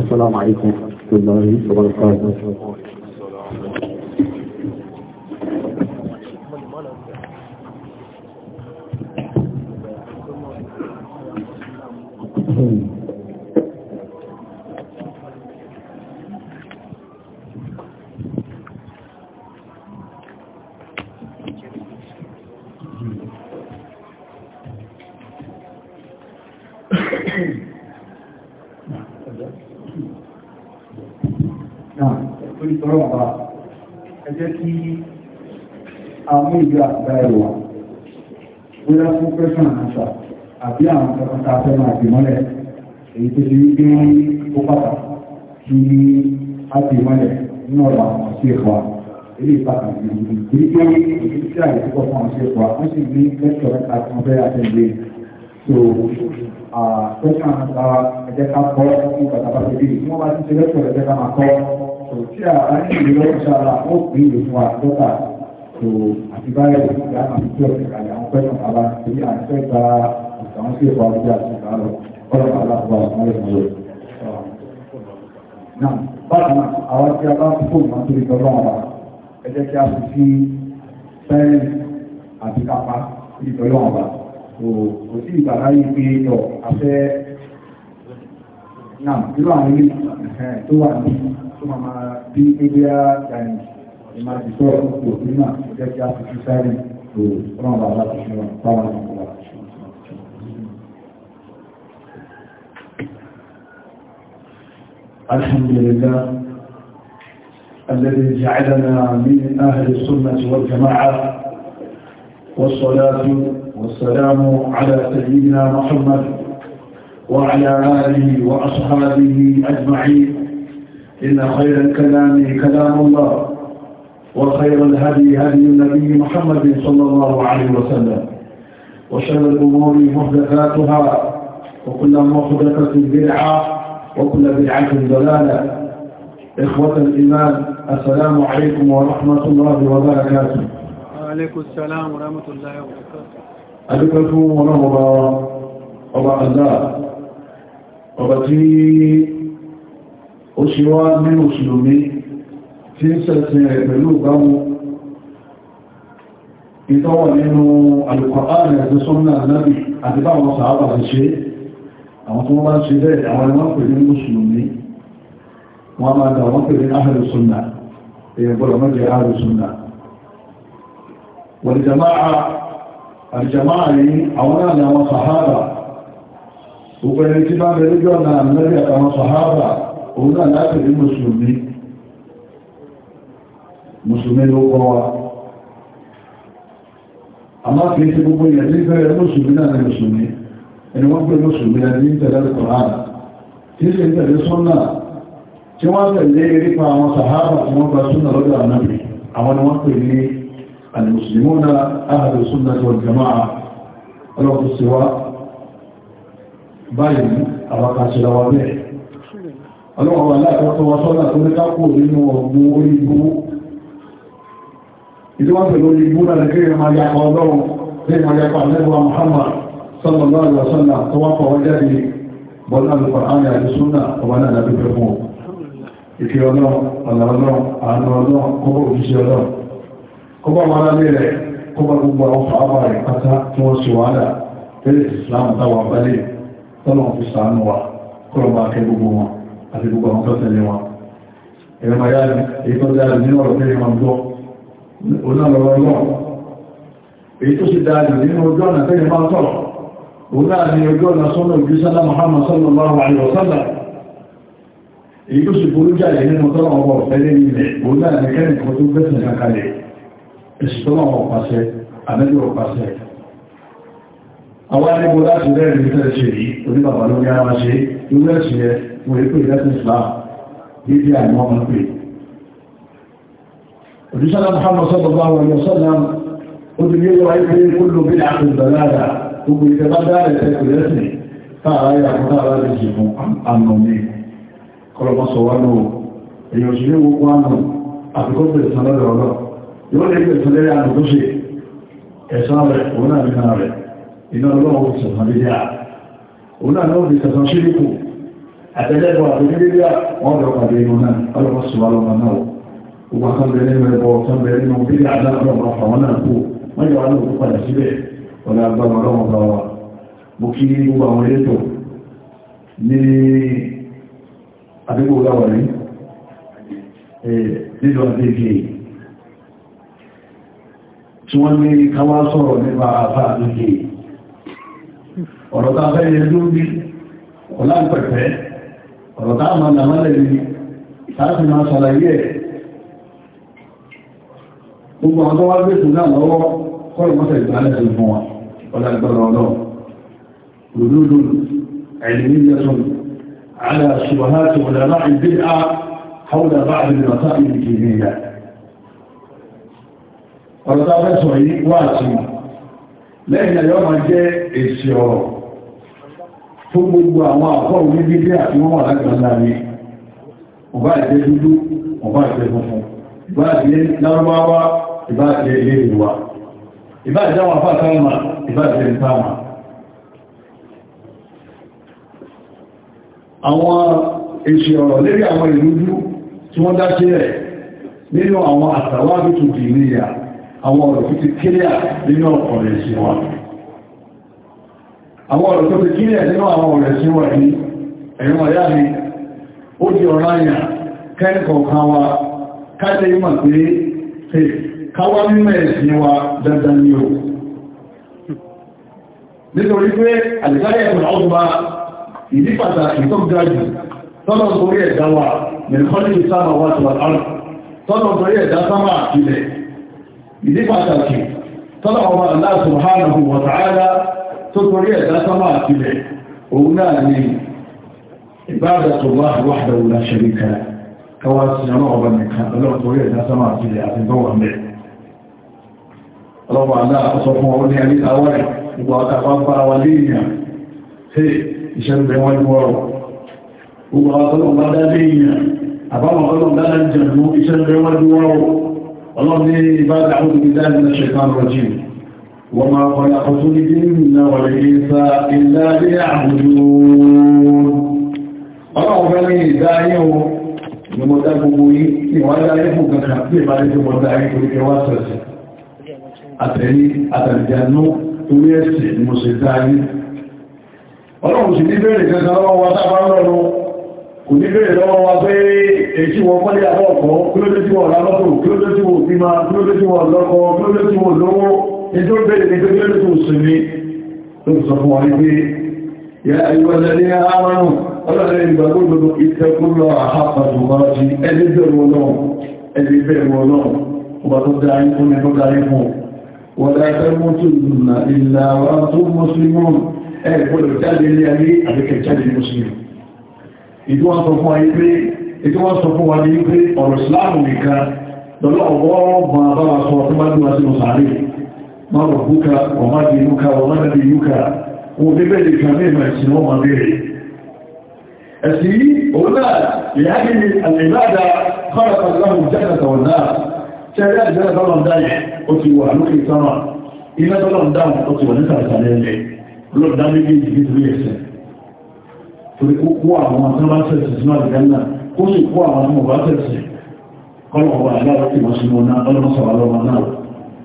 Assalamu alaikum warahmatullahi wabarakatuh. ta fẹ́ máa dì mọ́lẹ̀ èyí tó ṣe wípé ó pàtàkì kí a dì mọ́lẹ̀ nínú ọ̀rọ̀ àwọn ọ̀sẹ̀ ẹ̀kọ́ ilé ìpàtàkì ìlú pé èyí tí àyè púpọ̀ fún ọ̀sẹ̀ ẹ̀kọ́ wọ́n sì ní lẹ́tọ̀ mẹ́ta tí fẹ́ àtẹ̀lé so tẹ́sán ta ẹ̀jẹ̀ ká kọ́ fún kàtàkì bí wọ́n bá ti ṣe so tí a bá ní ìlú lọ́wọ́ sára ó so àti báyìí ìgbà máa fi tó ọ̀sẹ̀ kàlẹ̀ àwọn pẹ́sàn àbá torí à àwọn sí ẹ̀kọ́ àdúgbò àti ìkàrọ̀ ọ̀rọ̀ aláàbò àwọn ẹ̀kọ́ rẹ̀. Náà bákan náà àwọn tí a bá ń fò máa tóbi tọ́lọ́ ọ̀la ẹ jẹ́ kí a fi sí fẹ́rẹ́ àti kápá tóbi tọ́lọ́ ọ̀la. Kò sí ìgbàlá yìí pé tọ̀ afẹ́ náà irú àwọn ilé tó wà ní tó máa máa bí ẹgbẹ́ àyàn ìmáàdìsọ́ òkú òkú náà ẹ kí a fi sí fẹ́rẹ́ tó ọlọ́run bàbá tó ṣe wọn fáwọn ọmọ الحمد لله الذي جعلنا من أهل السنة والجماعة والصلاة والسلام على سيدنا محمد وعلى آله وأصحابه أجمعين إن خير الكلام كلام الله وخير الهدي هدي النبي محمد صلى الله عليه وسلم وشر الأمور محدثاتها وكل محدثة بدعة وكل بدعة ضلالة إخوة الإيمان السلام عليكم ورحمة الله وبركاته وعليكم السلام ورحمة الله وبركاته أدكتكم ورحمة ọba Allah ọba tí ó ṣe wá ní òṣìlòmí tí ń sẹ̀sìn rẹ̀ pẹ̀lú ìgbámú ìtọ́wọ̀ nínú Al-Qur'an àti Sunnah Ànábì àti báwọn sàábà ti ṣe àwọn tó bá ń ṣe bẹ́ẹ̀ àwọn ẹmọ́ pè ní mùsùlùmí wọ́n máa dà wọ́n pè ní ahlu sunna èyàn gbọ́dọ̀ mẹ́jẹ ahlu sunna wal jama'a àjàmáà yìí àwọn náà ni àwọn sàhábà gbogbo ẹni tí bá ń bẹ lójú ọ̀nà àmá kìí ṣe gbogbo ìyẹn tí bẹ́ẹ̀ mùsùlùmí náà ni mùsùlùmí ẹni wọ́n pè mùsùlùmí ẹni ní tẹ̀lé kòránà tí sì ń tẹ̀lé súnnà tí wọ́n tẹ̀lé nípa àwọn sàhábà tí wọ́n gba súnnà lọ́dọ̀ ànábì àwọn ni wọ́n pè ní alìmùsùlùmí ahàlù súnnà tí wọ́n jama'a ọlọ́pùsíwá báyìí àwọn kàṣìlọ́wọ́ bẹ́ẹ̀ ọlọ́wọ́ aláàkọ́tọ́ wọn sọ́nà tó ní kápò nínú ọgbọ́n orí igbó ìdíwọ́n pẹ̀lú igbó náà lẹ́kẹ́rẹ́ máa yàpọ̀ ọlọ́run lẹ́yìn máa yàpọ̀ àlẹ́gbọ́ Muhammad sallallahu alaihi wasallam tó wá fọwọ́ jáde bọ́lá alùpàánì àti súnà ọba náà lábẹ́ fẹ́ fún ìfẹ́ ọlọ́run ọ̀làọlọ́run àánú ọlọ́run kọ́bọ̀ òjíṣẹ́ ọlọ́run kọ́bọ̀ wọn lábẹ́ rẹ̀ kọ́bọ̀ gbogbo àwọn fàábà rẹ̀ pátá tí wọ́n ṣe wàhálà pẹ̀lú ìsìláàmù táwọn abálẹ̀ tọ́lọ́run fi sàánú wa kọ́lọ̀ bá kẹ́ gbogbo wọn àti gbogbo àwọn tó tẹ̀lé wọn ẹ̀rọ mayá èyí tó dáa nínú ọ̀rọ̀ tẹ́lẹ̀ wọn gbọ́ onáàlọ́rọ̀ náà èyí tó sì dáa nínú ọjọ́ ọ̀nà tẹ́lẹ̀ máa sọ̀rọ̀ òun náà ni ojú ọ̀nà sọ́nà ìgbésánà Muhammad sallallahu alaihi wasallam èyí tó sì burú jáde nínú tọ́lọ̀ ọmọ ọ̀fẹ́lẹ́ ilẹ̀ òun náà ni kẹ́rin kan tó gbẹ́sìn kankalẹ̀ èsì tọ́lọ̀ ọmọ pàṣẹ àmẹ́lú ọ̀pàṣẹ àwọn arígbó láti rẹ́rin ní tẹ́lẹ̀ ṣe rí oníbàbà ló ní ara ṣe irú ẹ̀sìn yẹ mo rí pé ìrẹ́sìn Islam níbi àìmọ́ ọmọ pé òjísánà Muhammad sallallahu alaihi wasallam ó ti ní ẹ̀yọ́ wáyé pé kúlù bí àkùnbẹ̀lára gbogbo ìfẹ́ bá dára ẹ̀fẹ́ kò lẹ́sìn táàrà yà fún táàrà lè jì fún àmà mi kọlọmọ sọ wá náà èyàn sí ní gbogbo àmà àfikọ́ bẹ̀rẹ̀ sàn lọ́dọ̀ ọlọ́ yóò lè bẹ̀rẹ̀ sàn lẹ́yà àmà tó ṣe ẹ̀sán rẹ̀ òun náà nìkan rẹ̀ iná ọlọ́run ti sàn lé yá òun náà náà ti sàn sí nípò àtẹ́lẹ́bọ̀ àtẹ́lẹ́bọ̀ wọn lọ pàdé inú náà ọlọ́mọ sọ wá lọ́mọ náà gbogbo àtọ́bẹ̀rẹ̀ nínú ẹ̀bọ̀ ọ̀tọ́bẹ̀rẹ̀ nínú bí ọ̀nà agbára ọlọ́wọ́n bá wa mo kí gbogbo àwọn elétò ní àdúgbò láwà rí nílò àdébíyè tí wọ́n ní káwá sọ̀rọ̀ nípa àbá àdébíyè ọ̀rọ̀ tá a fẹ́ yẹ lórí ọ̀lá pẹ̀pẹ́ ọ̀rọ̀ tá a máa nà mọ́lẹ̀ ní láti máa ṣàlàyé kọ́ ìmọ́sẹ̀ ìgbàlẹ̀ fún wa ọlágbọ́rọ̀ ọlọ́run lòlúlù ẹ̀lẹ́míyàtún aláṣùwàhátì wọ̀lẹ̀lá ìdí a haúdà bá àrìnàtà ìrìnkìrìyà ọ̀rọ̀ta fẹ́sọ̀ yìí wà tí lẹ́yìn ẹ̀yọ́ ma jẹ́ èsì ọ̀rọ̀ fún gbogbo àwọn àkọ́ orí bíbí àti wọ́n wà lágbàlá ní ọba ìjẹ́ dúdú ọba ìjẹ́ funfun ìbá ìjẹ́ lárúbáwá ìbá ìjẹ́ ilé ìwà ìbá ìjáwọn afá kan mà ìbá ìjẹ́ ìta mà àwọn èsì ọ̀rọ̀ lérí àwọn ìlújú tí wọ́n dáṣẹ́ rẹ̀ nínú àwọn àtàwà àbútù dìníyà àwọn ọ̀rọ̀ tó ti kílíà nínú ọ̀rọ̀ ẹ̀sìn wọn àwọn ọ̀rọ̀ tó ti kílíà nínú àwọn ọ̀rọ̀ ẹ̀sìn wọn ní ẹ̀yìn ọ̀yá mi ó di ọ̀rọ̀ àyà kẹ́ẹ̀kọ̀ọ̀kan wa kájẹ́ ìmọ̀ pé fèèrè káwá mímọ̀ ẹ̀sìn wa dandan ni o nítorí pé àdìsáyẹ̀ ẹ̀kùn ọgbà ìdí pàtàkì tó ga jù tọ́nà torí ẹ̀dá wa mẹ́kọ́lì sáàmà wà tó àrùn tọ́nà torí ẹ̀dá sáàmà ilẹ̀ ìdí pàtàkì tọ́nà ọmọ Allah subhanahu wa ta'ala tó torí ẹ̀dá sáàmà ilẹ̀ òun náà ni عبادة الله وحده لا ọlọ́pọ̀ àdá ọ̀sọ̀ fún ọmọ ní àrí àwárẹ̀ ìgbà àkàfà ń fara wa léèyàn tí ìṣẹ́lẹ̀ wọn ń wọ́rọ̀ gbogbo ọlọ́pọ̀ bá dá léèyàn àbáwọn ọlọ́pọ̀ dá dá jẹ̀mú ìṣẹ́lẹ̀ wọn ń wọ́rọ̀ ọlọ́pọ̀ ní ìbára àwọn olùdíjà ní ṣẹ̀kan rọ̀jì wọ́n máa kọ́ ìyàkọ̀tún ní dínú náà àtẹ̀yí àtàlìjànú torí ẹ̀sìn ni mo ṣe dáyé ọlọ́run sì ní bèèrè kankan lọ́wọ́ wa tábà lọ́rọ̀ kò ní bèèrè lọ́wọ́ wa pé èyí wọ́n pọ́lé àbọ́ọ̀kọ́ kílódé tí wọ́n lálọ́tò kílódé tí wọ́n bímá kílódé tí wọ́n lọ́kọ kílódé tí wọ́n lówó ẹjọ́ bèèrè ní pé kílódé tó sì ní tó sọ fún wa pé ya ayúwẹ́lẹ́lẹ́ àmánù ọlọ́rẹ́ ìgbàgbọ́gbọ́gbọ́ ìtẹ́kùnlọ́ àhápàdù wá sí ẹni bẹ̀rù ọlọ́run ẹni bẹ̀rù ọlọ́run ọba tó dáa ikú ni tó dáa ikú ولا تموتن إلا وأنتم مسلمون ẹ gbọ́dọ̀ jáde ní ayé àbíkẹ̀ jáde mùsùlùmí ìdí wọ́n sọ fún ayé pé ìdí wọ́n sọ fún wa ní pé ọ̀rọ̀ ìsìláàmù nìkan lọ́lọ́ ọgbọ́n bá rọ̀ búka ọmá di inúka ọmá dàbí inúka wọn bí bẹ́ẹ̀ lè kà ní ìmọ̀ ẹ̀sìn wọn máa bèèrè yìí òun náà ìyá Ṣẹ́rẹ́ ìjọba tọ́lọ̀ ń dáyẹ̀, ó ti wà lókè sọ́mà. Iná tọ́lọ̀ ń dáhùn, ó ti wà ní sàrẹ̀sàrẹ̀ ilẹ̀. Olóòdá méjèèjì nítorí ẹ̀sẹ̀. Torí kó kó àwọn atọ́lọ́sẹ̀sì sínú àdìgánná, ó sì kó àwọn atọ́lọ́sẹ̀sì. Kọ́lọ̀ wà lára ti mọ̀ sínú náà, ọlọ́mọsọ̀rọ̀ ọlọ́mọ náà.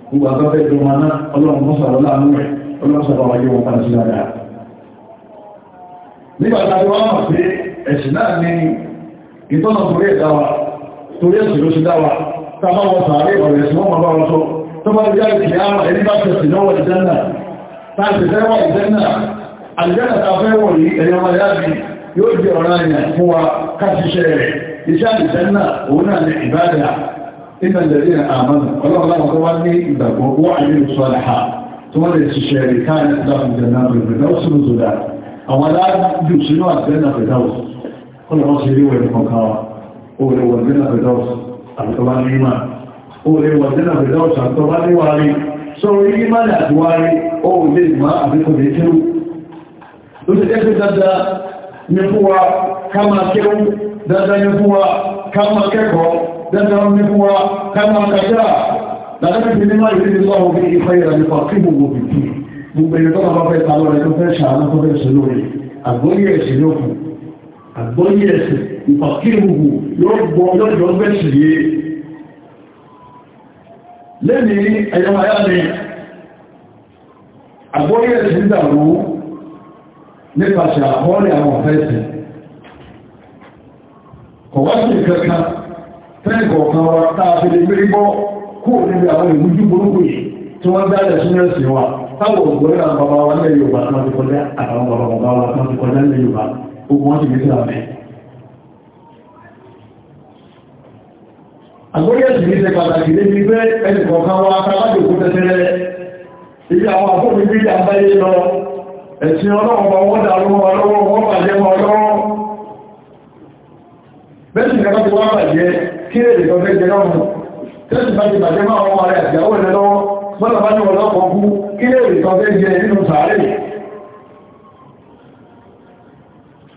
Gbogbo àgbàfẹ́ ìjọba náà, ọlọ́mọsọ̀rọ̀ láàánú rẹ̀, ọlọ́mọsọ̀rọ̀ wáyé wọn padà sí dáadáa. Nígbàtà wọ́n mọ̀ sí ẹ̀sìn náà ni ìtọ́nà torí ẹ̀dáwà, torí ẹ̀sìn ló ti dáwà, tàbáwọ̀ sàárè ọ̀rẹ̀ sí wọ́n bàbá wọn tó tó bá jẹ́ ìkì àmà ẹni bá tẹ̀sì lọ́wọ́ ìjẹ́nà láti fẹ́wọ́ ìjẹ́nà àjẹ́nà ta fẹ́wọ̀ yìí ẹ̀yọ́ ma yá bí yóò jẹ́ ọ̀rá ìyàn fún wa káṣíṣẹ́ rẹ̀ iṣẹ́ àjẹ́nà òun náà ní ìbádà iná lẹ́rí àmàlù ọlọ́run tó wá ní ìgbàgbọ́ wọ́n àyè ìsọ̀lẹ̀ha tó wọ́n lè ṣiṣẹ́ rẹ̀ káàkiri láti jẹ̀nà bẹ̀rẹ̀ lọ́sùn zùdà àwọn aláàjù sínú àjẹ́nà bẹ̀rẹ̀ lọ́sùn ọlọ́run ṣe rí wẹ̀rẹ̀ kọ̀ọ̀kan wa ó rẹ̀ wọ̀rẹ̀ bẹ̀rẹ̀ lọ́sùn àtọ́bá ní ìmá ó lè wọ̀ sínú àfẹ́lẹ́ ọ̀sà àtọ́bá ní wárí sórí ìmá ní àtiwárí ó lè má àfikún lè kéwù ló ti jẹ́ dáadáa ní fún wa ká máa kéwù dáadáa ní fún wa ká máa kẹ́kọ̀ọ́ dáadáa ní fún wa ká máa kàjá láti fi ní máa ìrírí lọ́wọ́ bí ìfẹ́ ìrànlẹ́fà kí gbogbo bìtì gbogbo ẹni tó bá fẹ́ ta lọ́rẹ̀ àgbọ́yé ẹ̀sìn ìfàkíhùhù yóò gbọ́ lọ́jọ́ bẹ́sì yé lẹ́ni ẹ̀yọ́ ayá ni àgbọ́yé ẹ̀sìn dàrú nípasẹ̀ àkọọ́lẹ̀ àwọn fẹ́ẹ̀sì kọ̀wáṣì kankan fẹ́ẹ̀kọ̀ọ̀kan wa táàfilé gbérígbọ́ kó níbi àwọn ìwújú burúkú yìí tí wọ́n dálẹ̀ sínú ẹ̀sìn wa táwọn ògbóyà bàbá wa lẹ́yìn Yorùbá tán gbogbo wọn ti gbé sílá mẹ́. àgbóyè sì ní ṣe pàtàkì níbi pé ẹnì kọ̀ọ̀kan wa káwájú òkú tẹ́tẹ́rẹ́ ibi àwọn àbúrò níbi àbáyé lọ ẹ̀sìn ọlọ́run bá wọ́n dàrú wọn lọ́wọ́ wọ́n bàjẹ́ wọn lọ́wọ́ bẹ́ẹ̀sì kan láti wá bàjẹ́ kí èdè kan fẹ́ jẹ lọ́wọ́ tẹ́sì bá ti bàjẹ́ máa wọ́n rẹ̀ àti àwọn ẹ̀lẹ́lọ́wọ́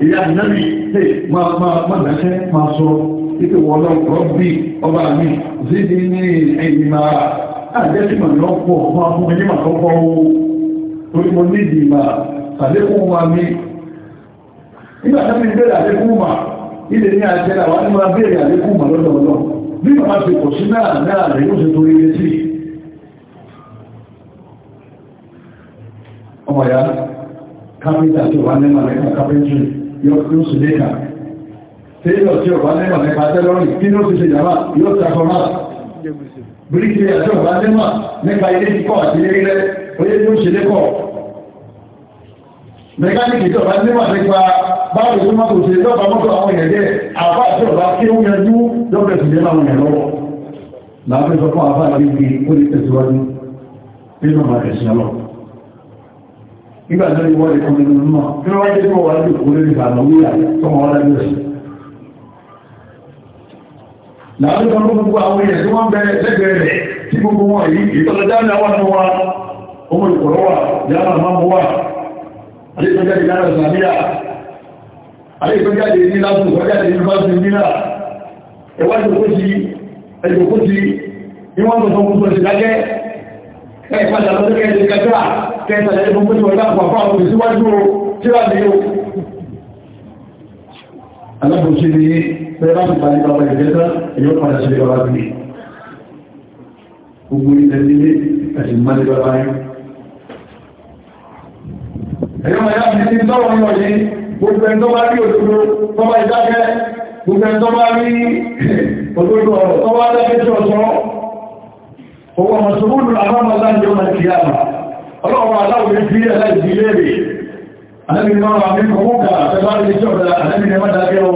ìyá ìnáwó ṣe máa máa máa ma sọ títí wọ́n lọ rọ́bì ọba mi zidi ní ẹ̀yìn máa àjẹ́ tí lọ pọ̀ máa fún o torí mo ní ìdì máa tàlékún wa mi nígbà tó fi àlékún mà ilé ní àjẹ́ àwọn ní máa àlékún mà bí màá ti pọ̀ sí náà náà rẹ̀ yóò ṣe torí létí ọmọ ya yóò sì léka tẹ́lọ̀ tí ọba lẹ́mọ̀ nípa tẹ́lọ́rìn kí ló ti ṣe jàmá yóò tàkọmá bíríkì àti ọba lẹ́mọ̀ nípa ilé kíkọ́ àti ilé rẹ̀ oyé yóò ṣe lékọ̀ mẹkáníkì tí ọba lẹ́mọ̀ nípa báwo tó má kò ṣe lọ́pàá mọ́tò àwọn èèyàn jẹ́ àbá àti ọba kí ó yanjú lọ́pẹ̀ sì lẹ́mọ̀ àwọn èèyàn lọ́wọ́ làwọn fẹ́ sọ fún àbá àti ibi ó lè tẹ̀síwájú nínú àwọn ẹ̀sìn ọlọ́pàá nígbà tó ní wọ́n lè kọ́ nínú náà tí wọ́n wáyé tó wà lókò lórí ìbàlọ́wíyà tó wọ́n wá lórí ọ̀sẹ̀ láàrín kan ló gbogbo àwọn èèyàn tí wọ́n bẹ̀rẹ̀ lẹ́gbẹ̀ẹ́ rẹ̀ tí gbogbo wọn yìí ìtọ́jọ́ ní àwọn ọmọ wa ọmọ ìkọ̀rọ̀ wà yàrá máa mọ́ wà alẹ́gbẹ̀jáde lára ìsàmíyà alẹ́gbẹ̀jáde ní láti ìgbẹ̀jáde ní bá ti nílà ẹwàjú kóṣì ẹjọ́ kóṣì ní wọ́n tó sọ kẹta ẹni fún pẹ́lú ọ̀dá pàpá òun síwájú o tíra ní o alábòsí ni pẹ́lá ti parí bàbá ìjẹta èyàn padà sí bàbá bí gbogbo ilẹ̀ nílé àti mmadé bàbá yìí èyàn máa yá ti sọ́wọ́ ní ọ̀yí gbogbo ẹni tó bá rí òdodo tó bá ìdákẹ́ gbogbo ẹni tó bá rí òdodo ọ̀rọ̀ tó bá tí ọ̀sán owó ọmọ sọ́wọ́n lù àbámọ́lá ní ọmọ ìkìyàmà ọlọ́wọ́ aláwọ̀ ní sílẹ̀ láì sílẹ̀ rẹ̀ anábì máa wà ní kọmọ́kà àtẹ́bá ní ṣọ́dá anábì ní mọ́dá gẹ́ ọ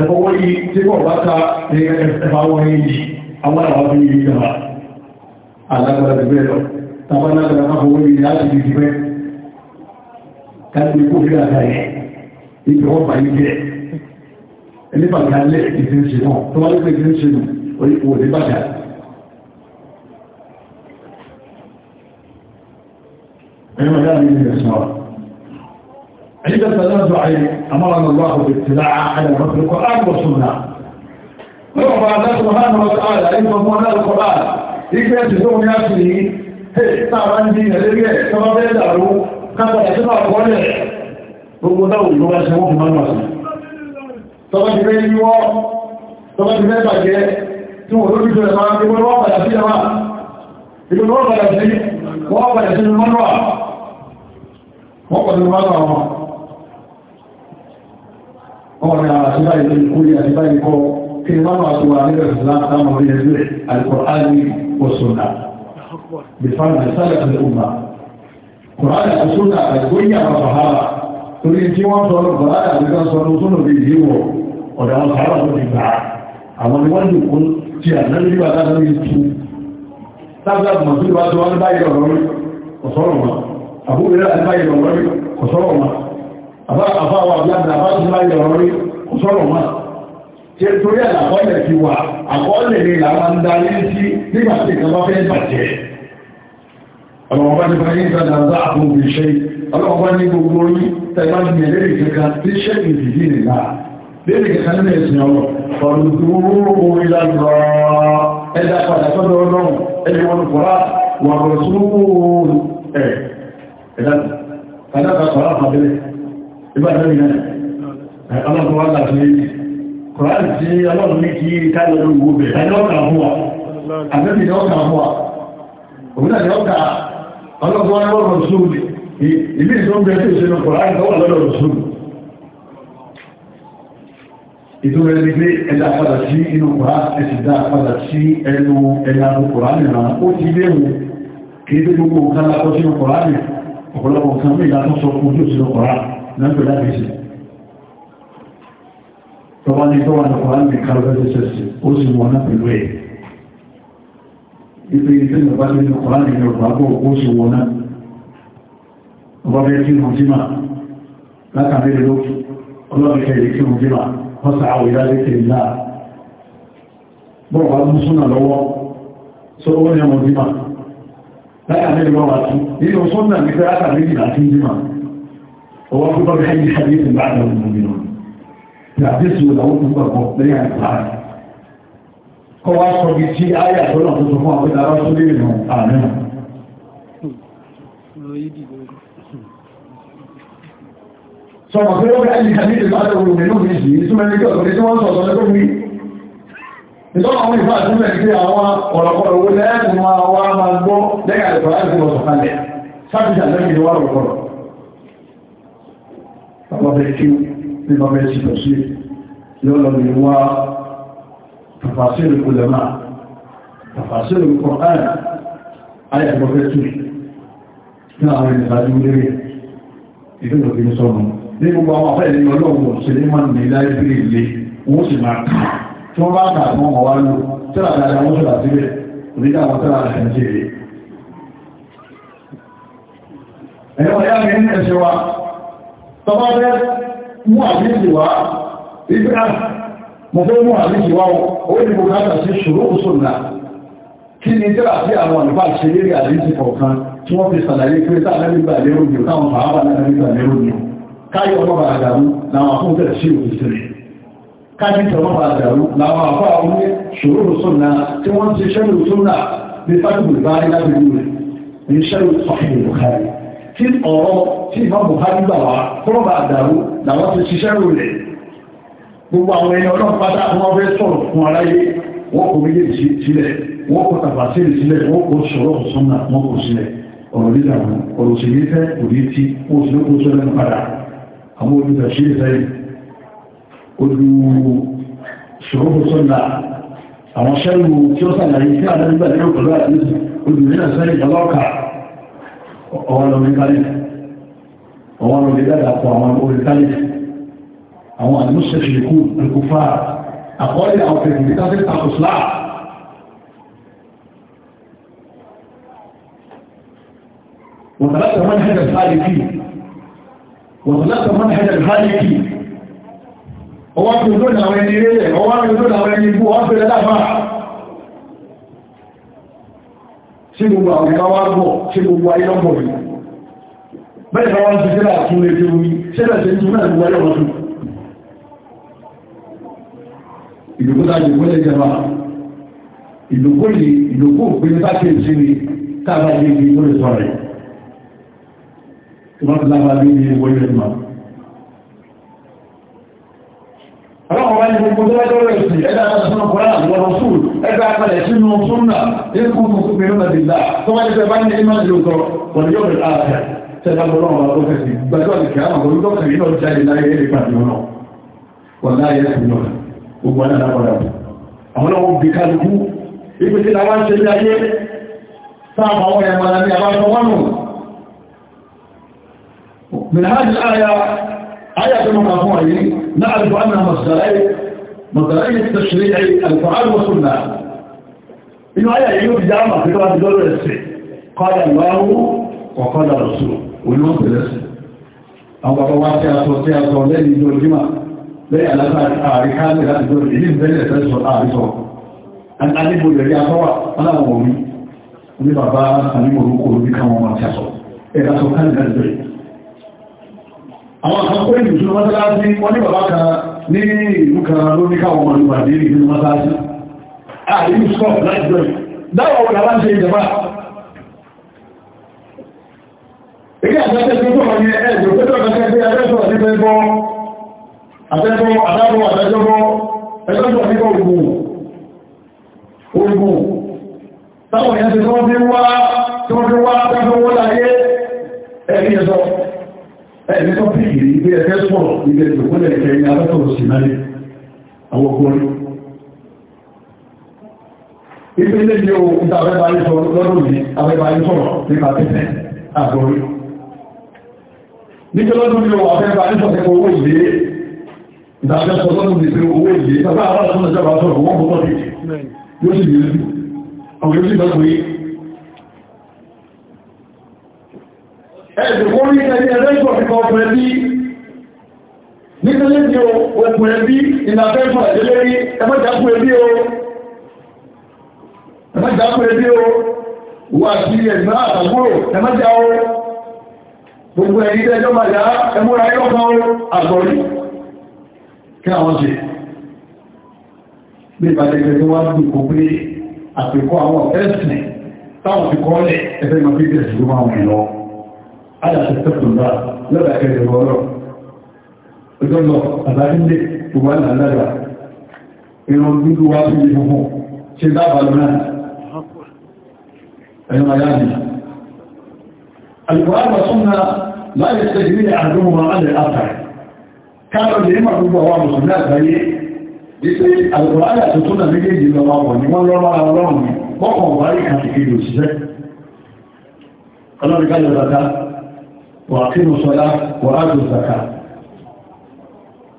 ẹ̀fọwọ́ yìí tí kọ̀ bá ká ní ẹ̀fà wọ́n yìí àwọn àwọn fi yìí gbà alágbára ti bẹ́ẹ̀ lọ tàbá lágbára máa fọwọ́ yìí láti fi ti bẹ́ káàkiri kó fi àgbà yẹ ibi wọ́n bá yìí náà tó wá lé المدام من الإسمار عند التنازع أمرنا الله باتلاع على مثل القرآن والسنة ربنا الله سبحانه وتعالى يفهمون القرآن إذا تدون يأتي طبعا دين الرجاء كما بيدعوا قد يتبع القرآن هو dáwọn هو wáṣẹ من fi máa ń wà sí tọ́bá ti fẹ́ yíwọ́ tọ́bá ti fẹ́ bàjẹ́ tí wọ́n lórí jẹ́ ẹ̀mà ìgbẹ̀rẹ̀ wọ́n padà wọ́n pọ̀lú mọ́lá wọn ọ̀rẹ́ àṣíbá ilé ìkúrí àṣíbá ikọ́ kí wọ́n máa tó wà nílẹ̀ ìsìláàmù orí ẹgbẹ́ alìkọ̀ọ́lì òṣùnà bìfàmì sálẹ̀ fún ọmọ kùránì òṣùnà àgbóyà àbàbàhárà torí tí wọ́n sọ kùránì àgbégbá sọ lóṣùnà bí ìdíwọ̀ ọ̀dà wọn sàárà tó ti gbà àwọn ni wọ́n dùn kún ti àdánilé wà láti tu lábẹ́ àbùmọ̀ tó ti wá tó báyìí ọ̀rọ̀ ọ̀sọ́rọ̀ wọn àbúrò náà ti báyìí lọ́wọ́ rí kò sọ́rọ̀ ma àbáwà àbúrò àbá ti báyìí lọ́wọ́ rí kò sọ́rọ̀ ma ṣe torí àlàkọ́lẹ̀ ti wà àkọọ́lẹ̀ ni làwọn ń darí sí nígbà tí ìjọba fẹ́ bàjẹ́ ọlọ́wọ́ bá ti bá yín gbàdá ń bá àbúrò fi ṣe ọlọ́wọ́ bá ní gbogbo orí tẹ̀lá ti yẹ lérè kankan ẹ̀ ẹ̀dàkù kàdákà kọ̀rọ̀ àpàbẹ̀lẹ̀ ìgbà ìrìn náà ọlọ́pọ̀ wá láti lè kọ̀rọ̀ tí ọlọ́run ní kí káàlọ̀ lóògbò bẹ̀ ẹni ọkà fún wa àbẹ́bì ni ọkà fún wa òmìnà ni ọkà ọlọ́pọ̀ wá lọ́rọ̀ sóòlì ìbí ìtọ́ ń bẹ tí ìṣẹ́nu kọ̀rọ̀ àgbọ̀wà lọ́rọ̀ sóòlì ìtúrẹ́ ní pé ẹ̀dà padà sí inú kọ̀rọ̀ ẹ̀sìdá padà ọ̀pọ̀lọpọ̀ kan mí ìlànà sọ fún ojú ìṣẹ́lẹ̀ kọ̀rá lẹ́gbẹ̀ẹ́ láti ṣe tọ́wọ́ ní tọ́wọ́ ní kọ̀rá ní kárọ̀lẹ́sẹ̀ sẹ́sì ó sì wọ́n náà pẹ̀lú ẹ̀ ibi ìdí ìjọba ní kọ̀rá ní yorùbá bọ̀ ó sì wọ́n náà ọba bẹ́ẹ̀ kí wọ́n jímà látàmílẹ̀ lókù ọlọ́bìkẹ́ ìdí kí wọ́n jímà láyé àmẹ́rin wọ́n wá sí nínú sọ́nà ní pé rákà méjì láti ń jímà ọwọ́ púpọ̀ bí ẹni ṣàdé ti bá àwọn ọmọ mìíràn ní àdéṣù làwọn tó gbàgbọ́ lẹ́yìn àgbà kọ́ wá sọ bí tí ayé àtọ́nà tó sọ fún àpẹta bá sórí ìrìn àmì sọ̀rọ̀ pé Ìtọ́nà àwọn ìfà àti ìfẹ́ sí àwọn ọ̀rọ̀kọ̀rọ̀ owó lẹ́ẹ̀kùn máa wá máa gbọ́ lẹ́yà ìfẹ́ láti lọ sọ̀kalẹ̀. Sábìsà lẹ́yìn ìwà ọ̀rọ̀kọ̀rọ̀. Bàbá bẹ kí ní bàbá ẹ̀ sì lọ sí yóò lọ lè wá tàfàṣẹ́rì kùlẹ̀mà, tàfàṣẹ́rì kọ̀ọ̀kan, ayàgbọ́fẹ́ tù ní àwọn ìrìnàjò lérí ìdúró fi ń sọnù. Ní gbogbo àwọn afẹ́ ìlú ọlọ́run òṣèlú máa ń ní láìbírì ilé, wọ́n sì máa kà tí bá kà fún ọwá lò tíra dada wọ́n ṣọ́lá síbẹ̀ onídà wọ́n tíra nàìjíríà ẹ̀yọ́ ọ̀yá mi ń ẹ̀ṣẹ́ wa tọ́bá fẹ́ mú àdíjì wá ibra mo fẹ́ mú àdíjì wá ó ní mo káàkà sí ṣòro òṣùnà kí ni tíra sí àwọn àlùfáà ṣe lérí àdíjì kọ̀ọ̀kan tí wọ́n fi sàlàyé pé tá lẹ́gbẹ̀gbà lérò ní làwọn akóńtẹ̀ sí òṣìṣẹ́ rẹ̀ káàkiri tọ̀wọ́ bá dàrú làwọn àfọ́ àwọn ní ṣòro sọ́nà tí wọ́n ti ṣẹ́lù sọ́nà ní fásitì báyìí lábẹ́lú rẹ̀ ní ṣẹ́lù sọ́kìlì Buhari tí ọ̀rọ̀ tí ìmọ̀ Buhari gbà wá kọ́rọ̀ bá dàrú làwọn ti ṣiṣẹ́ rò rẹ̀ gbogbo àwọn ẹni ọlọ́run pátá wọn fẹ́ sọ̀rọ̀ fún aráyé wọ́n kò méjèèjì sílẹ̀ wọ́n kò tàbátìrì sílẹ̀ wọ́n kò ṣòro sọ́nà wọ́n kò sílẹ̀ ọ̀rọ̀ lílànà ọ̀rọ̀ òṣèlú fẹ́ òní tí wọ́n ti lókòó sọ́lẹ́nu padà àwọn olùdásílẹ̀ sẹ́yìn ojú ṣòro sọ́nà àwọn ṣẹ́lú tí ó sàlàyé sí àdájúgbà ní òkúrò àti olùmíràn sẹ́lẹ̀ ìjọlọ́ọ̀kà ọwọ́ lọ mẹ́kálẹ̀ ọwọ́ lọ mẹ́kálẹ̀ àwọn olùkálẹ̀ àwọn àdúnṣẹ́ṣẹ̀kú alkùfà àkọọ́lẹ̀ àwọn pẹ̀lú àkùsùlá وثلاثة منهج الخالقين وثلاثة منهج الخالقين ọwá fi ojú ìdàwọn ẹni rẹ̀ ọwá fi ojú ìdàwọn ẹni ibú wọ́n fẹ́lẹ̀ dáfà sí gbogbo àwọn ìgbà wá gbọ́ sí gbogbo ayé lọ́pọ̀ rí bẹ́ẹ̀ bá wọ́n ti sílẹ̀ àtún lè fi omi sílẹ̀ sí tún náà gbogbo ayé wọ́n tún ọlọ́run wá ní gbogbo tó lọ́jọ́ rẹ̀ sí ẹ̀dá àti sọ́nà kọ́lá ìwọ̀n ọ̀sùn ẹgbẹ́ apalẹ̀ sínú súnà ikú kúkú mẹ́rin náà dìgbà tó wá ní fẹ́ bá ní ìmọ̀ ìlú sọ wọ́n yóò rẹ̀ ààrẹ tẹ́lá bọ́lọ́run wá tó fẹ́sì gbàjọ́ àti kìá àwọn olùkọ́ kìí lọ jáde láyé ẹ̀rẹ́ pàdé ọ̀nà wọ́n láyé ẹ̀sìn náà gbogbo wọn náà wọ́n àwọn náà wọ́n bí kálukú ibi tí làwọn ṣe ní ayé sáàmù àwọn ẹ̀mọ́ ni àwọn ọmọ wọn nù آية المقاموع نعرف أن مصدرين مصدرين التشريع القرآن والسنة إنه آية يقول بجامعة في قرآن دول السي قال الله وقال الرسول والنوم في الاسم أو بابا واسع صوتي أصول لين دول جمع لين على فات آريحان إلى دول إلين بين الثلاث والآريحان أن أليم الذي أطوى أنا مؤمن ومن بابا أن الرقود بكم وما تحصل إذا سوف كان ذلك àwọn kan pé ìlú sínú mọ́sálásí wọ́n ní bàbá kan ní ìlú kan ló ní káwọn ọmọ ìgbà ní ìlú mọ́sálásí àìlú scott láti jọ dáwọ̀ wọn làwọn ṣe ìjọba èyí àtẹ́tẹ́ tó tọ́ ní ẹ̀ẹ́dì òpétọ́ kẹ́kẹ́ bí ẹgbẹ́sọ̀ àti fẹ́bọ́ àtẹ́bọ́ àdábọ́ àdájọ́bọ́ ẹgbẹ́sọ̀ nípa ogun ogun táwọn ìyẹn ti tọ́ fi wá tọ́ fi wá tọ́ fi wó láyé ẹ̀rí ẹ̀sọ́ ẹni tó fi ìrì ilé ẹgbẹ́ pọ̀ ilé ìgbòkúnlẹ̀ ìkẹyìn alátọ̀rọ̀ sí náà àwọn ọkùnrin ìpínlẹ̀ ní ohun tí abẹ́bàáyé sọ lọ́dún ní abẹ́bàáyé sọ̀rọ̀ nípa tẹ́tẹ́ àgbọ̀rí nígbẹ́ lọ́dún ní ohun abẹ́bàáyé sọ nípa owó ìlé ìdájọ́ sọ lọ́dún ní pé owó ìlé tàbí àwọn ọ̀sán ìjọba sọ̀rọ̀ wọ́n mú tọ́jú yóò sì ẹ̀sùn kó rí ẹni ẹlẹ́gbọ̀ fífọ́ ọkùnrin bí nítorí tí ọkùnrin bí ìlàfẹ́fọ́ ìdílérí ẹmọ́jáfún ẹbí o ẹmọ́jáfún ẹbí o wà sí ẹ̀gbọ́n àtàkùrò ẹmọ́já o gbogbo ẹ̀yí tẹ́jọ́ màjá ẹmúra ẹ̀kọ́ àgbọ̀rí kí àwọn ṣe bí ìbàdẹ̀gbẹ̀ tó wá dùkú pé àpẹ̀kọ́ àwọn ẹ̀sìn táwọn ti kọ́ lẹ̀ ẹ̀fẹ́ ìmọ̀ pípẹ̀ sí ló máa wùn lọ ala tattakunba lọ́dà ẹ̀rẹ̀ ọ̀rọ̀ ìjọ́lọ̀ àbájílé ìwà lálàdà ìran gbígbó wá sí ìfúnfún ṣe dábà lọ́nà ẹ̀yọ́ ayábi alìkọ̀ọ́bà súnmọ́ láyé tẹ́gbé àdúnwà alẹ́ àtà káàrọ̀ lè má gbogbo àwọn mùsùlùmí àgbáyé wípé alìkọ̀ọ́bà tó tó nà méjèèjì lọ́wọ́ wọn ni wọ́n lọ́wọ́ ọlọ́run mọ́kànlá wàkínú sọlá wàádù zaka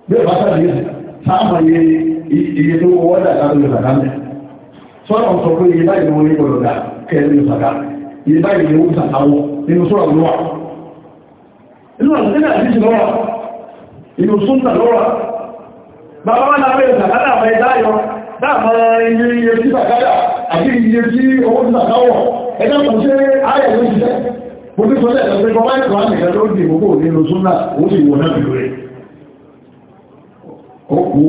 bí o bá sáàbí sáàmà yé iye tó wọ́n dà lábẹ́ yóò zaka mẹ́ sọ́rọ̀ sọ pé iye báyìí ni wọ́n yé gbọ́dọ̀ dà kẹ́lẹ́ yóò zaka iye báyìí ni wọ́n zaka wọ́n nínú sọ́rọ̀ lọ́wọ́ inú àtúntẹ́ àti lọ́wọ́ inú súnta lọ́wọ́ bàbá wà lábẹ́ yóò zaka dà fẹ́ dáyọ dáàmà iye iye tí zaka dà àti iye tí owó zaka wọ̀ ẹ̀dá kò ṣe ayẹ̀ lóṣìṣẹ́ mo ti sọ́lẹ̀ ẹ̀sọ́ pé bọ́bá ìkọ̀ àmìkà ló dì gbogbo nínú súnà ó sì wọ́n náà bìrẹ̀ ó kú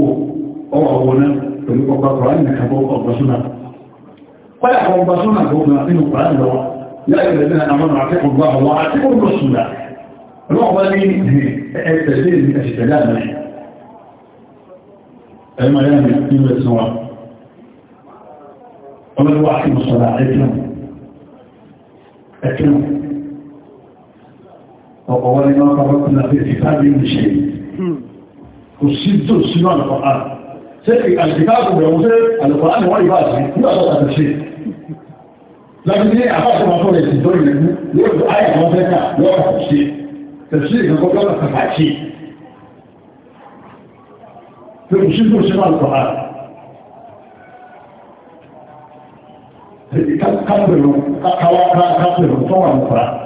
ọwọ́ àwọn náà pẹ̀lú ọgbà kọ̀ àmìkà bọ́ ọgbà súnà pẹ́lẹ̀ àwọn ọgbà súnà gbogbo nínú kọ̀ àmìkà lọ́wọ́ yáà ìrẹ̀lẹ́ náà àwọn akẹ́kọ̀ọ́ gbà wọ́n akẹ́kọ̀ọ́ wa ọlọ́wọ́ àti mọ̀sọ̀lá ẹ̀kẹ́rùn-ún ọ̀pọ̀ wọn ni wọ́n kọ́kọ́ kún láti ìtàbí ìṣe hmm. kò sí tó sínú àlùkọ́á ṣe àṣìkáàkù bẹ̀rù ṣe àlùkọ́á ni wọ́n yìí bá sí nígbà tó ṣe láti ní àbáṣe wọn fọ́lẹ̀ sí lórí ìlú yóò tó ayé àwọn fẹ́ta lọ́wọ́ ṣe tẹ̀sí ìkọ́kọ́ lọ́wọ́ kàkà ṣe pé kò sí tó sínú àlùkọ́á kápẹ̀rù káwá kápẹ̀rù tọ́wọ́ àlùkọ́á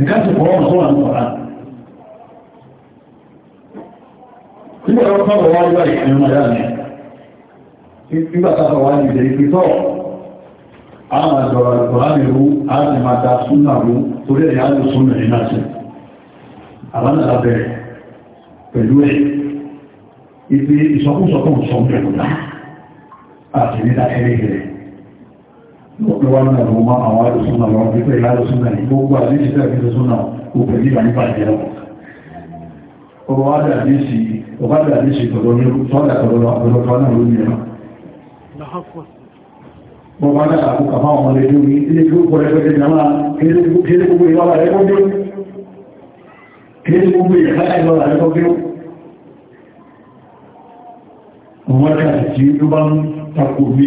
nǹkan ti pọ̀ ọ̀rọ̀ tó wà ní ọ̀rá nígbà tó sọ̀rọ̀ wá nígbà ìpínlẹ̀ ọmọ ìyá mi nígbà tó wá ní ìdè ìpín tọ́ àwọn àjọ̀rọ̀ àjọ̀rọ̀ àmì rú àti máa da súnà rú torí ẹ̀yà ló súnà ní náà sí àwọn àlà bẹ̀rẹ̀ pẹ̀lú ẹ̀ wọ́n náà wọ́n máa àwọn àdùsúnà wọ́n fi pé ìlàdùsúnà ní gbogbo àdíṣẹ́ àfihànsúnà òpè ní ìbàníbà jẹ́ ọ̀rọ̀ ọ̀bádà àdíṣì tọ̀dọ̀ ní tọ́lá tọ̀dọ̀ àpẹẹlọpọ̀ náà ló mìíràn wọ́n bá náà àkókà máa wọn lè dúrí ilé tí ó pọ̀ lẹ́gbẹ̀ẹ́ ìjọba kéde gbogbo ìlọ́wà rẹ̀ kọ́gbé kéde gbogbo ìlọ́wà rẹ̀ kọ́gbé wọ́n kà sí ló bá ń takò bí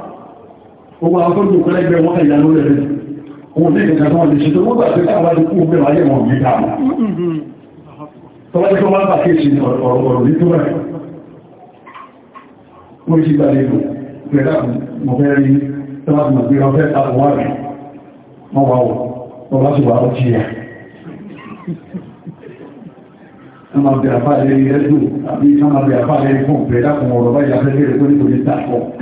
gbogbo àwọn tó dùn wọ́n ẹ̀yà lórí rẹ̀ òun ní ìgbẹ̀ta wọ́n lè ṣe tó wọ́n gbà pé ní kú mẹ́wàá ayé wọn ní dáa tọ́wọ́dé wọ́n bà kéèṣì ọ̀rọ̀ ní tó rẹ̀ ó bẹ̀rẹ̀ fà lè rí ẹ̀dùn àbí wọ́n bẹ̀rẹ̀ fà lè fún pẹ̀lá ọ̀rọ̀ báyìí afẹ́fẹ́ rẹ̀ tó ní kò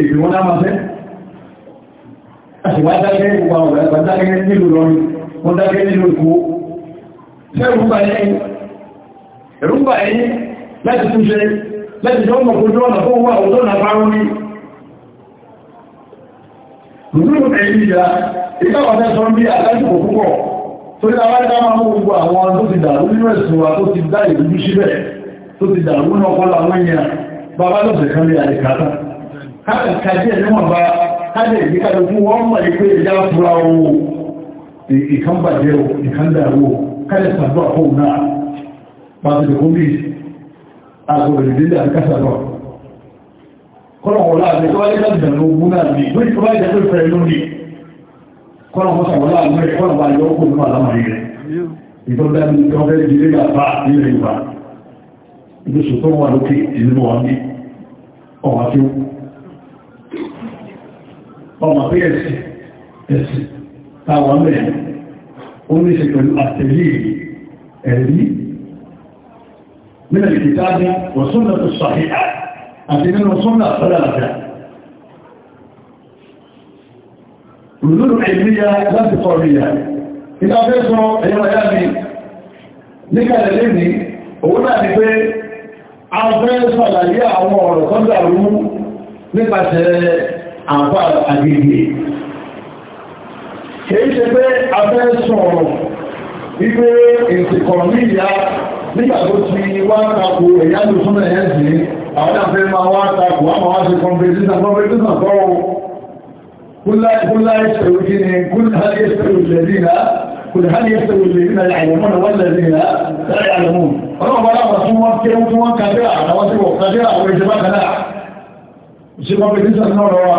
ìgbìmọ̀ náà máa fẹ́ àṣìwá dákẹ́ ìgbà ọ̀rẹ́ àgbà dákẹ́ nílò lọ́rin wọ́n dákẹ́ nílò ìkó fẹ́rùmbà ẹ̀yìn ẹ̀rùmbà ẹ̀yìn láti túnṣe láti jọ mọ̀ kójú ọ̀nà fún wà ọ̀tọ́ na bá rí rúrú ẹ̀yìn ìyá ìtàwọ̀fẹ́ sọ bí àtàkùn púpọ̀ tó ní àwọn ẹ̀dá máa mú gbogbo àwọn tó ti dàrú nínú ẹ̀sùn wa tó ti dá ìrújú síbẹ̀ tó ti dàrú náà kọ́lá àwọn èèyàn bàbá lọ́sẹ̀ kan lè àdìkátà káàkiri níwọ̀n bá káàkiri ìdí kálukú wọ́n mọ̀ ní pé ìjà fura o ìkan bàjẹ́ o ìkan dàrú o káàkiri sàdúrà fún un náà bá ti dùkú bí àgbòrò ìdílé àkásàdọ̀ kọ́lọ̀wọ̀lá àti tọ́wáyé láti dànù ogun náà ní lórí tọ́wáyé jẹ́ pé fẹ́ lónìí kọ́lọ̀wọ̀lá àti kọ́lọ̀wọ̀lá yọ ó kò wà lókè ìlú wọn ní ọ̀wá tí ó ọmọ pé ẹ̀sìn ẹ̀sìn táwọn mẹ́rin ó ní ṣe pẹ̀lú àtẹ̀lé ẹ̀rí nílẹ̀ ìkìtàbí wọ̀sọ́nà tó sàhí àti nínú sọ́nà àfẹ́lẹ́ àfẹ́ rùdúrù ìlúyà láti kọrìyà ìtàfẹ́ sọ ẹ̀yọ́ ẹ̀yà mi nígbàlẹ̀ lẹ́ni náà ni pé a fẹ́ sàlàyé àwọn ọ̀rọ̀ sọ́dà rú nípasẹ̀ àbá àgbègbè kìí ṣe pé abẹ́ sọ̀rọ̀ wípé ìsìnkọ̀ níyà nígbà tó ti wá tako ẹ̀yà ló súnmọ̀ ẹ̀yẹ́ sí àwọn àfẹ́ máa wá tako wá máa wá ṣe kọmpẹtíṣàn kọmpẹtíṣàn tọ́rọ kúlá ìṣẹ̀rù kí ni kúlá ìṣẹ̀rù lẹ́dínà kùlùhálì yẹ́sẹ̀ olùlẹ́gbẹ̀rẹ̀ àyẹ̀mọ́nà wọ́n lẹ́rìnà lẹ́rẹ̀ àyẹ̀mọ́ ọlọ́wọ́ bá láwọn tí wọ́n kéré tí wọ́n kàdé àwọn tí wọ́n kàdé àwọn ìjọba kanáà ṣe kọ́mpẹtíṣàn náà lọ́wọ́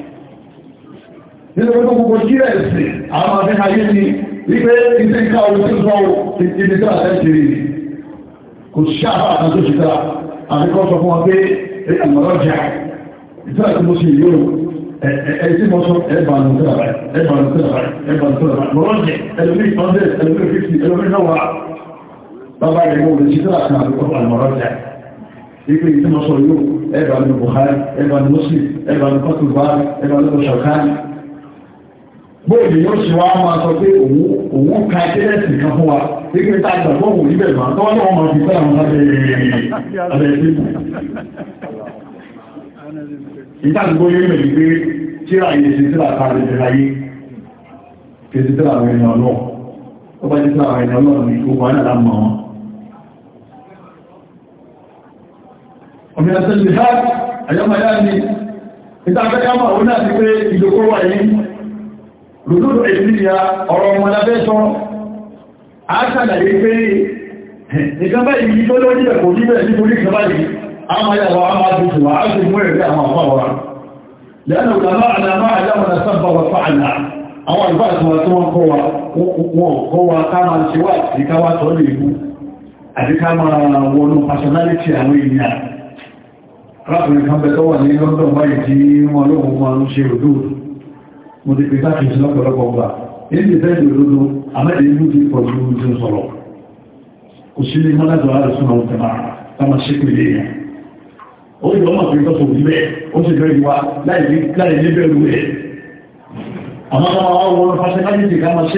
nínú pé gbogbo jíra ẹ̀sìn àwọn àti ayé ni wípé ibi ká orí tó sọ ibi tó àtẹ́ ṣe rí kò sí àbá àti tó ṣe dára àti kọ́ sọ fún wa pé ìmọ̀lọ́jà ìtura tí mo ṣe yóò ẹ̀ẹ́dì mo sọ ẹ̀bàlù tó dàbà ẹ̀bàlù tó dàbà ẹ̀bàlù tó dàbà mọ̀lọ́jẹ̀ ẹlòmí ọ̀dẹ̀ ẹlòmí fífi ẹlòmí náwà bàbá yẹn mo lè ṣe dára kan àti kọ́kọ́ àmọ̀lọ́jà ipe ìtumọ̀sọ yóò ẹ̀bàlù Bukhari ẹ̀bàlù bóòlù yóò ṣe wá máa sọ pé òun ka ẹ̀ẹ́sì kan fún wa nígbà tá gbà fún òun níbẹ̀ máa tọ́wọ́ náà máa fi fẹ́ àwọn abẹ́ ẹ̀ẹ́sì. ìtàgbó yóò mẹ̀lú pé tíra yìí ṣe tíra kárí ti láyé kí ṣe tíra àwọn ènìyàn náà ó bá ti tíra àwọn ènìyàn náà ní gbogbo àyà lá wọn. ọmọ sẹ́ni ha àyọ́mọ̀ yá ni ìtàgbẹ́yàmọ̀ òun náà ti pé ìdókòwò yìí lùdúdù ìsìnìyà ọ̀rọ̀ ọmọdábẹ́ sọ aṣàdàrí pé ìjọba ìyí tó lórí ẹ̀kọ́ níbẹ̀ a máa yà wá máa dùn sí ká wá tọ́ lè mú àti kan ní London tí máa mo ti pè sáàkì sí lọ́pọ̀lọpọ̀ ọgbà èyí fẹ́ ìròdó àmẹ́dẹ̀ inú ti pọ̀ ju ojú sọ̀rọ̀ kò sí ní mọ́lájọ́ àrẹ̀sùn àwọn tẹ̀mà táwọn ṣe pè lè yàn ó yọ ọmọ pé tọ́sọ̀ òbí bẹ́ẹ̀ ó sì bẹ́ẹ̀ wá láì ní bẹ́ẹ̀ rú ẹ̀ àmọ́ àwọn ọmọ fásitì ká máa ṣe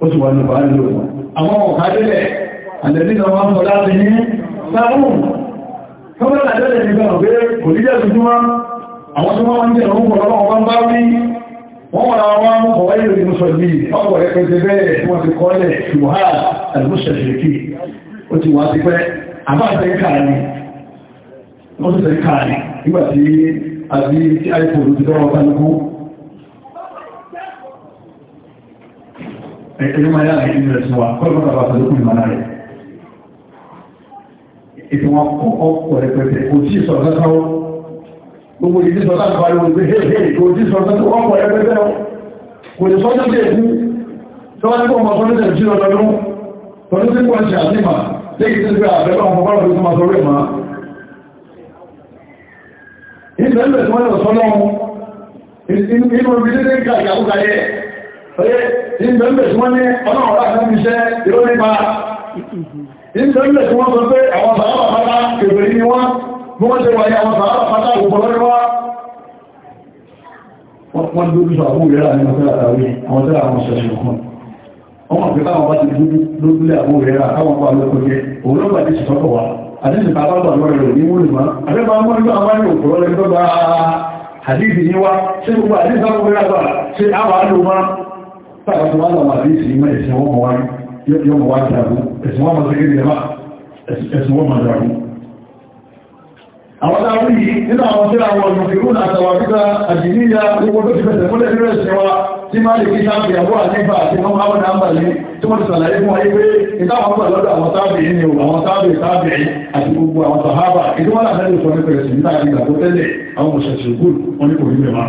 ó sì wà ní bá ní òun àwọn ọ̀kadẹ́lẹ̀ àlẹ́bí náà wọ́n sọ láti ní sáàrùn tó bẹ́ àjẹ́lẹ̀ ní gbọ́nà pé kò ní jẹ́ tuntun àwọn tó wọ́n jẹ́ òun pọ̀lọ́ wọn bá rí wọ́n wọ́n àwọn ọ̀wọ́ ilé ìlú sọ ní ọkọ̀ ẹ̀kẹ́jẹ́ bẹ́ẹ̀ tí wọ́n ti kọ́lẹ̀ ṣùgbọ́n àlùmọ́sẹ̀ṣẹ̀kì ó ti wá ti pẹ́ àbáṣẹ́ káàní wọ́n ti sẹ́ káàní nígbàtí àbí tí àìkò ló ti dọ́rọ̀ kálukú ẹ̀yọ́ máa yára ìlú rẹ̀ sí wa kọ́lọ́ bàbá tó lókùn ìmọ̀lá rẹ̀ ètò wọn kọ́ ọkọ̀ rẹpẹtẹ kò tí ì sọ̀rọ̀ sọ́wọ́ gbogbo ìdí sọ́tà tó wáyé wọn pé hey hey kò tí ì sọ̀rọ̀ sọ́tà ọkọ̀ rẹpẹtẹ kò lè sọ́jọ́ bí èkú tọ́wọ́ ní kò mọ̀ sọ́jọ́ tẹ̀ sí lọ́dọọdún tọ́jú tí kò ń ṣe àtìmà lẹ́yìn tí ìgbẹ̀lẹ̀ tí wọ́n ní ọlọ́run láti ní iṣẹ́ ìró nípa ìgbẹ̀lẹ̀ tí wọ́n sọ pé àwọn sàárà pátá kèbèrè ní wọ́n bí wọ́n ṣe wáyé àwọn sàárà pátá òpòlọ́ ní wá wọ́n dúdú sọ àwọn òrẹ́rà nínú fẹ́ àtàrí àwọn tẹ́lá àwọn ṣẹ̀ṣẹ̀ kan wọ́n mọ̀ pé káwọn bá ti dúdú lójúlé àwọn òrẹ́rà káwọn bá lóko jẹ òun ló bá ti sì sọ́kọ̀ wá àdéhùn tá a bá gbà lọ́rẹ̀ rẹ̀ ní wọ́n lè má àdébà mọ́ nígbà wọn ní òkúrọ́ lẹ́gbẹ́ bá àdéhùn yín wá ṣé gbogbo àdéhùn sáwọn òrẹ́rà gbà ṣé àwọn àdéhùn máa táwọn tí wọ́n lọ́wọ́ àdíṣì ìmọ̀ ẹ̀sìn wọn mọ̀ wáyé yóò mọ̀ wáyé dàrú ẹ̀sìn wọn mọ̀ sí kéde ẹ̀má ẹ̀sìn wọn mọ̀ dàrú àwọn táwọn yìí nínú àwọn tí àwọn ọ̀nà ìrú náà tàwà gbígbà àjìníyà gbogbo tó ti fẹsẹ̀ múlẹ̀ nínú ẹ̀sìn wa tí máa lè fi sáàbì àbúrò àníbà àti mọ́ máa wọ́n náà lé tí wọ́n ti sàlàyé fún ayé pé ìtàwọn pẹ̀lú ọ̀dọ̀ àwọn tábì ní o àwọn tábì tábì àti gbogbo àwọn sàhábà ìdíwọ́n náà lẹ́nu sọ nípa ẹ̀sìn nípa ìgbà tó tẹ́lẹ̀ àwọn òṣèṣègùn wọn ní kò ní mẹ́wàá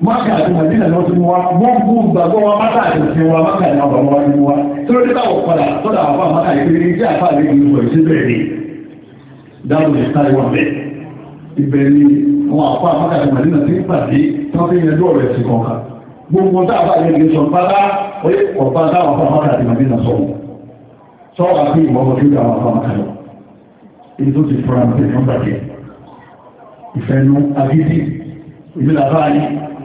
Máka àti Màdínà lọ sí mú wa, wọ́n kú gbàgbọ́ wa Máka àti sí wa, Máka àti àwọn ọmọ wa ní wa. Tí ó dé táwọn padà sọ́dọ̀ àwọn àwọn Máka ìpínlẹ̀ ní tí àfáà lè ní ìwọ̀ ìṣẹ́ bẹ̀rẹ̀ ni. Dáwọn lè sáré wọn bẹ̀. Ibẹ̀ ni wọn àfáà Máka àti Màdínà ti ń pàdé tí wọ́n fi yẹn lọ́ọ̀rẹ̀ sí kọ̀ọ̀ka. Gbogbo táwọn lè sọ pátá, oyè ọ̀pá táwọn àfáà Máka àti Màdínà sọ̀rọ̀. Sọ́wọ́ àfi ìmọ̀ ọmọ ìfẹ́nu agídí ìgbìlàbáyé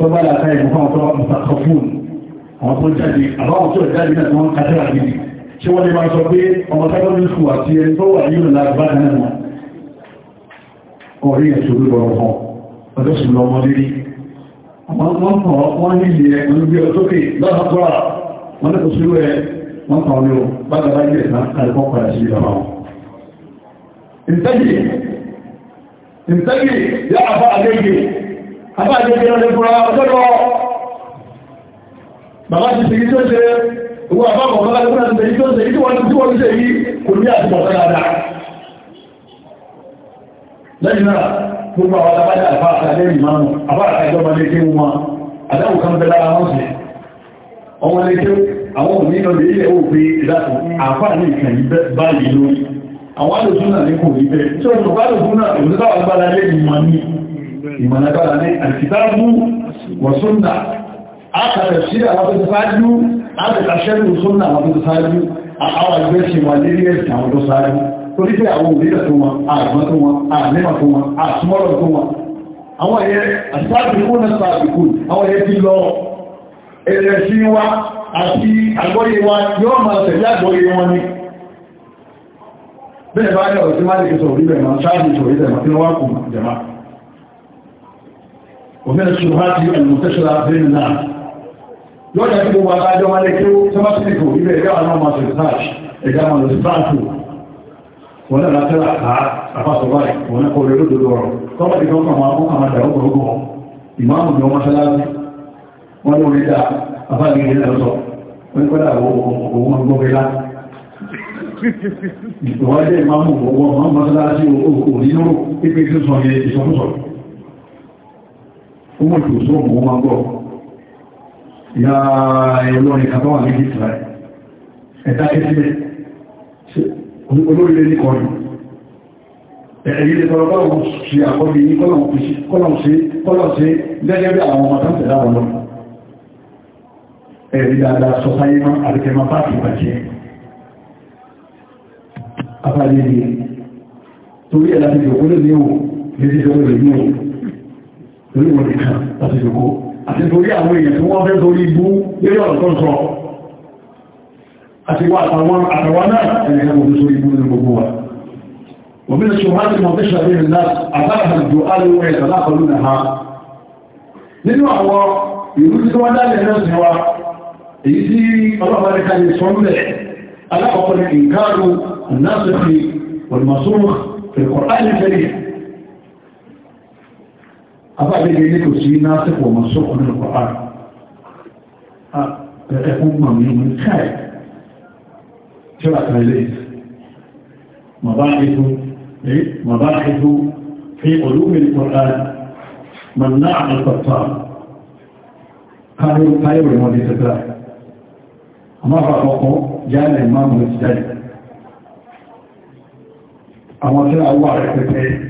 tó bá làtà ìbùkún àwọn tó mùsàkọ̀ fún àwọn tó jáde àwọn tó jáde náà wọ́n kàtẹ́rà gidi ṣé wọ́n lè máa sọ pé ọmọ secondary school àti ẹni tó wà nínú làgbà náà ọ̀rí ẹ̀sùn ló bọ̀rọ̀ hàn ọjọ́ sì lọ ọmọdé rí wọ́n mọ̀ wọ́n nílé ẹ̀ ń gbé ọtókè lọ́sọ̀tọ́ra wọ́n lẹ́kọ̀ọ́ ìtẹ́gì ìtẹ́gì yá àbá àlẹ́gì àbá àjẹjẹ ọ̀rẹ́ fúnra ọjọ́lọ́ bàbá ti ṣe tó ṣe owó àbábọ̀ bàbá tó ṣe tó ṣe tí wọ́n tí wọ́n ṣe yí kò ní àti bọ̀tọ́ dáadáa lẹ́yìn náà gbogbo àwọn àbájá àbá àtàlẹ́ ìmánu àbá àtàjọba lè kéwù wọn àdáwò kan bẹ lára wọn sí ọmọ lè kéwù àwọn òní lọ lè ilẹ̀ òfin ìdáàtò àǹfààní ìkàn yìí báyìí lórí àwọn àlòsùn náà ní kò rí bẹ́ẹ̀ tí ó ìmọ̀lágbára ní alkitabu wa sunna ákàtẹ̀ sí àwọn tó sáájú ákàtẹ̀ sẹ́rù sunna àwọn tó sáájú àwọn àgbẹ́sì wà nílé ẹ̀sìn àwọn tó sáájú tó ní pé àwọn òbílẹ̀ tó wọn àgbọ́n tó wọn àmẹ́mà tó wọn àsúmọ́rọ̀ tó wọn àwọn ẹ̀yẹ ومن الشبهات المنتشرة بين الناس lọ́nà tí gbogbo àbájọ́ wá lé kí ó tọ́mọ́sílìkò ilé ẹ̀yà àwọn ọmọ sèpáàṣì ẹ̀dá àwọn sèpáàṣì wọn náà látẹ́lá àá àpasọ̀wá wọn náà kọ́ lórí òdòdó ọ̀rọ̀ tọ́mọ́ ti gbọ́n kàwọn akọ́kọ́ àwọn àdàrú gbogbo wọn ìmáàmù ni wọ́n mọ́ṣáláṣí wọn ní orí dá abáàgì ilé lọ́sọ wọn kọ́ dà owó wọn gbọ́ bẹ́lá ìwádìí ìmáàmù owó wọn mọ́ṣáláṣí òní nínú pípé sísọ owó ìtòsó òun máa gbọ́ ìyá ẹlọ́rin kàbáwà ní Israel ẹ̀dá kẹsílẹ̀ olórílẹ̀ ní kọlù ẹ̀yílẹ̀ tọrọbá òun ṣe àkọ́bí ní kọ́lọ̀ṣe lẹ́gẹ́ bí àwọn ọmọ tán tẹ̀lá wọn lọ ẹ̀rí dáadáa sọ́sáyé ti jòkó lè ní òun torí wọn nìkan láti lòkó àti torí àwọn èèyàn tí wọ́n fẹ́ torí ibú lórí ọ̀rọ̀ tó ń sọ àti wà àtàwọn àtàwọn náà ẹnìyàn mọ̀ tó ibú nínú gbogbo wa ومن الشبهات المنتشرة بين الناس أثرها الدعاء ويتناقلونها nínú àwọn ìlú tí wọ́n dá lẹ́nà sí wa èyí tí ọlọ́pàá ní sọ́nlẹ̀ alákọ̀ọ́kọ́ ní ìkáàrù afáàlẹ́gbẹ̀ ní kò sí náà sẹ́pọ̀ ọmọ sọ́kùn nínú pàpá ẹkùn mọ̀ ní ọmọ káì tí ó àtàrà ilé مباحث في علوم القرآن مناع القطار كانوا كانوا المودي سترى أما رأوكم جاء الإمام المسجد أما ترى الله يكتب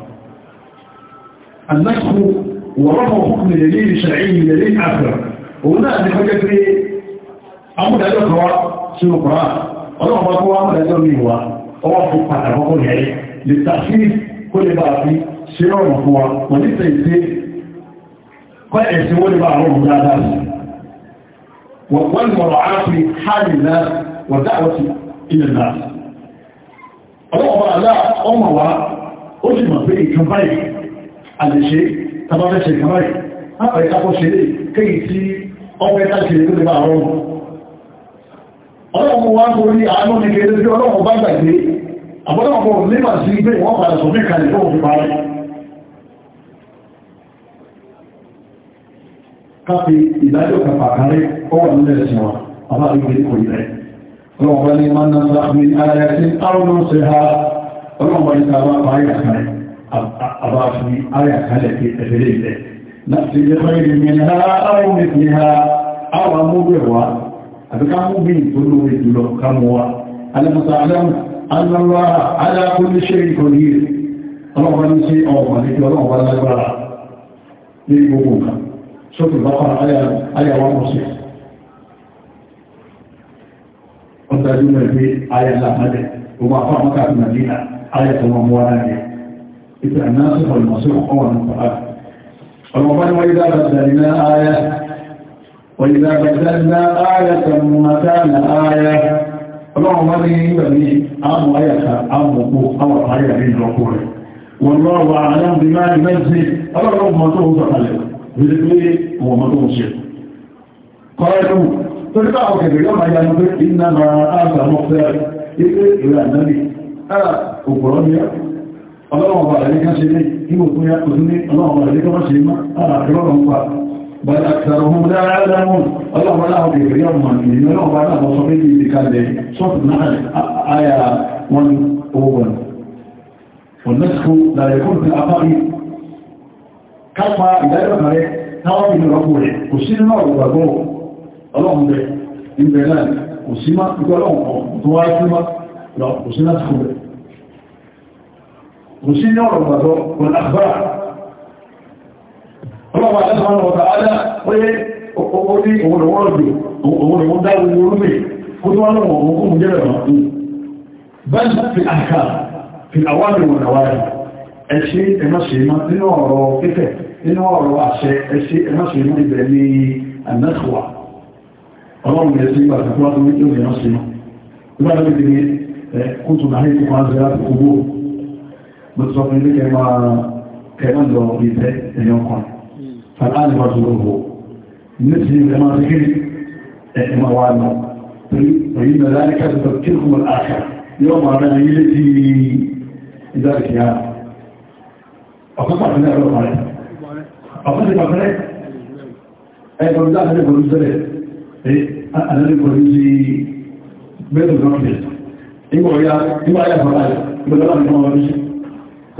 النسخ ورفع حكم دليل شرعي من دليل آخر وهنا نفجر في أمود أجل قراء سنو قراء ọlọ́run bá tó wá mọ̀ lẹ́jọ́ mi wá ọwọ́ fún pàtàkọ́kọ́ yẹn lè tàfíì kó lè bá fi ṣe ọ̀rọ̀ fún wa wọ́n ní tẹ̀sí kọ́ ẹ̀sìn wọ́n lè bá àwọn ọmọ dáadáa sí wọ́n mọ̀rọ̀ ápì hálì náà wọ́n dáwọ́sí ilẹ̀ náà ọlọ́run bá aláà ọmọ wa ó sì mọ̀ pé ìkan báyìí àlèṣe tàbátẹ́ṣe kàmáì lápàá ìtàkọ́ṣe kéyì tí ọgbẹ́ tàṣe tó lè bá rọrùn ọlọ́run wá kó ní àánú ní kéde tí ọlọ́run bá gbàgbé àbọ́dọ̀pọ̀ nígbà sí ibẹ̀ wọ́n padà sọ mẹ́ka lè fún òfin parí káfí ìdájọ́ kàpàkárí ó wà nílẹ̀ ẹ̀sìn wa àbá ìgbé kò ilẹ̀ ọlọ́run bá ní máa ń náà láàrin ayẹyẹ tí àrùn náà ṣe ha ọlọ́run bá ní àbáfi ayà kalẹ̀ pé ẹ̀fẹ́lẹ́ ilẹ̀ láti ilẹ̀ ìrìnlẹ̀ àwọn ìpínlẹ̀ àwọn amúgbẹ̀wà àti ká mú bí ìtòlò ìjùlọ kámọ́wà alẹ́mọ̀ta alẹ́mọ̀ alákúnléṣẹ́ ìkòrí ọlọ́pàá ní sí ọmọ nígbẹ̀ ọlọ́pàá lágbára ní gbogbo nǹkan sókè bá fara ayàwó ọmọsí ọ̀dájú mẹ́rin pé ayàlá àmàlẹ̀ gbogbo àfáàmọ́kà àti nàìjíríà ayàtọ̀wọ̀mọ́wà náà إذا الناصر والمصير قوة القرآن ربنا وإذا بدلنا آية وإذا بدلنا آية مكان آية ربنا يبني أم آية أم وقوف أو آية من رقوله والله أعلم بما ينزل الرب ما تخلق بالكلي هو ما شيخ قالوا تركعوا كبير يوم ينزل إنما أنت مختار إذن إلى النبي أه وقرانيا ọlọ́wọ̀n bàrà ní kan ṣe ní ìwò tó yá kò ní ọlọ́wọ̀n bàrà ní kan wọ́n ṣe má ara ìrọ̀rùn pa bàrà àkàrà ohun dáadáadáwọn ọlọ́wọ̀n láwọn bèèrè ọmọ ìrìn ọlọ́wọ̀n bàrà àwọn sọ méjì ìdíkalẹ̀ sọ́tù náà àyà wọn ogun ọ̀nẹ́sùkú làrẹ̀kùn ti afárí kápa ìdájọ́ kàrẹ táwọn ìlú rọ́pò rẹ̀ kò sí nínú ọ̀rọ̀ gbàgbọ́ ọlọ́run bẹ̀ ń kò sí má ìgbọ́lọ́run kan tó wáyé sí láti kò sí ní ọ̀rọ̀ gbàgbọ́ kò lágbára ọlọ́pàá àtẹ́sọ́nà ọ̀tà ádá ó yẹ ó ní òun òun ọ̀dọ̀ òun òun dá gbogbo orúgbẹ̀ kó tó wọ́n lọ́wọ́ òun kún jẹ́rẹ̀ mọ́ bẹ́ẹ̀ fi àkà fi àwádìí wọn àwárí ẹ̀ṣẹ́ ẹ̀mọ́sẹ̀mọ́ nínú ọ̀rọ̀ fífẹ̀ nínú ọ̀rọ̀ àṣẹ ẹ̀ṣẹ́ ẹ̀mọ́sẹ̀mọ́ ibẹ̀ ní àmẹ́kùwà ọlọ́run ẹ̀ṣẹ́ ìgbà tó wá tó ní ìrìnàṣẹ́mọ́ ìgbà tó ní kútù náà ní ìpàdé àti gbogbo bó ti sọ fún ilé kẹwàá kẹwàá lọ ìfẹ́ ẹ̀yọ kan fàlàní wà tó lóòwò nítorí ìfẹ́ máa ti kiri ẹ̀ẹ́ máa wà lọ èyí nà láti ká tó kí fún àṣà yóò máa rẹ̀ ayé lé sí ìdáàkì yára ọ̀pọ̀ pàtàkì ọlọ́pàá rẹ̀ ọ̀pọ̀ ti pàtàkì ẹgbẹ̀rún láti ẹgbẹ̀rún sẹ́lẹ̀ àdánilẹ́gbẹ̀rún sí bẹ́ẹ̀rún lọ́pẹ̀ ìgbọ̀ ya ìgbọ̀ ayé àfàlà ìgbẹ̀rún láti ọmọ ọdún sí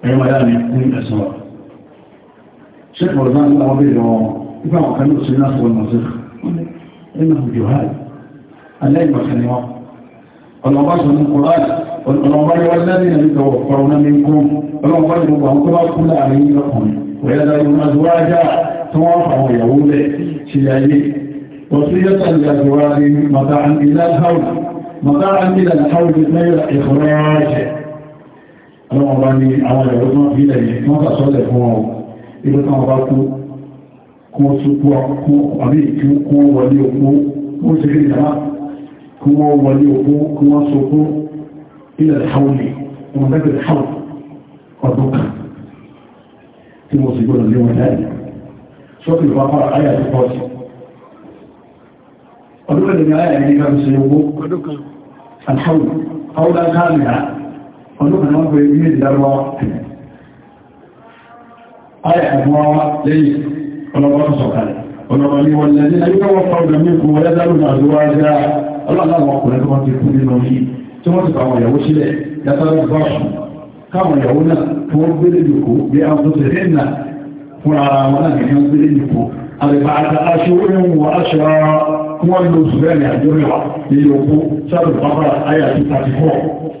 قال قال قال إنه جهاد 哎妈呀，你你干什么？吃火山那我没有，你看我看到吃那火山是，哎那很厉害，俺那也没看到。الله باش من قال القرآن الله باش والذين يتوفرون منكم الله باش من الله كما كل عليهم لكم وإذا يوم أزواجا توافعوا يهود شيئي وصية لأزواجهم مطاعا إلى الحول مطاعا إلى الحول غير إخراج ọlọ́wọ́n bá ní àwọn ẹ̀rọ tó ń fi ilẹ̀ yìí wọ́n sàṣọ́lẹ̀ fún wọn ibi táwọn bá kú kó súnkú ọkú àbí ìkú kó wọlé òkú ó sì rí ìjàmá kó wọ́n wọlé òkú kó wọ́n sókú ilẹ̀ haúlì wọn bẹ́ẹ̀ haúl ọdún kan tí mo sì gbọ́dọ̀ lé wọn jáde sọ́kì ìfà fara ayà tó pọ̀ sí ọdún kan ní ayà yìí ká fi ṣe owó alhaúl haúlá káàmì ọlọ́pàá wọ́n pẹ̀lú ilé ìdárọwà ayà àgbọ́wà lẹ́yìn ọlọ́pàá tó sọ̀kalẹ̀ ọlọ́pàá ní wọ́n lẹ́yìn ayúwọ́ fọ́gbà mẹ́kù wọ́lẹ́dárù náà ló wá já ọlọ́pàá ọkùnrin tó wọ́n ti kú nínú yìí tí wọ́n ti pàwọn ìyàwó sílẹ̀ yàtọ̀rọ̀ bọ́ọ̀sù káwọn ìyàwó náà tó wọ́n gbélé lùkú bí a tó ti rí nà fún ara wọn náà nìyàn àti aṣọ orin wọ wọn lọ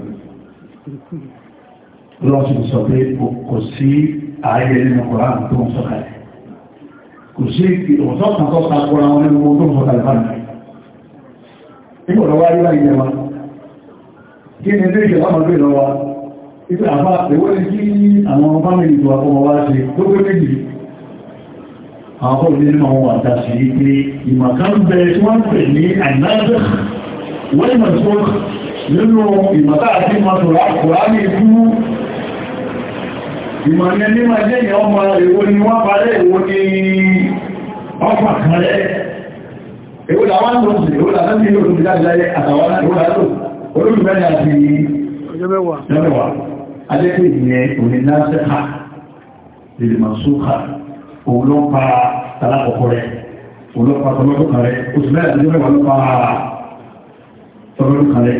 lọ́sùn sọ pé kò sí ààyè nínú koran tó ń sọ kalẹ̀ kò sí ìwọ̀sọ́ kan tó ta koran wọn nínú tó ń sọ kalẹ̀ bá nìyẹn nígbà lọ́wọ́ ayé láyé yẹn wa kí ni ilé ìjọba máa gbé lọ́wọ́ ibi àbá ìwé kí àwọn fámìlì tó àkọ́mọ wá ṣe tó gbé méjì àwọn kọ́ ní nínú àwọn àdá sí pé ìmọ̀kan bẹ tí wọ́n pè ní àìnáàbẹ̀ wọ́n ìmọ̀ tó nínú ìmọ̀ta àti ìmọ̀tòrá kòrá ní ìlú ìmọ̀lẹ́ mímọ̀ jẹ́ ìyàn ọmọ èwo ni wọ́n parẹ́ èwo ni ọgbà kan rẹ̀ èwo làwọn tó sì èwo làwọn tí yóò tóbi láti láyé àtàwọn èwo làtò olóògbẹ́ni àti lọ́wọ́ adẹ́kùn ìyẹn òní lásẹ́kà lèmọ̀sókà òun ló pa tàlákọ̀ọ́kọ́ rẹ̀ òun ló pa tọmọ́tọ́kà rẹ̀ oṣù mẹ́rin àti mẹ́wàá ló pa tọmọ́tọ́kà rẹ̀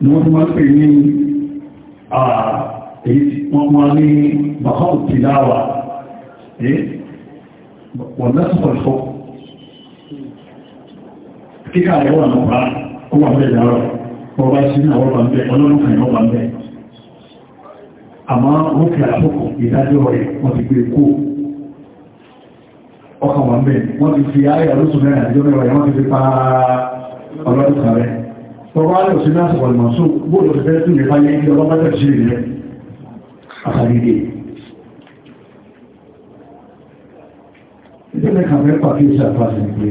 ni wọ́n èyí tí wọ́n mọ́ ní bàkọ́rù tìláwà wọ̀n lẹ́sùpọ̀ ìfọ́ kíkà rẹ̀ wà lọ́pàá ó wà bẹ́ẹ̀ dára wọ́n bá sí náà wọ́n bá ń bẹ́ ọlọ́run kan wọ́n bá ń bẹ́ àmọ́ wọ́n fi àkókò ìdájọ́ rẹ̀ wọ́n ti gbé kó ọkàn wà ń bẹ́ wọ́n ti fi ayé àlóṣù mẹ́rin àti ọmọ ìwọ̀n ti fi pa ọlọ́run kan rẹ̀ tọ́wọ́ alẹ́ òsínà sọ̀rọ̀ ìmọ̀sùn bóòlù ti tún lè fáyé ilé ọlọ́pàá tẹ̀sí rẹ̀ àkàrídé ìdílé kan fẹ́ pàkíyèsí àpáṣẹ pé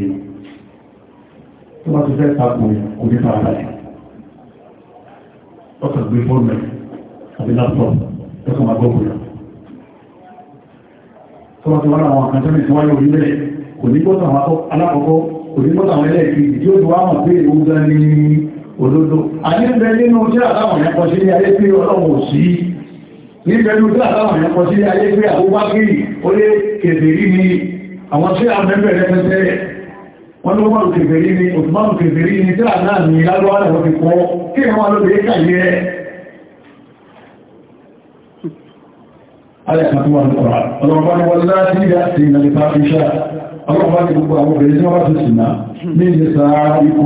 tó bá ti fẹ́ tapò kò ní fara balẹ̀ ọkọ̀ gbé fóònù àbí láptọ̀pù ẹ̀kọ́ máa gbọ́kù lọ tó bá ti wá àwọn àkàntẹ́mì tó wáyé orílẹ̀ kò ní gbọ́ta alákọ̀ọ́kọ́ kò ní gbọ́ta àwọn ẹlẹ́ẹ̀kì tí ó ti wá mọ̀ pé ìwúgbẹ́ ní olódó àyíkẹ́ nínú tí àtàwọn ẹ̀kọ́ sí ní ayé pé ọlọ́wọ̀ sí ní pẹ̀lú tí àtàwọn ẹ̀kọ́ sí ayé pé àwọ́bákìrì ó lé kèfèrí ní àwọn tí a mẹ́bẹ̀rẹ̀ mẹ́tẹ́rẹ̀ wọ́n ló mọ́rù kèfèrí ní òtùmọ́rù kèfèrí ní tí àná ní lágbọ́wà lọ́wọ́ ti kọ́ kí wọ́n ló lè kàyẹ Ọlọ́pàá ni gbogbo àwọn obìnrin tí wọ́n ti sìnà ní ìsẹ̀sára ikú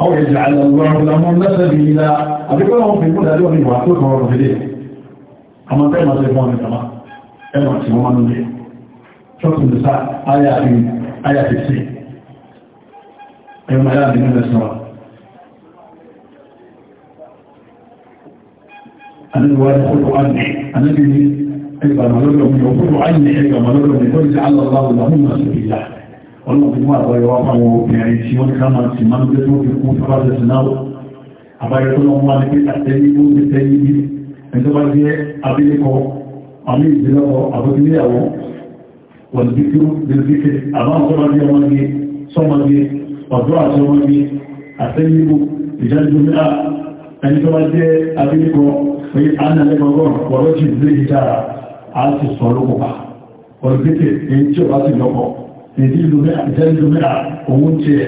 أو يجعل الله لهم سبيلا أبيكم هم في المدى اليوم يبعثوك ورد إليه أما كما تفهم كما أما تفهم من ذلك آية في آية في السين أيوم آيات من السماء أنا الوالد عني أنا بني أيضا ملوك من يقول عني أيضا ملوك من يقول جعل الله لهم سبيلا ọlọ́pùpù àbáyọwá fáwọn obìnrin tí ó ní ká máa sì máa ń gbé tó fi kún fún bájẹ̀ sínáwó àbáyọ tó lọ́wọ́ ní pé àtẹ́yí tó ń tẹ́yí bí ẹjọ́ bá jẹ́ abílẹ́kọ àmì ìgbélọ́wọ́ àbójúléyàwó wọ̀n díkú díkú àbáwọn tó bá jẹ́ ọmọdé sọmọdé ọ̀dọ́ àti ọmọdé àtẹ́yí bú ìjájú ní à ẹni tó bá jẹ́ abílẹ́kọ pé ánàlẹ́gbọ̀gbọ̀n wọ́rọ́ يزيد مئة يزيد مئة ومنتي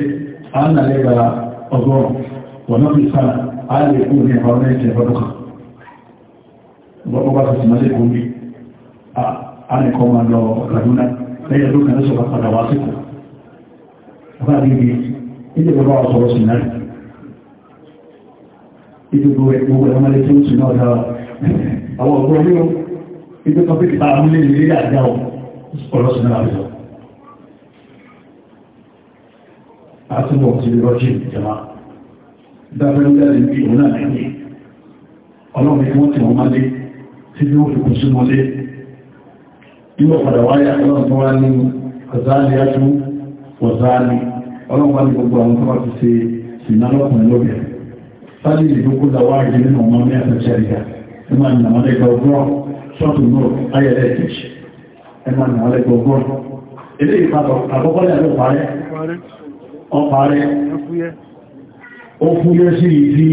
أنا لك أظن ونقل سنة على يكون من حرمية بدخة وقبا تسمالي قومي أنا كما لو لدينا لا يدوك نسبة قدواتك وقالي إذا بضع صلوص النار إذا بضع لما لتنسي نوتا أو أقول يوم إذا قبل تعمل لي أعداء صلوص النار àtúbọ̀ ti rọ́jì ìjọba dábẹ́rẹ́dáre bí òun náà ní ọlọ́run tí wọ́n ti wọ́n mọ́lé tí bí ó fi kún sí mọ́lé yíò padà wáyé ọlọ́run tó wá ní ọ̀záàlì ájú ọ̀záàlì ọlọ́run wá ní gbogbo àwọn tó wá ti ṣe sínà lọ́kùnrin lóbẹ̀ sáàlì ìdókó dáwà rí nínú ọmọ mẹ́ta ṣẹ́ríà ẹ máa nà wọ́n lẹ́gbẹ̀ ọgbọ́n ṣọ́tù náà ayẹ̀lẹ́ kejì ọparẹ́ ó fúyẹ́ sí ìdí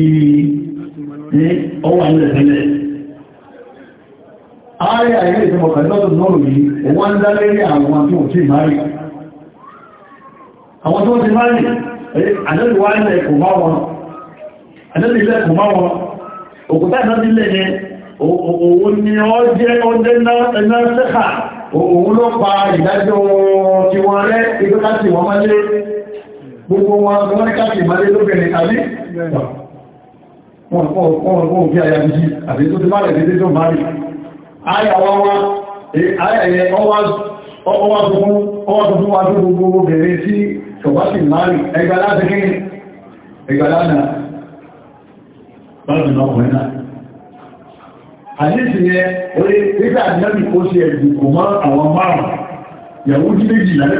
ní ọwà ilẹ̀-ẹ̀lẹ̀ ààrẹ àìrí ìtẹ́mọ̀kà lọ́dún náà yìí wọ́n ń dá lérí àwọn tí ó ti márì àwọn tó ti márì àdẹ́lùwà ilẹ̀ kò má wọn òkúta ìdánilẹ̀ yẹn òun ni ọ jẹ́ ọdẹ́ náà sẹ́kà òun ló pa ìdájọ́ tiwọn rẹ̀ ìgbẹ́kásí wọn máa lé gbogbo wọn wọ́n ní káàkiri máa lé lóbìnrin àbí wọ́n wọ́n bí àyà jí àbí tó ti máa rẹ̀ dédé tó máa rí àyà wọ́n wá àyà yẹ ọwá tuntun wá tó gbogbo obìnrin tí ṣọ̀bátì máa rí ẹgbà láti kí ẹgbà lánà báyìí náà wọ́n náà àdísì yẹ orí pípẹ́ àdínábì kó ṣe ẹ̀dùkò mọ́ àwọn márùn-ún yàwó jí méjì lálẹ́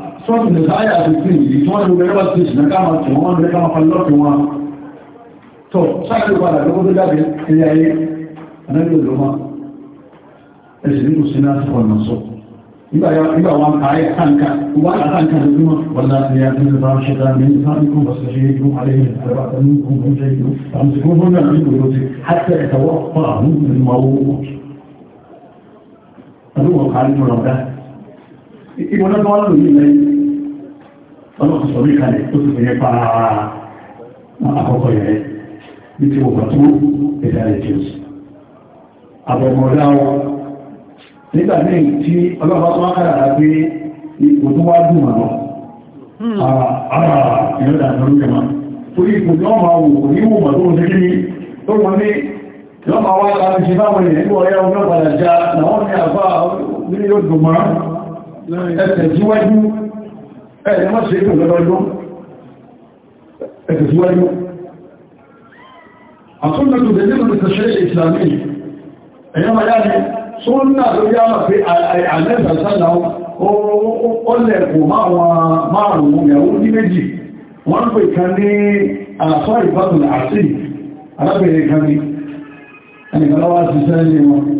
sọ́ọ̀tì lè sáyà àdìsí ìdí tí wọ́n lè wọ́n lọ́wọ́ sí ìṣìnà káàmà tí wọ́n lè káàmà fún lọ́pì wọn tó sáàkì padà lọ́wọ́ tó jáde ilé ayé anábì olóma ẹ̀sìn nínú sí náà sọ̀rọ̀ náà sọ nígbà wọn kà áyà kàǹkà wọ́n kà kàǹkà lè bímọ wọ́n ti yà tí wọ́n ṣe dáa ní sáàkùn bàṣẹ ṣe yé fún alẹ́ yẹn tẹ̀lé àtẹnú kún fún ṣe yé àmì kún fún náà nígbà tó ti hàtẹ́ ẹ̀tọ́wọ́ fún àwọn ìmọ̀ owó àdúgbò kàrí mọ̀ lọ́dá ìpínlẹ̀ tí ọlọ́pàá kára pé ipò tó wá dùn àná hmm. ara ìyọ́ dàgbà ló ipò tí wọ́n máa ní wò mọ̀ tó ṣe kí tó wọ́n ní lọ́pàá wá láti ṣe báwọn ènìyàn ní ọ̀rẹ́ ọmọ padà já làwọn ní àbá ẹ̀tẹ̀síwájú ẹ̀yẹ má ṣe ìpò lọ́dọ́dún ẹ̀tẹ̀síwájú àtúnnàtò bẹ̀rẹ̀ lọ́dọ̀ tẹ̀ṣẹ́ ìsìlámì ẹ̀yẹ ma yá ni súnnà tó yá wà pé àlẹ́sàtàlá ó lẹ̀kù márùn-ún ìyàwó ní méjì wọ́n pè kan ní àṣọ́ ìbátùn àti arábìnrin kan ní ẹnìkan lọ́wọ́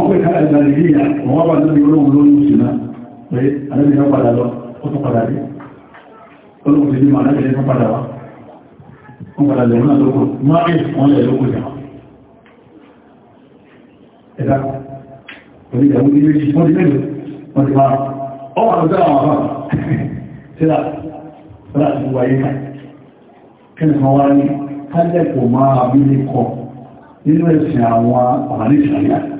wọ́n pè kára ìgbàlèríyà wọ́n wá bá lórí olóhun lórí ìṣìná pé alẹ́bìnrin padà lọ ó tún padà rí olóhun ti ní ma alẹ́bìnrin fún padà wá wọ́n padà lẹ̀ náà lókò máa ẹ̀ wọ́n lẹ̀ lókò jà ẹ̀dá pẹ̀lú ìyàwó ní méjì wọ́n ti mẹ́lẹ̀ wọ́n ti máa ọ wà lọ́jọ́ àwọn àbá síra síra ti wáyé náà kí ni wá ní kájẹ́ máa bí ní kọ nínú ẹ̀sìn àwọn àmàlẹ́ ìṣàlẹ̀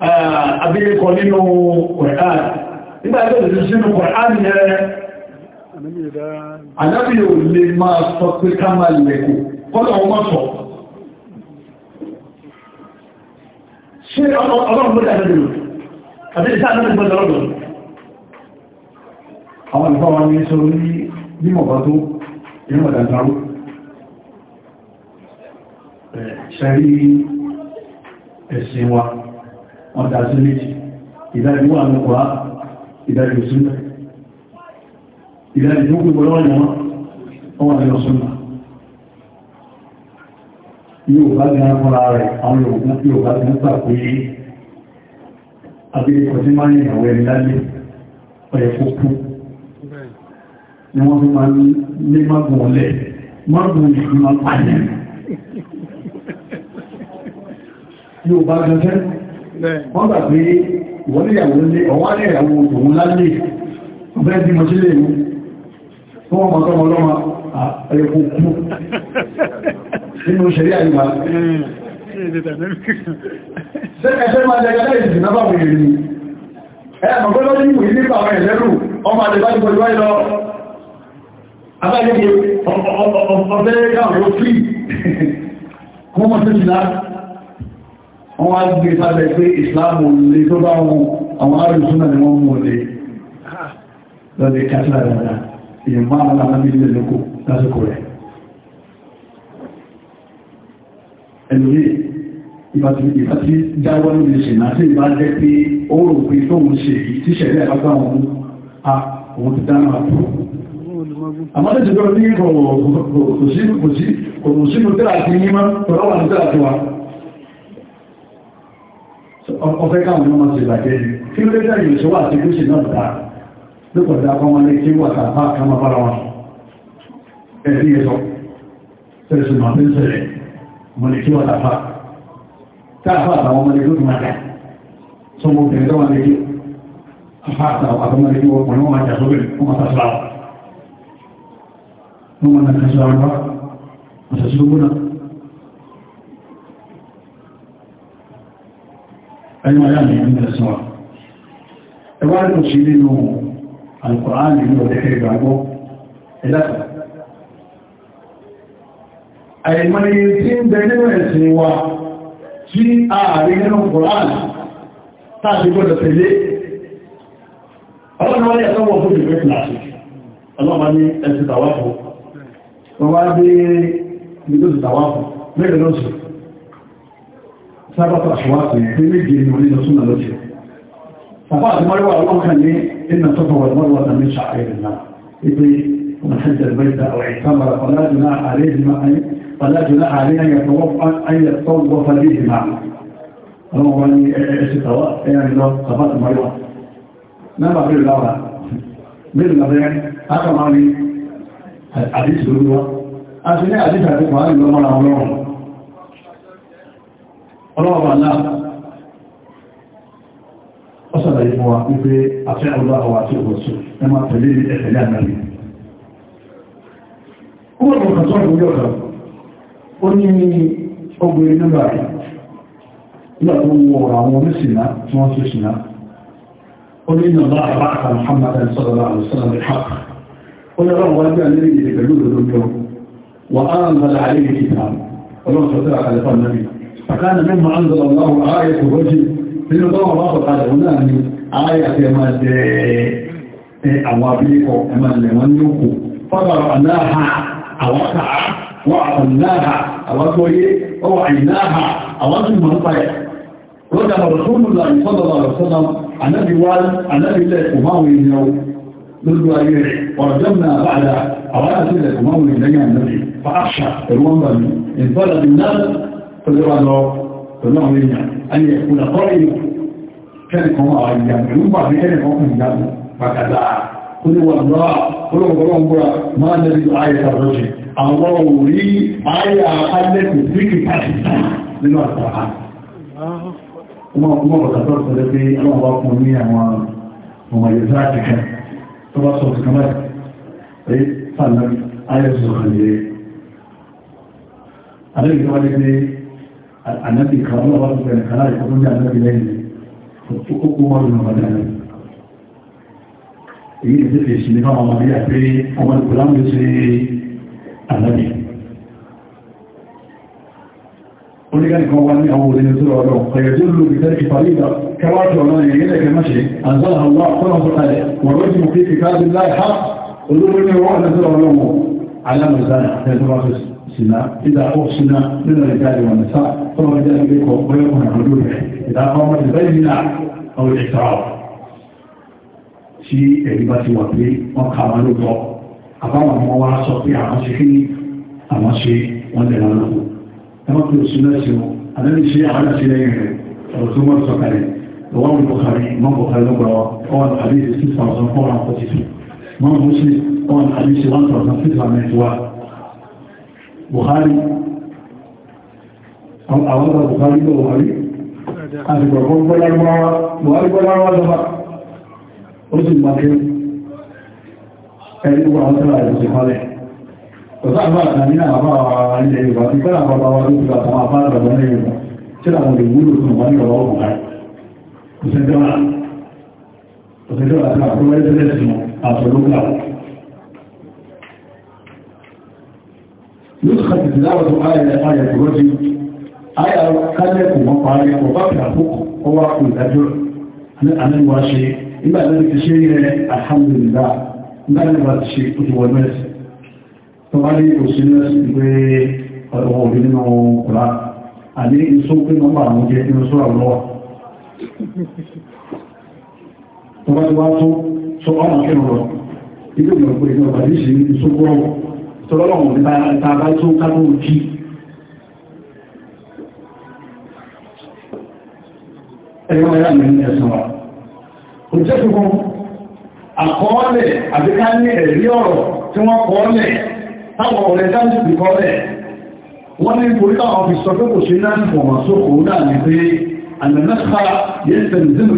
abílẹ̀kọ nínú Kùrán nígbà ẹgbẹ́ ìlú sínú Kùrán yẹ anábì ò lè máa sọ pé ká máa lẹ̀kù kọ́lọ̀ ọmọ sọ ṣe ọlọ́run gbọ́dọ̀ àdẹ́dẹ̀rẹ̀ àdẹ́dẹ̀ ẹ̀sìn wa wọ́n dá sí méjì ìdájú wà ní kòrá ìdájú súnmọ́ ìdájú tó gbogbo lọ́wọ́ yẹn wọ́n wà nínú súnmọ́ yóò bá ní agbára rẹ̀ àwọn Yorùbá tí yóò bá ti ń gbà pé abẹ́kọ̀ tí máa ń yàwó ẹni lálẹ́ ọ̀yẹ̀ kókó ni wọ́n fi máa ní mágùn ọ̀lẹ́ mágùn ìgbìmọ̀ pàdé yóò bá gbẹ̀ẹ́ wọ́n fún ọmọ ọmọ ọlọ́mọ ẹ̀kọ́ kú nínú ṣẹ̀rí àyíká ẹ̀fẹ́ máa dẹ̀gẹ́ láì sí náà wòye ni ẹ̀ mọ̀gbọ́lọ́ ní ìwòye nípa àwọn ẹ̀lẹ́rù ọmọ àdẹ̀bájú wọ́n wá gbé sábẹ́ pé ìsìláàmù lè tó bá wọn àwọn arìsúnà ni wọ́n mú lè lọ́dẹ̀ kásílà dada ìmọ̀ àwọn alámi ilẹ̀ lókò lásìkò rẹ̀ ẹ̀lúrí ìfàtí dáwọ́ ní ìṣẹ̀ náà sí ìbá jẹ́ pé ó rò pé tóun ṣe tí ṣẹ̀rẹ́ àpapọ̀ ọfẹ́ káwọn ọmọ ṣe bàjẹ́ kí ló dẹ́jà yìí ṣọwọ́ àti gúúsì náà dá lókọ̀ dá kọ́ wọn lé kí wà tàbá kama bára wọn ẹ̀rí ẹ̀sọ́ tẹ̀sùn máa fi ń sẹ̀rẹ̀ mọ̀ lè kí wà tàbá táàbá àtàwọn ọmọ lè kí ó máa dà tó bẹ̀rẹ̀ tó lè kí àbá àtàwọn ọmọ lè kí wọ́n máa jà ẹni máa yàmì ní ẹ̀sùn wa ẹwà ní òṣì nínú alkùnrin nínú ọ̀dẹ́kẹ́ ìgbàgbọ́ ẹ̀dàkà àìmọye tí ń bẹ nínú ẹ̀sìn wa tí ààrí nínú kùnrin tàbí gbọ́dọ̀ tẹ̀lé ọlọ́nà wáyé ẹ̀sọ́wọ́ fún ìgbẹ́ plastic ọlọ́mà ní ẹ̀sìn tàwáfù wọ́n wá dé ìgbẹ́ tàwáfù mẹ́rin lọ́sùn سبب أحواتنا في مجي المعنين صنع الوجه فبعد ما يوعى الله كان إن صفا والمروة من شعير الله إذن من حج البيت أو اعتمر فلا جناع عليه ما فلا جناع عليه أن يتوقع أن يتوقف به معه أنا أقول لي إيش التوقع إيه يعني لو صفات المروة ما بقول الله من المريان يعني أكمل عليه حديث بلوة أجناء حديث حديث وعلي بلوة مرة مرة مرة ọlọ́ọ̀bà náà ó sàlàyé mọ́ wa wípé àfẹ́ ọlọ́ọ̀wà tí ó sọ ẹ máa tẹ̀lé ẹ̀tẹ̀lé àmàlì kúrò mọ̀ kàtọ́ ìwé ọ̀dọ̀ ó ní obìnrin nígbà rẹ̀ nígbà tó wọ àwọn oníṣìnà tí wọ́n ti ṣìnà ó ní ìnàlá àbáta Muhammad sallallahu alaihi wasallam al-haqq ó ní ọlọ́run wájú àlẹ́ ìdè pẹ̀lú òdodo wa anzala alayhi kitab ọlọ́run sọ́tẹ́ àkàlẹ́fà náà فكان مما أنزل الله آية الرجل nínú tó wọ́n lọ́pọ̀ tàbí òun náà ni ààyà tí ẹ máa jẹ àwọn abílẹ́kọ̀ ẹ máa lẹ̀ wọ́n ní òkú fọ́bàrọ̀ aláha àwọ́ta wọ́n àtàláha àwọ́gbóyé ọwọ́ àìláha àwọ́gbìmọ̀ ń pàyẹ̀ rọ́dà bàbà tó mú láàrín sọ́dọ̀lọ́rọ̀ sọ́dọ̀ anábílẹ̀ kùmáwé ni ó lójú ayé rẹ̀ ọ̀rọ̀jọ́ náà bàdà àwọn àti ilẹ̀ kùmáwé lẹ́yìn ànábì fa àṣà ẹ̀rọ wọn bà mí ìfọ́lá olùwàlọ́ àwọn èèyàn a ní ẹ̀kùn àkọ́ èèyàn kẹ́nìkan àwọn èèyàn pẹ̀lú bà ní kẹ́nìkan fún ìyàwó bàkàdà olùwàlọ́ olùwàlọ́ gbọ́ra máa nẹ́bí ayé tàbí àwọn orí ayé alẹ́kùn síkì pakistan nínú àtàrà ọmọ ọ̀tàtọ̀ sọ̀rọ̀ pé ànábì kan ọlọ́wọ́ tó fẹ́rẹ̀ kan láìpẹ́ tó ń jẹ́ ànábì lẹ́yìn ó kó wọn lọ́wọ́ dáná èyí tó tẹ̀lé sí ní fáwọn ọmọdé àpé ọmọ ìpòlá ń ṣe ànábì oníkàní kan wá ní àwọn òdínú tó rọrọ ọ̀yọ̀ tó lò ní tẹ́lẹ̀ ìparí ìgbà kẹwàájọ ọ̀nà ìrìnlẹ̀ kẹmáṣe àzọ́lá àwọn akọ́nà sọ́tàlẹ̀ wọ̀n lọ́jọ́ mọ̀ pé kìkà bí láì ha olóòrùn ní wọ́n lọ́jọ́ ọlọ́wọ́ alámọ̀sára ẹ̀tọ́ bá fẹ́sì الزنا إذا أوصنا من الرجال والنساء فهو ذلك ويكون حدوده إذا قامت بيننا أو الإكرار tí ẹ̀rí bá ti wà pé wọ́n ká wọn lóòótọ́ àbáwọn ọmọ wa sọ pé àwọn ṣe kíni àwọn ṣe wọ́n lè lọ́nà kù ẹ má pè òsì náà sí wọn àlẹ́ ṣe àwọn àti lẹ́yìn rẹ̀ ọ̀rọ̀ tó wọ́n sọ kalẹ̀ lọ́wọ́ mi bọ̀kari mọ́ bọ̀kari ló gbọ́ ọwọ́n àdéhìí six thousand four hundred forty two mọ́ bọ́sí ọwọ́n àdéhìí one thousand six hundred ninety one Buhari àwọn ọ̀dọ̀ Buhari lọ Buhari àti gbọ̀gbọ́n gbọ́lárúwáwá Buhari gbọ́lárúwá lọ́wọ́ ó sì máa kí ẹni wà ó tẹ́lá ìlú sí falẹ̀ ọ̀sá àbá àtàní àwọn يدخل تلاوة آية آية الرجل آية كلمة وقارئ وقارئ فوق هو الأجر أنا الواشي إما أن تشيء الحمد لله ما لم تشيء كتب الناس طبعا يوصلنا بأرغب منه القرآن àní ìsókè nọ́mbà àwọn jẹ́ inú sọ́rọ̀ lọ́wọ́ tó bá ti wá tó sọ ọ́nà kí lọ ilé ìgbàgbé ìjọba ní ṣe ìsókè ọ̀wọ̀ tọ́lọ́wọ̀n ní bá tó kábọ̀ òjì ẹgbẹ́ ọ̀rẹ́ àmì ẹ̀sùn wa kò jẹ́ fífún àkọọ́lẹ̀ àbíká ní ẹ̀rí ọ̀rọ̀ tí wọ́n kọọ́lẹ̀ táwọn ọ̀rẹ́ dáńtì kọọ́lẹ̀ wọ́n ní torí táwọn fi sọ pé kò ṣe náà fọ̀ wọ́n sókò náà ní pé ànànáfà yẹ́ tẹ̀lẹ̀dínú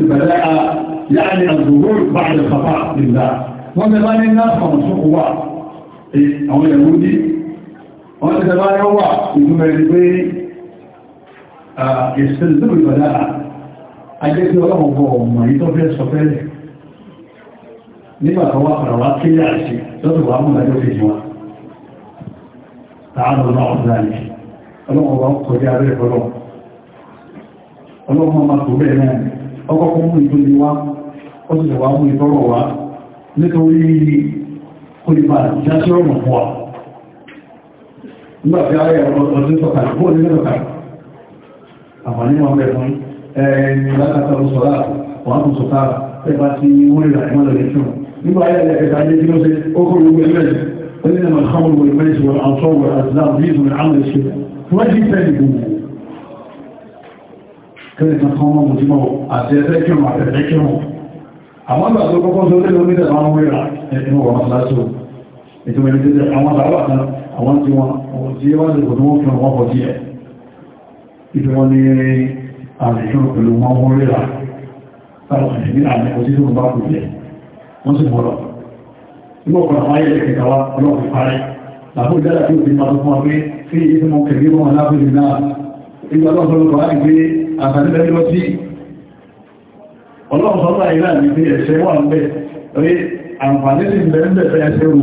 àwọn ẹ̀wú ní wọ́n ti sẹ́bá yọ́ wà ìgbìmọ̀ ẹni pé ìsẹ́lẹ̀ tó rí padà ajẹ́ tí ọlọ́run bọ̀ ọmọ yìí tó fẹ́ sọ fẹ́lẹ̀ nígbà tó wá padà wá kílẹ̀ àṣì lọ́tọ̀ wà mú lájọ́ fi wọn tààdùn náà ọ̀dáyé ọlọ́run wá kọjá rẹ̀ fọlọ́ ọlọ́run máa tó bẹ́ẹ̀ náà ọkọ̀ fún mú ìtòlé kó lè máa já sí ọmọ fún wa nígbàtí ayẹ ọdún sọ̀kàlẹ̀ kó ní sọ̀kàlẹ̀ àǹfààní wọn bẹ̀ fún ẹni látàkà sọ̀rọ̀ wọn kò sọ̀kà ẹgbà tí wọ́n lè ràìmọ́ lọ lẹ́tún nígbà ayẹ ẹ̀kẹta ilé tí ó ṣe ó kó lè wọlé mẹ́rin ó ní ẹ̀mọ̀ ìkọmọ̀ wọlé mẹ́rin wọlé àwọn sọ́wọ́ àdìláàmù ní ìdùnnú àwọn ìṣe wọ́n jí tẹ́lẹ̀ gbogbo kẹ́lẹ̀ kan kan mọ́ mọ̀tímọ̀ àti ẹ̀fẹ́ kírùn àtẹ̀fẹ́ kírùn àwọn àgbà tó kọ́kọ́ sórí ìtumẹ̀ ní títẹ̀ àwọn àbáwà kan àwọn tí wọ́n tí wọ́n lè kòtò wọ́n fi wọ́n kọ̀ sí ẹ̀ ìfẹ́ wọ́n ní àrẹ̀ṣọ́ pẹ̀lú wọn wọ́n rírà táwọn ẹ̀mí àmì kò sí tó bá kù jẹ́ wọ́n sì mọ́ lọ inú ọ̀pọ̀ àwọn ayẹyẹ kẹta wa ọlọ́pẹ̀ parẹ́ làbó ìdára tí ó fi máa fún wa pé sí ìfẹ́ mọ́ kẹ̀mí wọn lábẹ́lẹ̀ náà ìgbà tó sọ́lọ́ kọ̀ láì pé àtàlẹ́lẹ́ lọ sí ọlọ́pọ̀ sọ́lọ́ àìlànà ìfẹ́ ẹ̀ṣẹ́ wà ń bẹ̀ àǹfààní sí ìbẹ̀rẹ̀ ẹ̀ṣẹ́ rù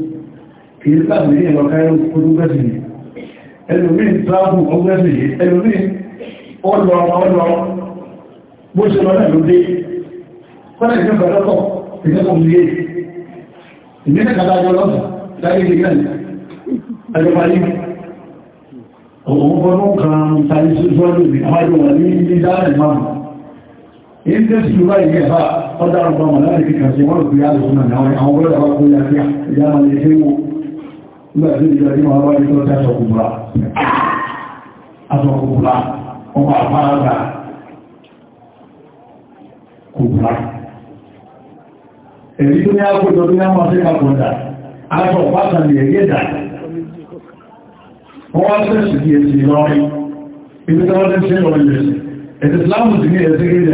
kìí sáàmì ní ẹ̀lọ́ká ẹlùmí ẹlùmí ìtàbù ọgbẹ́sì ẹlùmí ọlọ ọlọ bó ṣe lọ lẹ́lú dé fẹ́lẹ̀ ìjọba lọ́tọ̀ ìjọba òmìnirí ìmìnà kàtà jọ lọ́tọ̀ láyé ìgbẹ̀rẹ̀ ẹjọba yìí òun bọ́nú kan tàbí sọ́lù ní àwájú wà ní ìdáàrẹ̀ máa èyí tẹ́ sí ìwá ìgbẹ̀ bá ọdá ọgbọ̀n láti kíkà sí wọ́n rò pé á lè fún àwọn ọgbọ̀n láti ní àkójọ tó ní àwọn ọ̀sẹ̀ aṣọ pàtàkì ní ẹ̀yẹ́ dà wọ́n wá sẹ́sì kí èsì lọ́rin ibi tí wọ́n ti ṣe lọ́rin lẹ́sì ẹ̀sì Islam ti ní ẹ̀sì kéde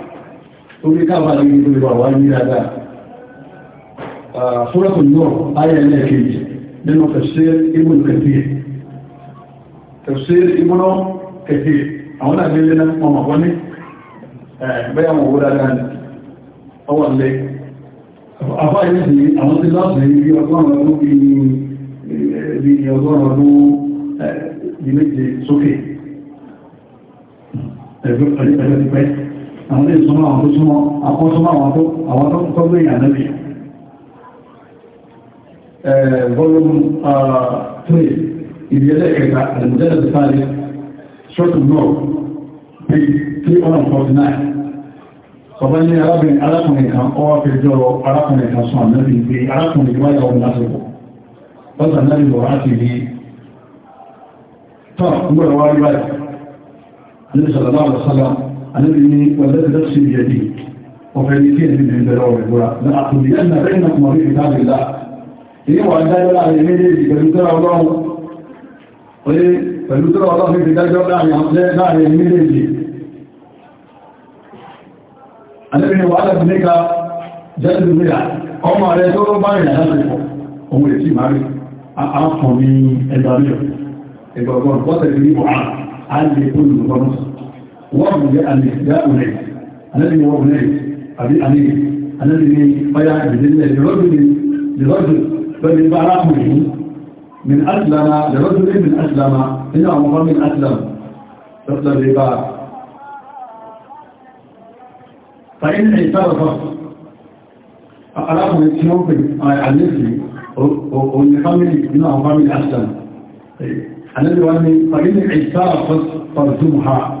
torí káàbà ní ìlú ìwà wá ní àdá ṣúrọ́kùn náà ayé ẹlẹ́ẹ̀kejì nínú tafsir ibùn kathir tafsir ibùn kathir àwọn náà nílé náà mọ̀ mọ̀ wọ́ní bẹ́yà mọ̀ wúra dáa ní ọwọ́ lé afá yìí sí àwọn tí láti ní ẹgbẹ́ pẹ̀lú pẹ̀lú àwọn ilé súnmọ́ àwọn tó súnmọ́ akọ́súnmọ́ àwọn tó àwọn tó tó gbé ìyàn lẹ́bí volume 3 ìdíyẹ́lẹ́ ẹ̀ka àdìmọ̀jẹ́lẹ̀ ìsáàrí short of law page 349 ọba ní arábìnrin arákùnrin kan ọwá fẹjọ́ arákùnrin kan sọ àmẹ́bí pé arákùnrin wáyà ọmọ lásìkò lọ́sà náà lọ láti rí tán gbọ́rọ̀ wáyé báyìí ní sọ̀rọ̀ láwọn sọ́lá الذي من والذي نفسي بيدي وفيديكين من عند الله وعلا لأقول لأن بينكم وبين كتاب الله إيه وعن ذلك الله يميني فلو ترى الله فلو ترى الله في كتاب الله لا يميني الذي من وعلا بنيك جلد البدع ọmọ rẹ̀ tó bá rìn àdájọ́ ohun èsì márì àáfọ̀ ní ẹgbàríọ̀ ẹgbàgbọ́n bọ́tẹ̀ ní wà á lè tó وهم لأمير لا أنا الذي هو أنيس أبي أمير الذي بيع بذلة لرجل لرجل فبالبراهمه من أسلم لرجل من أسلم إنه مقام من أسلم فقد الربا فإن اعترف أقرأه يتشوف النسي والنقام إنه مقام من أسلم إيه. الذي وأني فإن اعترف فرجمها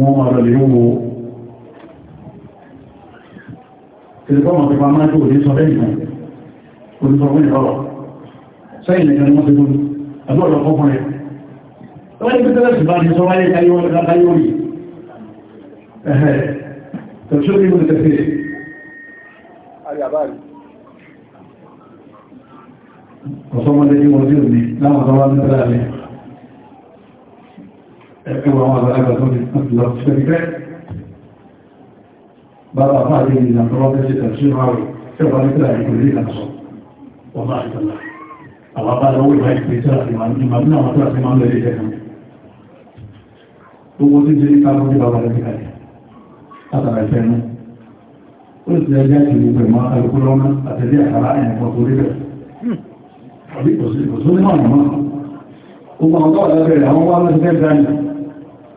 wọ́n máa lọ lè wo tẹlifọ́mù tó máa tó òní sọ lẹ́yìn náà òní fún ìrọ̀rọ̀ sẹ́yìn lẹ́yìn ni wọ́n ti gbọ́n àbúrò fọ́kùnrin wọ́n ní pẹ́tẹ́lẹ̀ sì bá ní sọ wáyé káyọ́rì ẹ̀hẹ́ tẹ̀sọ́ ní ìwọ̀n tẹ̀sẹ̀ ọ̀sọ́mọdé ní wọ́n tí ò ní láwọn ọ̀sọ́wọ́ ní pẹ́lẹ́ ẹwà àwọn àgbàlagbà tó ti tún lọ sí ẹgbẹ́ bàbá bá lè nìyàn tó wọ́n tẹ́sí tẹ̀sí ráwẹ̀ tí wọ́n ní kíláà ìpínlẹ̀ ìlànàṣọ́ wọ́n bá ìtọ́lá àwọn bá lọ́wọ́ ìwà ìpínlẹ̀ tí a ti máa ń nínú àwọn tó a ti máa ń lọ ilé ẹ̀kan owó tí jẹ́ ìkàlọ́ ní bàbá lẹ́bí kalẹ̀ látara ìfẹ́ náà ó sì ẹgbẹ́ àti gbogbo ìmọ̀ alùpùpù lọ́nà àtẹ̀lé àkàrà ẹ̀yẹ̀kọ́ tó rí bẹ̀rẹ̀ àbí kò sí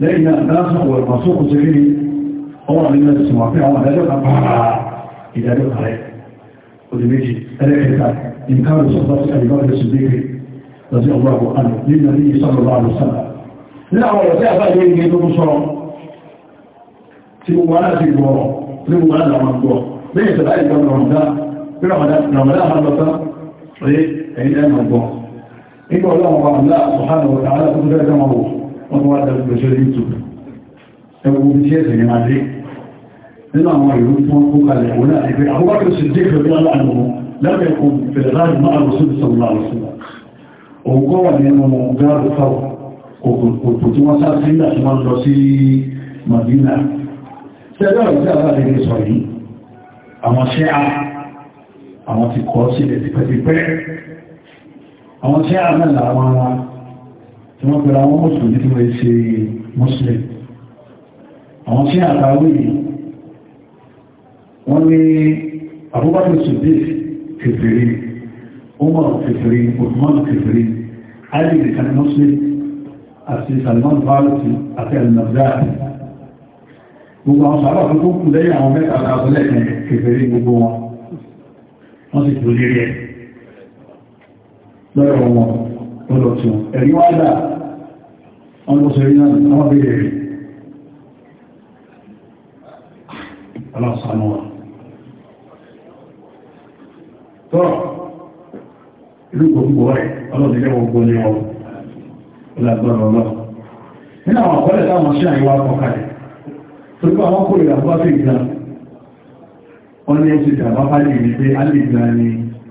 لأن الناسخ والمنسوخ سبيلي هو من الناس السماعي هو هذا كان بحر إذا لم تعرف قلت ميجي ألي خلقا إن كان الصلاة أبي بكر الصديق رضي الله عنه للنبي صلى الله عليه وسلم لا أول شيء أفعل من جيد المصر في مباراة الدور في مباراة الدور ليس بعيد من رمضان في رمضان رمضان حرمتان إيه؟ عيد عيد أيام الدور إن الله سبحانه وتعالى كنت ذلك معروف wọ́n wá dẹ̀kùn sórí YouTube ẹwọ tí ẹ̀sìn ní adé nínú àwọn ìlú tí wọ́n kó kalẹ̀ òun náà ẹgbẹ́ àbúkọ́ sí dé ìfẹ́ lọ́la àmọ́ lẹ́kẹ̀ẹ́kùn fẹ̀rẹ̀láàrí máa lọ sí ìsọ̀rọ̀ àrùsùn òun kọ́ wà nínú gáàrù fáwọ̀ òkùnkùn tí wọ́n sá sí nígbà tí wọ́n lọ sí Madina tẹ́lẹ̀ ọ̀rọ̀ tí a bá lè sọ yìí àwọn ṣẹ́ tí wọ́n pẹ̀lú àwọn mùsùlùmí tí wọ́n ṣe muslim àwọn tí àtàwé wọ́n ní Abubakar Siddiq kèfèrí Umar kèfèrí Uthman kèfèrí Ali nìkan muslim àti Salman Farisi àti al-Nabdad gbogbo àwọn sàárà fún tó kù lẹ́yìn àwọn mẹ́ta àtàbọ̀lẹ̀ kèfèrí gbogbo wọn wọ́n sì tó lérí ẹ̀ lọ́rọ̀ wọn lọ́dọ̀ tí wọn ẹ̀rí wá dà wọn kò sẹ́rí náà àwọn bèèrè rẹ̀ aláṣánú wa tọ́ ìlú gbogbo rẹ̀ ọlọ́dún ilé gbogbo ní ọwọ́ ìlàgbọ́n ọlọ́ nínú àwọn àkọọ́lẹ̀ táwọn ṣe àyíwá kọkàlẹ̀ torí àwọn kò ìlàgbọ́ sí ìgbà wọ́n ní ó ti dàbá fáyé ìgbé alìgbà ni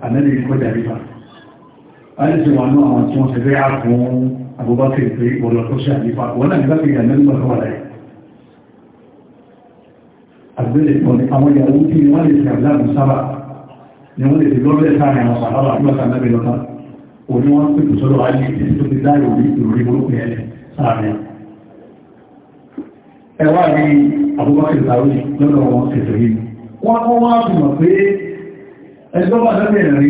àlẹ́lẹ́ ìkọjà rípa àìsí wà ní àwọn tí wọ́n ti rí àkùn Abubakar pé ọ̀rọ̀ tó ṣe àyípa wọ́n náà nígbàtí ìyàmẹ́ nígbà tó wà láì àgbélé kan ní àwọn ìyàwó tí wọ́n lè fi àbúláàbù sábà ni wọ́n lè fi lọ́rẹ̀ sáàrin àwọn sàlábà nígbàtà náà lọ́ta òní wọ́n pè tó sọ́dọ̀ ayé títí tó ti dá ìròrí ìròrí burúkú yẹn sáàrin ẹwà ní Abubakar tàwí lọ́dọ̀ wọn kẹfẹ́ yìí wọ́n wọ́n wá fi mọ̀ pé ẹgbẹ́ wà lọ́bẹ̀rẹ̀ rí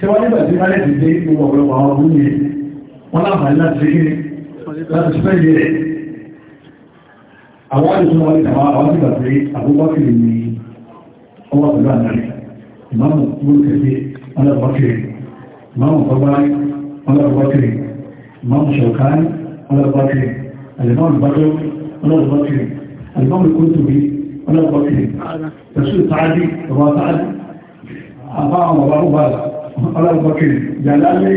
tí wọ́n nígbà tí wọ́n lè dìde gbogbo ọ̀pọ̀lọpọ̀ àwọn ọdún yẹn wọ́n láǹfààní láti ṣe kíni láti fẹ́ yẹ àwọn àdìsún wọn nígbà wọn àwọn nígbà pé àbúgbàkiri ni ọwọ́ pẹ̀lú àdáyé ìmáàmù gbólókèké ọlọ́pàákiri ìmáàmù kọgbárí ọlọ́pàákiri ìmáàmù ṣọ̀kání ọlọ́pàákiri àlẹ́mọ́ọ̀lù bájọ́ ọlọ́pàákiri àlẹ́mọ́ọ̀lù kótóbi ọlọ́pàákiri ẹ̀sùn tààdì ọba tààdì àbá àwọn ọba ọba ọlọ́gbọ́kiri jàlálé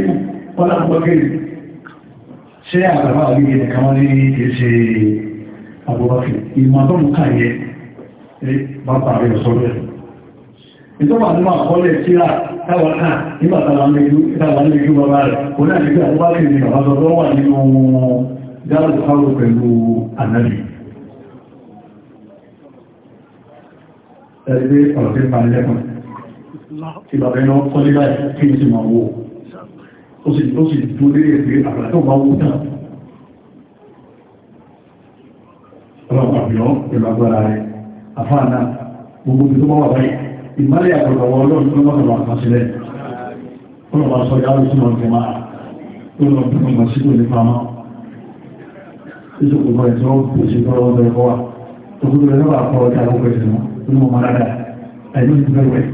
ọlọ́gbọ́kiri ṣe àgbàbà àgbègbè nìkan wọ́n ní ìṣe àgbàbàkì ìmọ̀ tó ń kà yẹ bàbá rẹ̀ sọ́rọ̀ ìtọ́wà nínú àkọọ́lẹ̀ tí a táwà náà nígbàtàwà nílùú bàbá rẹ̀ onáàlẹ́gbẹ̀ àgbàbàkì ni bàbá sọ́rọ̀ wà nínú dáàbò fáwọn pẹ̀lú ànábì ẹgbẹ́ ọ̀rọ̀ tí ń pa nílẹ́kùn tí bàbá ẹ̀nà kọ́lé báyìí kí ní sí máa wó ó sì tó sì tó lé èdè àgbàdo máa wó náà ọlọ́pàá bí wọ́n pẹ̀lú rẹ̀ àfáà gbogbo ibi báyìí ìmọ́lẹ̀ àgbàgbà ọlọ́run tó lọ́wọ́ àwọn àkàṣílẹ̀ ọlọ́pàá sọ yáwó sí wọn ọlọ́pàá sí tó lè pamọ́ ìṣòkò bọ̀ ẹ̀sọ́ òṣì tó lọ́wọ́ bẹ̀rẹ̀ àpọ̀ ọjà àkókò ìṣẹ̀mọ́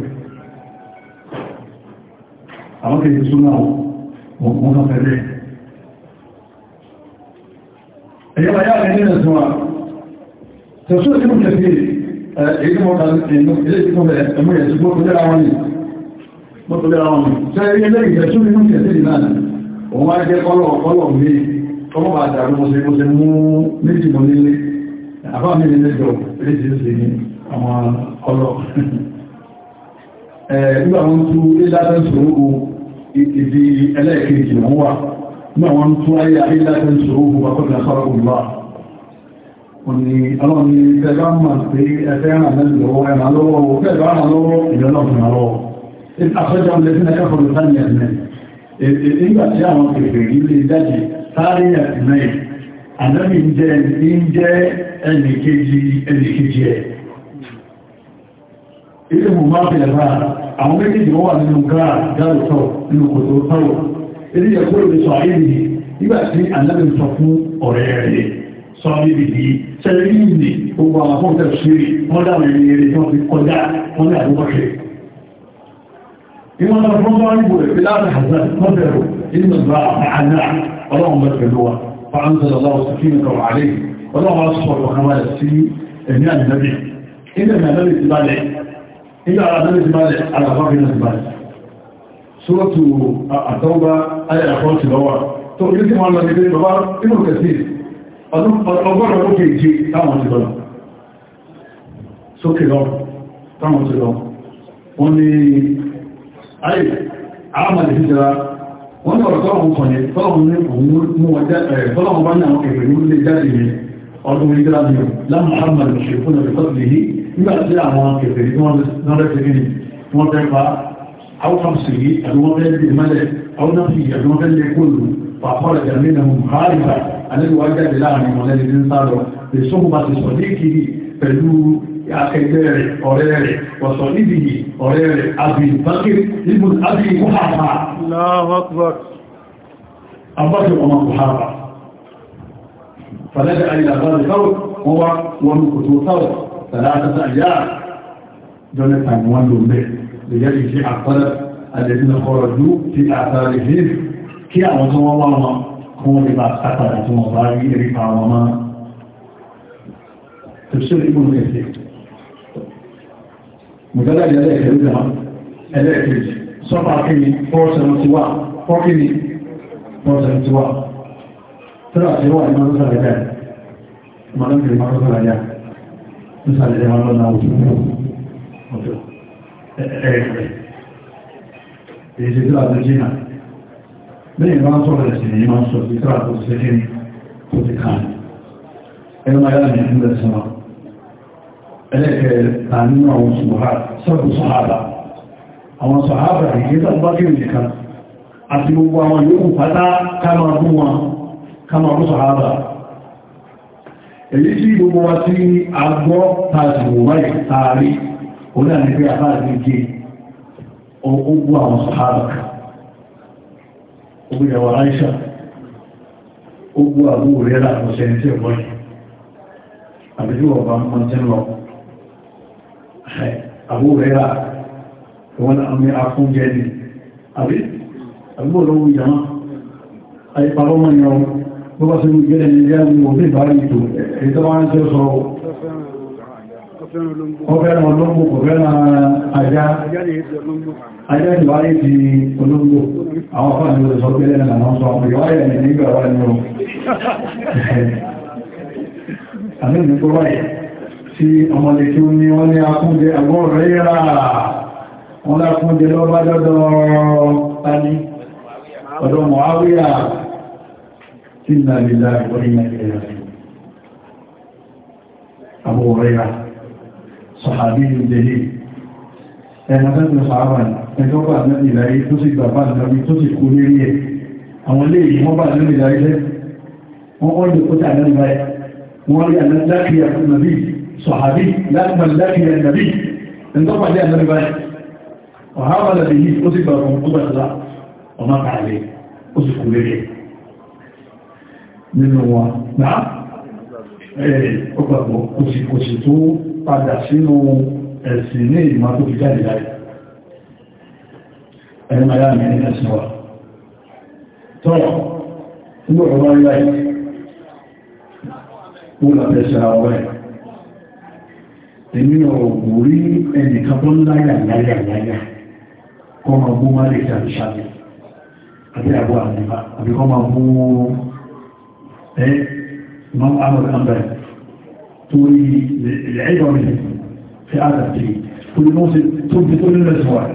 àwọn kèèkè súnmọ́ òkú náà fẹ́lẹ̀ ẹ̀yọ́ ayá ẹ̀yẹ́ ẹ̀sùn wa tẹ̀sùn tí mo kẹfì èyí mọ́ ta nínú ilé ìfúnfẹ́ ẹ̀mú ẹ̀sùn mọ́ tọ́lẹ́ àwọn ni mọ́ àwọn ni ilé ìfẹ̀sùn nínú kẹfì ibi ẹlẹ́ẹ̀kejì wọ́n wà náà wọ́n tún ayé ayélájẹ́ ìṣòro wà tó gbà sọ́rọ̀ òlúwà òní ọlọ́run ní tẹ́gbà mọ̀ sí ẹgbẹ́ ìrànlẹ́ lọ́wọ́ ẹ̀ràn lọ́wọ́ tẹ́gbà ràn lọ́wọ́ ìrànlọ́run lọ́wọ́ afẹ́jọ́ lẹ́sìn ẹ̀kọ́ lọ́sà ní ẹ̀mẹ́ àwọn méjèèjì wọ́n wà nínú gáà gáàrù tọ́ nínú kòtò tọ́wọ̀ eré ẹ̀kọ́ ìwé sọ ayé nìyí nígbà tí alábẹ̀ sọ fún ọ̀rẹ́ rẹ̀ sọ níbi yìí sẹ́yìn ní gbogbo àwọn afọ́ tẹ̀ sí wọ́n dáwọn ẹni eré tí wọ́n fi kọjá wọ́n ní àdúgbò ṣe. ìwọ̀n náà fún wọn níbo rẹ̀ láti àzá wọ́n bẹ̀rù inú ìgbà àná ọlọ́run bẹ̀ pẹ̀lú wa fa'anzal Allah ẹ̀mí àdínábì nígbà àtàrí ti balẹ̀ àlàfáàfin náà ti balẹ̀ sóòtù àtọ́gbá ayàlàfọ́ ti lọ́wà tó ilé tí wọ́n lọ nígbé bàbá inú kẹsí ọgọ́rọ̀ ó kéèké táwọn ti lọ́nà sókè lọ táwọn ti lọ wọ́n ni ayé àmàlì hijira wọ́n tọ̀rọ̀ tọ́lọ̀hún kan yẹ tọ́lọ̀hún ní òun mú ọjọ́ tọ́lọ̀hún bá ní àwọn kẹfẹ̀ẹ́ ní ilé jáde yẹ ọdún hijira ni lámù àmàlì ṣe fún nígbà tí àwọn kẹfẹ̀ ní wọ́n rẹ̀ tẹ́lẹ̀ wọ́n fẹ́ pa áwọ́kàmsì yìí àbí wọ́n fẹ́ lè mẹ́lẹ̀ áwọ́nàfì àbí wọ́n fẹ́ lè kóòlù pàpọ̀lẹ̀ jàmínà hàrìbà alẹ́lùwájáde láàrin mọ̀lẹ́lẹ́ ní sálọ lè sọ́mù bá ti sọ ní kiri pẹ̀lú akẹgbẹ́ rẹ̀ ọ̀rẹ́ rẹ̀ ọ̀sọ̀ níbi ọ̀rẹ́ rẹ̀ àbí bákìrì nígbùn àbí ìwọ́hàfà abájọ ọmọ kòhàfà fàlẹ́dẹ̀ àìlàbá ثلاثة أيام جنة عنوان به لجل في أقل الذين خرجوا في أعثارهم كي أعوتوا الله هو لما أقلتوا الله رفعهما تفسير ابن كثير مجرد يديك الجمع يديك صفحة كمي فرصة متواء فوقني فرصة متواء ثلاثة رواية ما نصر لك ما نصر لك nísàlẹ̀ ẹ̀rọ lọ́nà òjò ọ̀dọ̀ ẹ̀ẹ̀rẹ̀ èyí tí ó àti jìnà lẹ́yìn máa sọ̀rọ̀ ẹ̀sìn èyí máa sọ sí tọ́rà tó ti ṣe kíni tó ti kàn ẹ̀rọ máa yára ní ìpínlẹ̀ sọ́nà ẹlẹ́kẹ̀ẹ́ ta nínú àwọn sọ́ọ̀bù sọ̀hábà àwọn sọ̀hábà ìgbé tàbákìrì nìkan àti gbogbo àwọn yóò pátá ká máa bú wọn ká sọ̀hábà èyí tí gbogbo wa tí a gbọ́ tààtìwò wáyé tààrí onílẹ̀ ní pé àbáàdé gé ogun àwọn sàáràkà ogun ìyàwó aláìsà ogun àbú òrẹ́lá ọ̀sẹ̀ tí ó wáyé àbíjú ọ̀bá mọ́ tí lọ àbú òrẹ́lá wọn àmì afúnjẹ ni àbí àbúrò lọ́wọ́ tó bá sí gẹ́gẹ́ ní ìyá ní òbí bá rí tó èyí tó wọ́n tí ó sọ ọfẹ́ràn olóngbò kò fẹ́ràn ajá ajá ìwáyé ti olóngbò àwọn fáàlì ó sọ gẹ́gẹ́ náà wọ́n sọ ìwáyé ní ní ohun àmì ọ̀rọ̀ إنا لله وإنا إليه أبو هريرة صحابي جليل ẹ̀nà tẹ́tẹ̀ sàárà ẹjọ́ bá nẹ́bí ìlàyé tó sì gbà bá nẹ́bí tó sì kú lérí ẹ̀ àwọn ilé yìí wọ́n bá nẹ́bí ìlàyé lẹ́ wọ́n wọ́n lè kóta nẹ́bí ẹ̀ wọ́n rí àná lákìyà nàbí sọ̀hábí lágbà lákìyà nàbí ẹ̀ńtọ́pàdé ànẹ́bí ẹ̀ ọ̀háwà lẹ́bí yìí ó sì gbà fún ọgbà nínú wa náà ọgbàgbọ́ kòsìkòsì tó padà sínú ẹ̀sìn ní ìmá tó fi jáde láì ẹni máa yára mẹ́rin ẹ̀sìn wa tọ́rọ inú ọ̀rọ̀ ilẹ̀ wọ́n lábẹ́sẹ̀ àwọ̀ ẹ̀ èmi ọ̀gbò rí ẹnìkan tó láyà láyà láyà kọ́ ma bú má lè tàbí sàbẹ̀ àbí àbọ̀ àbíbá àbí kọ́ ma bú ايه امام احمد الانباري تقولي العبره منه في هذا الشيء كل موسم تنفي كل الاسبوع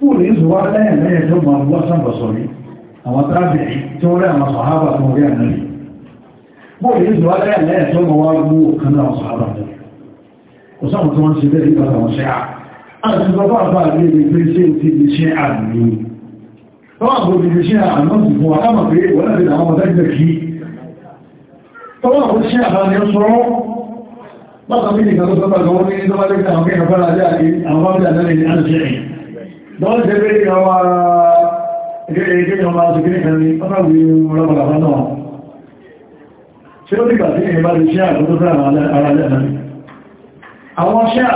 كل اسبوع لا لا يتم الله سبحانه وتعالى àwọn tábìlì tí wọ́n rẹ̀ àwọn sàhábà tó rí ànáyì bóò yìí zuwa rẹ̀ àlẹ́yà tó mọ̀ wá gbó kan náà sàhábà tó kò sáwọn tó wọ́n ṣe bẹ́ẹ̀ nípa àwọn ṣe à àti bàbá àbá àbí ẹgbẹ́ pé ṣe ti di ṣe àmì tọ́wà bó ti fi ṣe àmọ́sì fún akámà pé wọ́n láti àwọn ọmọdé jẹ́ kí tọ́wà bó ṣe àbáni sọ́rọ́ báta mí nìkan tó tọ́ta gan ní ní àjẹ́rìn lọ́wọ́ jẹ́ àwọn arájá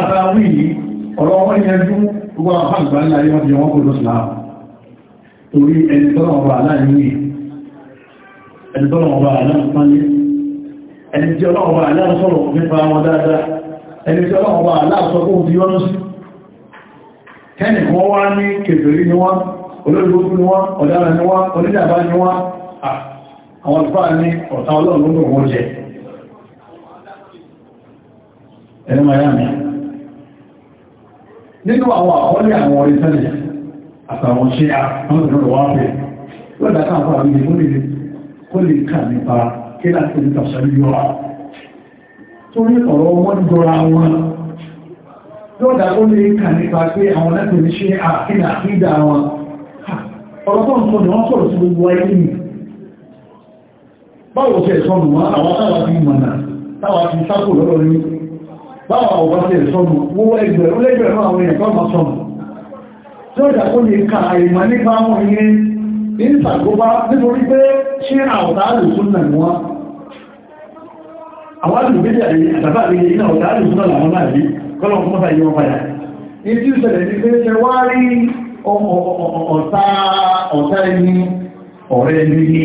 àtàwí ọ̀rọ̀ wọn yẹn gbogbo àwọn àgbà ńlá yẹn wọ́n ti wọ́n kó lọ́sùn láàrùn torí ẹni tọ́lọ̀ ọba aláàrin ẹni tọ́lọ̀ ọba aláàrin pánlé ẹni tí ọlọ́ ọba aláàrin sọ̀rọ̀ nípa wọn dáadáa ẹni tí ọlọ́ ọba aláàrin sọ fún ti yọ́nú sí kẹ́nì wọ́n wá ní kèfèrí ni wọ́n olóògbógún ni wọ́n ọ̀dára ni wọ́n onídàbá ni wọ́n àwọn àtàwọn ṣe àwọn wá fẹ́ lọ́dá káàkọ́ àwọn ilé múlẹ̀ kó lè kà nípa kí láti ní tàṣàrí yọ́ wa tó ní ọ̀rọ̀ wọ́n jọra wọn lọ́dá ó lè kà nípa pé àwọn láti ní ṣe àkídà àkídà wọn ọ̀rọ̀ tó ń sọ ni wọ́n sọ̀rọ̀ sí gbogbo ayé mi báwo ṣe ìsọnù wọn àwọn táwa fi mọ̀nà táwa fi sákò lọ́rọ̀ ní báwo ọ̀bá ṣe ìsọnù wọ́wọ́ ẹgbẹ̀rún lẹ́gbẹ̀rún àwọn èèyàn tó máa tí ó dàgbó lè ka àìmọ̀ nípa wọn ní ìsàgbóbá nítorí pé ṣé àwọ̀dá àlùsùn nà wọn àwọn àlùmídì àtàbà àríyẹ iná ọ̀dá àlùsùn nà làwọn náà rí kọ́lọ̀ fún mọ́ta yíwọ́n padà ní tí ó ṣẹlẹ̀ ní pé ṣe wá rí ọ̀tá ẹni ọ̀rẹ́ ẹni ní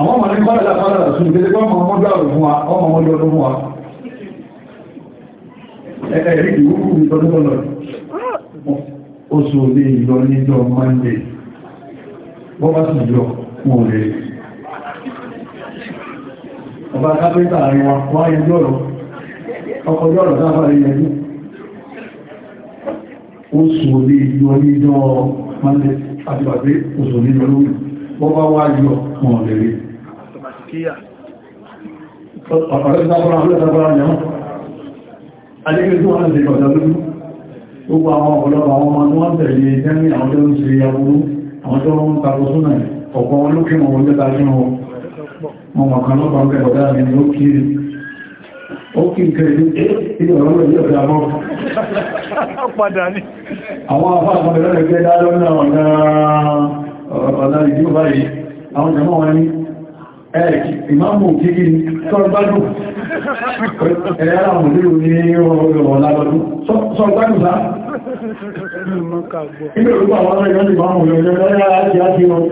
àwọn ọmọ ní kọ́lá lápá lára sí ìgbésẹ̀ kọ́ ọmọ ọmọdé ọ̀rọ̀ fún wa ọmọ ọmọdé ọdún fún wa ẹ̀ẹ́ rí ìwúkú mi tọdún tọ́lọ̀ oṣù lè yọ níjọ mọ́ndé wọ́n bá sì yọ mọ́ rẹ̀ ọba kápẹ́tà àárín wa wọ́n yẹ jọ́rọ̀ ọkọ̀ jọ́rọ̀ sáfà rí yẹn oṣù lè yọ níjọ mọ́ndé àti bàbá oṣù lè yọ wá yọ mọ́ rẹ̀ Turkiya Gbogbo àwọn ọ̀pọ̀lọpọ̀ àwọn ọmọ tí wọ́n tẹ̀lé jẹ́ ní àwọn tó ń ṣe aburú, àwọn tó ń tako súnà ọ̀pọ̀ wọn ló kí wọn wọ́n jẹ́ta sí wọn. Wọ́n wà kan lọ́pàá ń bẹ̀ ọ̀dá mi ni ó kí ó kí n kẹrì ní ọ̀rọ̀ ilé ọ̀dá mọ́. Àwọn afá àpọ̀lẹ́rẹ̀ ìmáàmù kíkí sọ́gbádù ẹ̀yára òdíru ní ọ̀rọ̀ lábàdù sọ́gbádù sá ilé òrùpa àwọn ọ̀rọ̀ ìmáàmù lọ́yọ́ láti áti wọn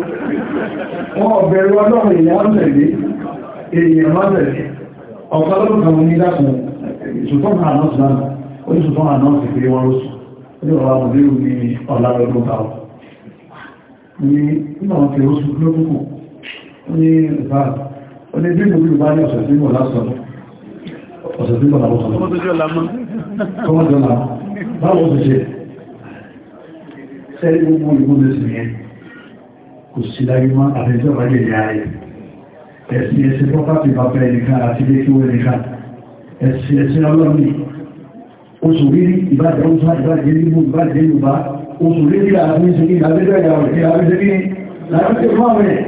wọ́n bẹ̀rẹ̀ ọlọ́run èèyàn tẹ̀lé èèyàn má tẹ̀lé ọ̀pọ̀lọpọ̀ kan ní dákùn ìṣùtọ́nà àná oríṣùtọ́nà àná sì pé wọ́n rọ́sù ní ọ̀rọ̀ àmọ̀lẹ́rù ní ọ̀làrọ̀ ọdún táwọn ní ìmọ̀ tí ó sùn lókùnkùn ní ìfà oní bí ìlú bá ní ọ̀sẹ̀ tí mọ̀ lásán ọ̀sẹ̀ tí mọ̀ lásán kọmọdọ́lá báwọn ti ṣe sẹ́rí gbogbo ìgbóhùn sí yẹn kò sí láyé mọ́ àtẹ́jọ́ bá lè yá ayé ẹ̀sìn ẹ̀sìn pọ́pàtì bàbá ẹnìkan àti ilé kí wọ́n ẹnìkan ẹ̀sìn ẹ̀sìn ọlọ́mí oṣù rírí ìbájẹ́ ọjọ́ ìbájẹ́ ìlú ìbájẹ́ Yorùbá oṣù rírí àti ìṣẹ́gbẹ́ ìlàbẹ́jọ́ ìyàwó ìyàwó ìṣẹ́gbẹ́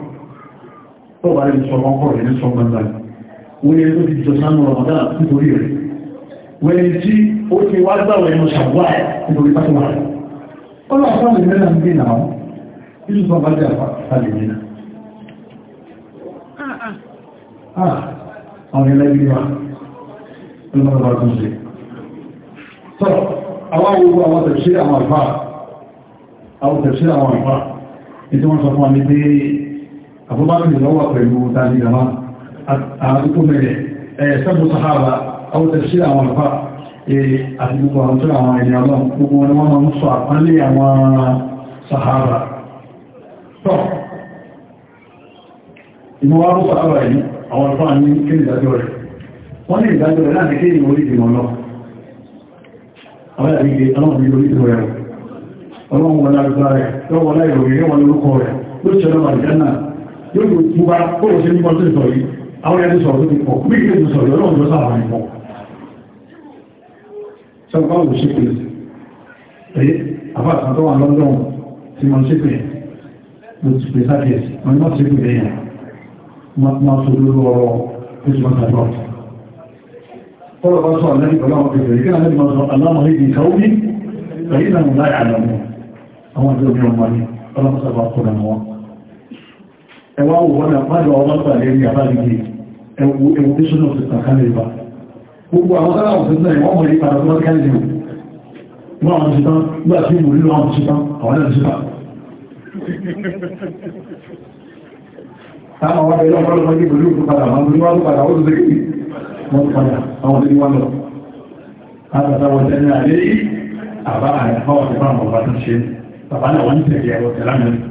tó bá rí sọ ọkọ̀ rẹ̀ ní sọmọ náà wọ́n yẹ tó ti jọ sánú ọ̀dá nítorí rẹ̀ wọ́n yẹ tí ó ti wá gbàwọ̀ ẹnu ṣàwọ́ ẹ̀ nítorí pátó wà rẹ̀ ó lọ fún ah, ah. ah, àwọn ìmẹ́lẹ̀ ń gbé náà nínú bàbá jẹ́ àpá tàbí nínú àwọn ẹlẹ́gbẹ́ wa lọ́wọ́ bá tún ṣe tọ́ àwọn àwọn àwọn tẹ̀sí àwọn àlfà àwọn tẹ̀sí àwọn àlfà ètò wọn sọ fún wa ní pé abubakar lọ́wọ́ pẹ̀lú tàbí gama àdúgbò mẹ́rẹ̀ ẹ̀ẹ́sẹ́bù sahaba àwọ́tẹ̀sí àwọn àpá àdúgbò àwọn tó àwọn ẹni àwọn gbogbo wọn wọ́n máa ń sọ àpánlé àwọn sahaba tọ́ ìmọ̀wárú sahaba yìí àwọn àpá ní kí ìdájọ́ rẹ̀ wọ́n ní ìdájọ́ rẹ̀ láti kí ìwòrí ìdìmọ̀ lọ àwọn àdígbé ọlọ́run ìlú ìlú rẹ̀ ọlọ́run wọn lágbára rẹ̀ lọ́wọ́ láìròyìn wọn lórúkọ rẹ̀ ló ṣẹlọ́wọ́ àjẹ́ náà yóò yóò bá kó ṣe ní tó sọ àwọn ẹni sọ̀rọ̀ tó pọ̀ bí ìgbésù sọ̀rọ̀ náà lọ sáà wọn pọ̀ sọ́pá ò ṣe pé pé tí wọ́n ṣe pé àwọn pẹ̀lú ìgbẹ́ àlẹ́ ìmọ̀ sọ aláàmọ̀ ẹwà wọ́n àpájọ ọmọ pàdé ní àbájúgbé ẹwù tí ṣúnà ti tàkàlẹ̀ ìbá gbogbo àwọn tánà òfin náà wọ́n mọ̀ nípa àwọn tánà ìlú wọ́n àwọn ṣetán gbà tí ìlú nílò àwọn ṣetán àwọn náà ṣetán táwọn wọ́n bẹ̀rẹ̀ ọ̀pọ̀lọpọ̀ ní ìlú tó padà wọ́n ní wọ́n padà ó ti dé wọ́n padà àwọn tí wọ́n lọ látàtà wọn tẹ́lẹ̀ àdé àbá àyàfọ́ ọ̀tẹ̀ bá àwọn ọba tó ṣe bàbá náà wọ́n ń tẹ̀lé ẹ̀rọ tẹ̀lámẹ́rin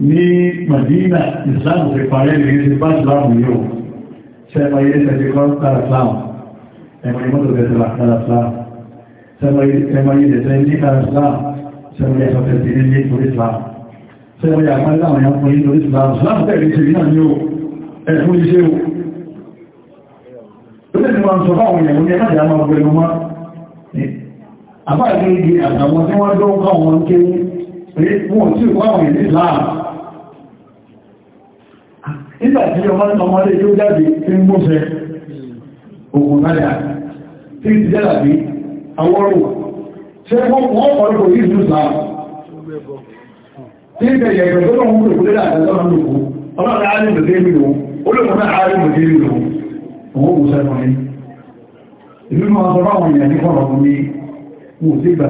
ní Madina Islam ti parẹ́ ní ẹni bá Islam yóò sẹ́mọ̀ ilé tẹ́lẹ̀kọ́ lára Islam ẹmọ̀ ìmọ́tò tẹ́lẹ̀ lára Islam sẹ́mọ̀ ilé tẹ́lẹ̀ lára Islam sẹ́mọ̀ ilé tẹ́lẹ̀ ní Islam sẹ́mọ̀ ilé àpá láwọn Islam Islam tẹ́lẹ̀ ti rí náà ní o ẹ̀fún iṣẹ́ o tó lẹ́nu wọn sọ fáwọn èèyàn ní ẹ̀lájà máa gbẹ̀rẹ̀ wọn àbáyé ìgbé àtàwọn tí wọ́n nígbà tí ọmọ ọmọdé tó jáde tí ń gbóṣẹ́ ògùn náà tí ti jẹ́là bí àwọ́rùn ṣe wọ́n ọ̀pọ̀lọpọ̀ yìí ìlú sáà tí ìgbẹ̀yẹ̀ ìgbẹ̀gbẹ̀ tó wọ́n kò lẹ́dà àtàlọ́nà lòkú ọlọ́run àárín bẹ̀rẹ̀ mi lòun ń gbà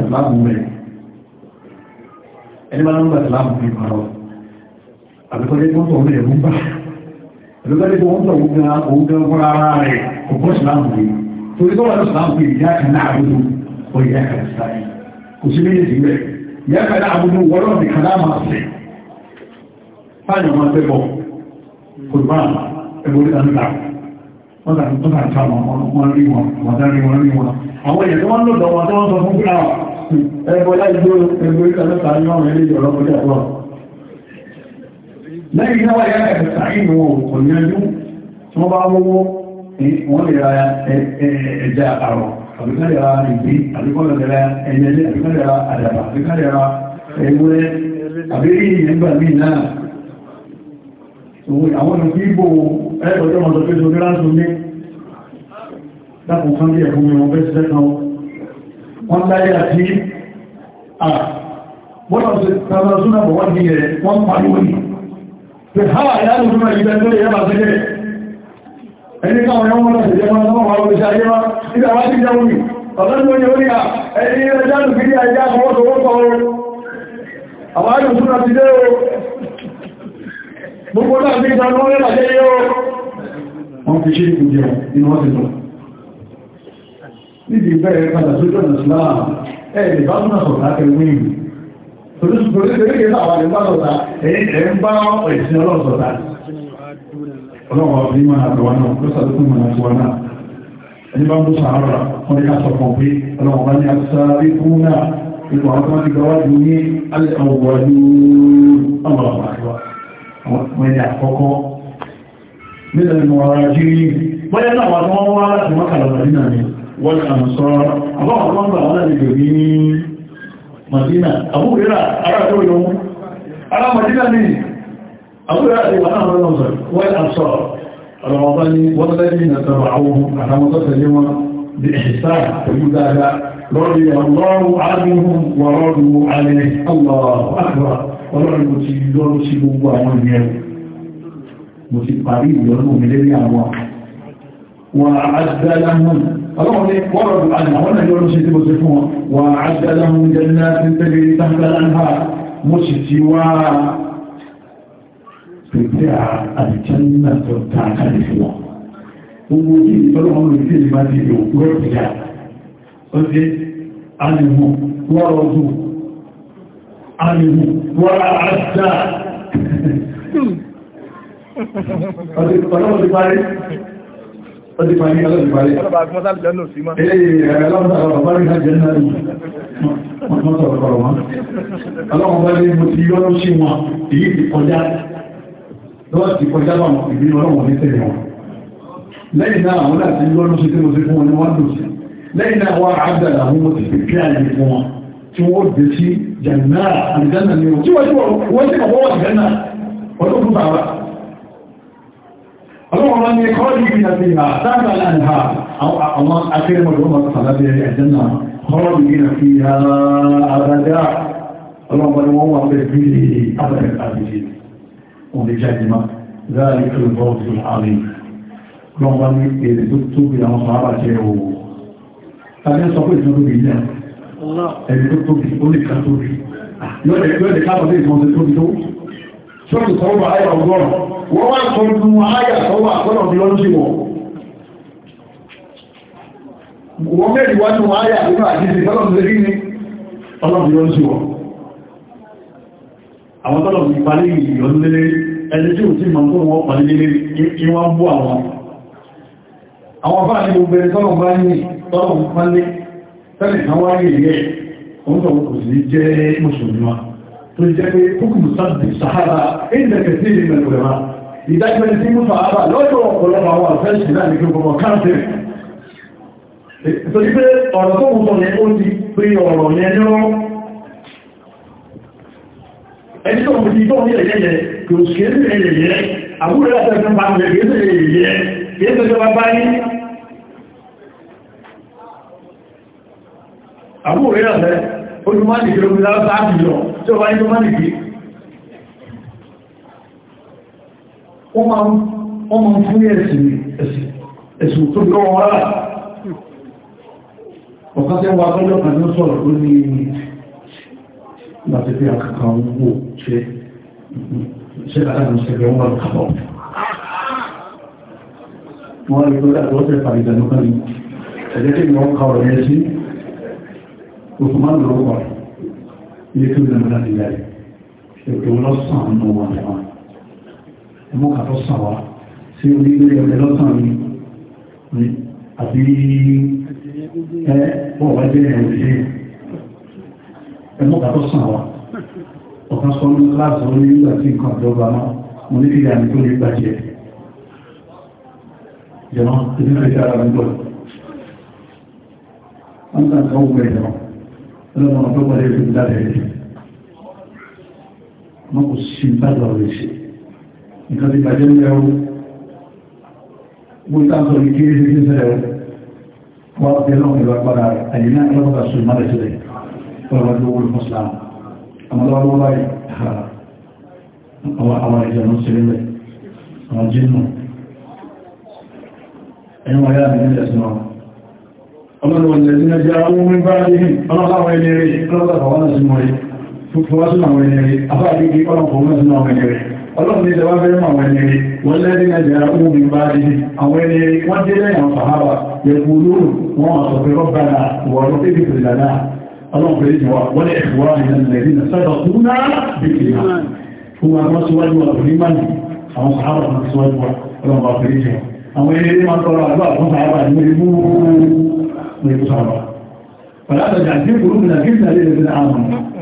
ìsìláàmù lọ́gbẹ́lẹ́gbẹ́ wọ́n tọ̀ ogun ogun fún ara rẹ̀ ọgbọ́n ìsìláàmù rẹ̀ torí tó wà ní ìsìláàmù rẹ̀ ìyá kan náà àbúrò ọ ìyá kan sáyé kò sí lẹ́yìn náà yá ẹ̀bẹ̀ sàáyìn wọn kò yanjú tí wọ́n bá wọ́wọ́ wọ́n lè ra ẹja àrọ̀ àbíkálẹ̀ ra ìgbé àbíkálẹ̀ ra ẹyẹlé àbíkálẹ̀ ra àdàbà àbíkálẹ̀ ra ewúrẹ́ àbírí ìyẹ̀ngbà míì náà àwọn ọ̀nà tí ìbò ẹ̀ẹ́dọ̀jọ́ wọn sọ pé sókè láti ní dákùn kan bí ẹ̀kún mi wọn fẹ́ sí sẹ́kàn wọn láyé àti à wọ́n lọ sí tàbí ọdún náà bọ̀ wọ́n di rẹ̀ wọ́n pariwo yìí pé háwà ìyáàlù fún ẹgbẹ́ tó yẹ bá tẹ́lẹ̀ ẹni káwọn yọ wọn lọ́sẹ̀ jẹun lọ́wọ́ wọn lọ́sẹ̀ ayé wa nígbà wá sí jẹun ní ọ̀dọ́ tó yẹ orí à ẹni ẹjá lù fi ní ẹjá fọwọ́sowọ́sọ o àwọn àjò súnà ti dé o gbogbo náà fi ìtàn lọ́wọ́ rẹ̀ lájẹ́ yẹ o wọ́n fi ṣe ìkù jẹun inú wọ́n ti lọ níbi ìbẹ̀rẹ̀ padà sójú ọ̀nà síláà ẹ̀ẹ́dì bá tún àsọ̀rọ̀ láti wíìmù Ẹni bá ń bú sàárà, wọ́n ni ká sọ fún pé ọlọ́wọ̀n bá ní àtìsáàrí fún náà, ipò àwọn tó wá ti gbọ́wà jù ní alẹ́ àwọ̀wọ̀dú ọmọlọ́wọ̀ àríwá. Wọ́n ni àkọ́kọ́, nílẹ̀ ìmọ̀ ara jí ní, bọ́yẹ́ náà wà tó wọ́n wá láti mọ́kànlá Madina àbúrẹ́rà ará tó yọ mú ará Madina ní àbúrẹ́rà ti wà náà lọ́nà sọ wọ́n àṣọ ọ̀rọ̀mọ̀bá ní wọ́n lẹ́bí na tọrọ àwọn àtàmọ́tọ́tẹ̀lé wọn bí ẹ̀ṣà pẹ̀lú dáadáa lọ́rí ọlọ́run ágbóhùn wọ́rọ́rùn alẹ́ ọlọ́run mo ti lọ́rù sí gbogbo àwọn ìyẹn mo ti parí ìyọ́nù mi lérí àwọn wọn àdá lámùn ọlọ́run ní wọ́rọ̀ àti àwọn náà yọ́rọ̀ ṣe tí mo ṣe fún wọn wà ájẹ́láhùn jẹ́lá tí ń tẹ́lẹ̀ ìtàkàlá mo sì ti wá pèsè àdìjẹ́nà tó ta àkàlẹ̀ fún wọn gbogbo kí ọlọ́run Ọdí parí ọlọ́dún parí. Ọlọ́bà àgbọ́sá lè jẹ́nà sí máa. Ilé ìrẹ̀lọ́dún àwọn ọ̀pá rí náà jẹ́nà rí. Wọ́n sọ̀rọ̀ ọ̀rọ̀ wọn. Ọlọ́run bá lé mo ti yọ́rọ́ sí wọn, èyí ti kọjá. Lọ́wọ́ ti kọjá bá wọn ìbí ọlọ́run ní tẹ̀lé wọn. Lẹ́yìn náà àwọn láti yọ́rọ́ sí tí mo ti fún wọn ni wọ́n lò sí. Lẹ́yìn náà wọ́n àádà làwọn mo ti fi kí àyè fún wọn tí wọ́n dé sí jẹ̀nà àdìjẹ́nà ni wọ́n tí wọ́n ti wọ́n ti kọ̀wọ́ اللهم اني خارج من فيها تحت الانهار او الله اكرم الامه صلاه الجنه خارجين فيها ابدا اللهم هو في ابد الابدين وبجانب ذلك الفوز العظيم اللهم اني رددت الى مصارعته أنا سأقول لك بالله الله اللي تكتب لي قول لك تكتب لي يقول لك هذا ليس مصدق sọ́ọ̀tì sọ́wọ́ àyà ọgọ́rùn wọ́n wá sọ nínú àyà sọ́wọ́ àkọ́nà bí lọ́n sí wọn wọ́n mẹ́rin wá nínú àyà nínú àjíṣe sọ́lọ́ sí rí ní ọlọ́n bí lọ́n sí wọn àwọn tọ́lọ̀ fi parí ìyọ́n lélé ẹni tí ò sí mọ̀ tó wọ́n tó jẹ́ pé kúkùn sáàbì sàhábà ìdẹ̀kẹ̀ sí ìlú ìrẹ̀mà ìdájọ́ ti mú sàhábà lọ́jọ́ ọ̀pọ̀lọpọ̀ àwọn àfẹ́sì náà ní kí ọmọ káńtẹ̀ torí pé ọ̀rọ̀ tó wùtọ̀ yẹn ó ti pé ọ̀rọ̀ yẹn ní ọ́ ẹni tó mú ti tó ní ẹ̀yẹ́yẹ kò kéèsì ẹ̀yẹ́yẹ àbúrò látẹ̀ẹ́sẹ̀ bá ń lẹ̀ kéèsì ẹ̀yẹ́yẹ kéèsì ẹjọba báyìí olùmọ́nì tó bí láwọ́ sáàbì lọ tó wáyé tó mọ́nì bí wọ́n máa ń fún ẹ̀sùn tó bí wọ́n rárá ọ̀kan tẹ́ wà fẹ́lọ́ kan ní sọ̀rọ̀ tó ní láti wọ́n wà kàbọ̀ wọ́n rí tó dá lọ́sẹ̀ fàìdà ẹ̀jẹ́ tí wọ́n kàwọ̀ rẹ̀ sí Usman ló wà ní tó lè múlá ti yáyẹ ètò lọ́sàn án wọn lẹ́wà ẹmú kàtọ́ sàn wá sí orí ilé ọ̀dẹ lọ́sàn ni àbí ẹ wọ́n wá jẹ́ ẹ̀rù ṣe ẹmú kàtọ́ sàn wá ọ̀kan sọ ní láti orí nígbà tí nǹkan àjọba náà mo ní kí ìyàmì tó lè gbàjẹ́ jẹ̀mọ́ ìdílé ìdára nígbà wọ́n ń tàn kọ́ wọ́n gbẹ̀rẹ̀ náà ọlọ́run ọ̀pẹ́ wọlé rẹ̀ ń dábẹ̀ rẹ̀ wọn kò sí ìbádọ̀ rẹ̀ ṣe nǹkan ti bàjẹ́ ń lẹ́wọ́ wọ́n tá sọ ní kéré sí sẹ́rẹ̀ wọ́n bẹ́ lọ́wọ́ pẹ̀lú agbára rẹ̀ àyìn náà lọ́wọ́ bá sùn mọ́lẹ̀ sílẹ̀ ọlọ́run ló wọlé mọ́sílám àmọ́ lọ́wọ́ báyìí àwọn ìjọ̀nù sílẹ̀ àwọn jínú ẹ̀yìn wọ́n yára ní ẹ̀sìn náà ọlọ́run wọn lè ní ẹjẹ́ àwọn omi bá rí ọlọ́láwọn ẹni rí ọlọ́láwọn ọ̀nà sí mọ̀rí fún wá sínú àwọn ẹni rí afáàkíkí ọlọ́pọ̀ mọ́ sínú àwọn ẹni rí ọlọ́run ní ìjọba fẹ́rẹ́ àwọn ẹni rí wọ́n lẹ́rí ẹjẹ́ àwọn omi bá rí àwọn ẹni rí wọ́n dé lẹ́yìn àwọn sàhábà yẹ̀kú lóòrùn wọn àtọ̀fẹ́ rọ́bàdà wọ̀rọ̀ tẹ́bí fìlànà ọlọ́run fẹ́rẹ́ jọ wọ́n ìlànà lẹ́rí sọ́dọ̀ kúnná náà fún wa wọ́n fún àwọn sàhábà síwájú wa ọlọ́run bá àwọn ẹni nìtọ̀rọ̀ pẹ̀lú àtọ̀jà tí kúrú nà kí ní alẹ́ ìrìn àmà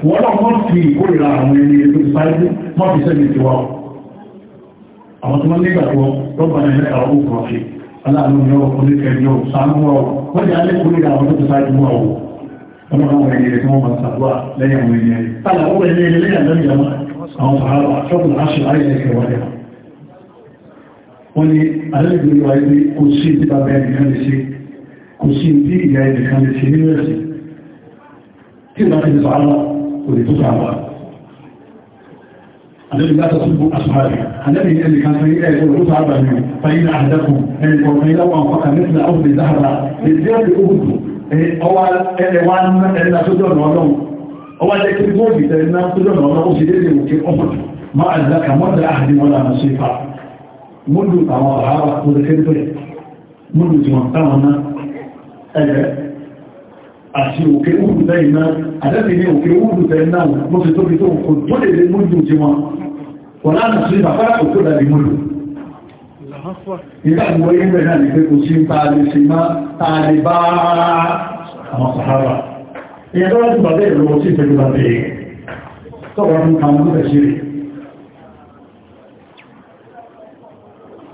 wọ́n lọ mọ́ fi ìkórìíra àwọn ẹni ètò ìsáájú mọ́ fi sẹ́ni ti wá àwọn tó máa nígbà tó rọ́bà ní ẹ̀ka owó kọ̀ sí aláàánú yọ oníkẹ́ yọ sàánú wọ́ wọ́n di alẹ́ kórìíra àwọn tó ti sáájú wọ́ wọ́ wọ́n máa wọ ẹni tí wọ́n máa sàdúrà lẹ́yìn àwọn ẹni ẹni tààlà ó ẹni ẹni lẹ́yìn àlẹ́ ìjọba àwọn sàárà ṣọ́kùn aṣọ ayé ẹ̀kẹ́ ni alẹ́ ìgbèrè wáyé kò sí ìdíbà bẹ́ẹ̀ nìkan lè kò sí tí ìyá ẹnìkan lè ṣe nínú ẹ̀sìn tí ìbá ti sọ àlọ́ kò lè tó sọ àlọ́ àdẹ́bí látọ̀ sí fún àṣùhárì àdẹ́bí ẹnìkan sí ẹ̀kọ́ tó sọ àgbà mi fàyínà àdẹ́kùn ẹnìkan fàyínà wọn kọ́kà nítorí àwọn òbí záhàrà èdè ọ̀dẹ̀ òkùnkùn ọwá ẹ̀wà ẹ̀nà tó jọ̀nà ọlọ́run ọwá jẹ́ kí ẹ̀rẹ́ àti òkè òkú tẹ́ iná àdẹ́bì ní òkè òkú tẹ́ iná mo ti tóbi tó tó lè lè múlù tí wọn wọ́n láti sí bàbá òkú lè múlù ìgbà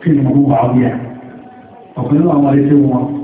kí ni mo wà wíyà ọ̀pẹ̀lú àwọn ẹgbẹ́ wọn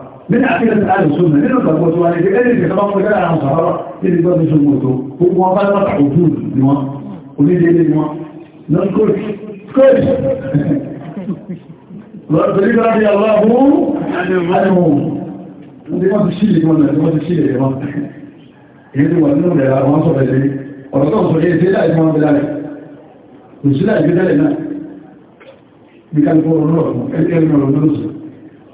nínú àfihàn alùsùnmù nínú ìgbàgbọ́ tó wà ní ẹgbẹ́ ẹgbẹ́ ìjọba fún ẹgbẹ́ àwọn sàrọ́rọ̀ nínú ìgbà tó ṣùgbọ́n tó gbogbo wọn bá lọ́pàá òjú ni wọn onídéédé ni wọn non-coach coach lọ́tọ̀rí bá rí àwọn àwọn àdìmọ̀ ní wọ́n ti sílẹ̀ wọn náà wọ́n ti sílẹ̀ wọn èyí ti wà nínú ìrẹ̀lá wọn sọ̀rọ̀ ẹ̀lẹ́ ọ̀rọ̀ tó ń sọ yé sílẹ̀ àìsàn wọn bẹ̀rẹ̀ kò sílẹ̀ àìsàn bẹ̀rẹ̀ náà bí kálífọ́ ọ̀rọ̀ náà ẹgbẹ́ ẹgbẹ́ ọ̀rọ̀ náà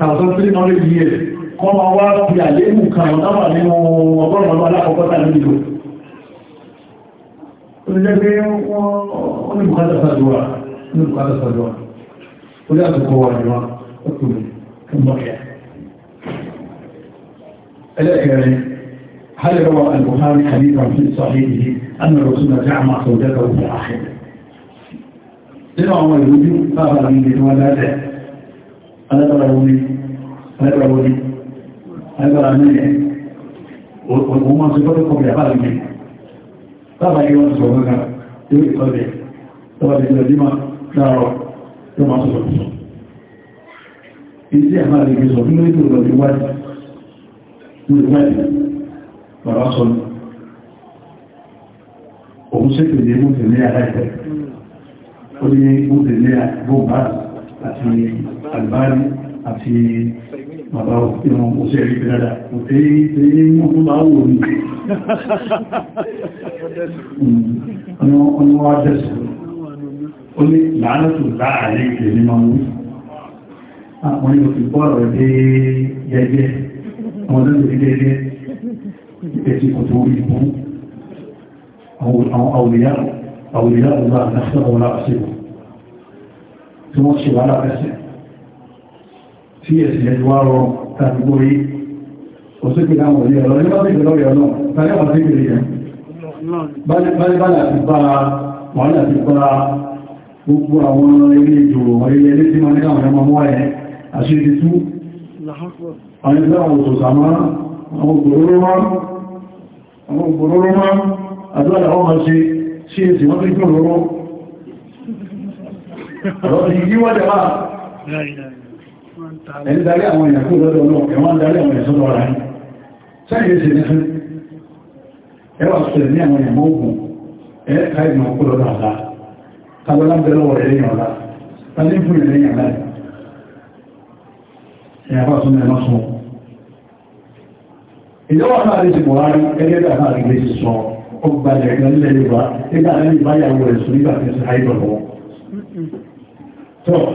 1,300 years kọ́ ma wá fi àléébù kan náà nínú ọgọ́rùn ọdún alákọ̀ọ́kọ́ta nílò ó ti jẹ́ pé wọ́n ní bùkátà sàdúwà ní bùkátà sàdúwà ó yà tó kọ́ wà níwá ó tó mọ́kẹ́ ẹlẹ́kẹ̀ẹ́rin هل روى البخاري حديثا في صحيحه أن الرسول جامع زوجته في الآخر؟ لما هو يوجد فهذا من دون ذلك alágbára wo ni alágbára wo ni alágbára ní ẹ̀ òun máa ń sọ gbọ́dọ̀ kọ̀ọ̀kì àbáàlì mi báwa ni wọ́n ti sọ gbọ́gá yóò ìtọ́jẹ̀ tọ́wọ́ ti gbọ́dọ̀ dímọ̀ láàárọ̀ yóò máa sọ̀rọ̀ sọ ìdí àmà lè fi sọ fún lórí ìlú ìwádìí ní ìwádìí bàbá sọ ní tẹ̀lé ó ní mú tẹ̀lé àgbó báyìí àti àlùbárí àti bàbá ìwọ̀n òṣè rí bí dada kò tẹ́ ní wọ́n bá wò ní ọ̀nà wá jẹ́sù ó ní láàrẹ́sù láàrin ìpè ní ma ah, mú àwọn yóò fi bọ́ọ̀rọ̀ dé gẹ́gẹ́ àwọn olóòrùn dé gẹ́gẹ́ ìpẹ́sí kò tó rí fún àwọn àwòrìyà àwọn àwòrìyà àwọn àṣẹ́wọ̀n láàṣẹ́wọ̀n a tí wọ́n ṣe wà lábẹ́sẹ̀ tí ẹ̀sìn ẹ̀dù wá rọ tàbí gbórí òsìkè láwọn òní ọ̀rọ̀ nígbà tí ìgbẹ̀lọ́ rẹ̀ ọ̀nà tàbí àwọn tí ìgbẹ̀lẹ̀ vale bálẹ̀bálẹ̀ àti bá wàhálà àti bá gbogbo àwọn ilé ìjòrò ilé ilé tí ma ní àwọn ọmọ mọ́ ẹ̀ àṣírí tú àwọn ìgbẹ̀lẹ̀ àwọn òṣòṣàmá àwọn ògbòróró máa àdúrà àwọn ọmọ ṣe ṣe èsì wọ́n tó gbòróró ọ̀rọ̀ ti yí lọ́dọ̀ náà ẹ̀wọ́n darí àwọn sọ́dọ̀ ọ̀rọ̀ sẹ́yìn ṣe ní fún ẹwà sọ̀rọ̀ ní àwọn èèyàn mọ́gùn ẹ̀ káìmọ̀ kó lọ́dọ̀ ọ̀la tàbọ́lá bẹ̀rẹ̀ wọ̀ tàbí fún ìrìn lẹ́yìn ẹ̀yà tọ́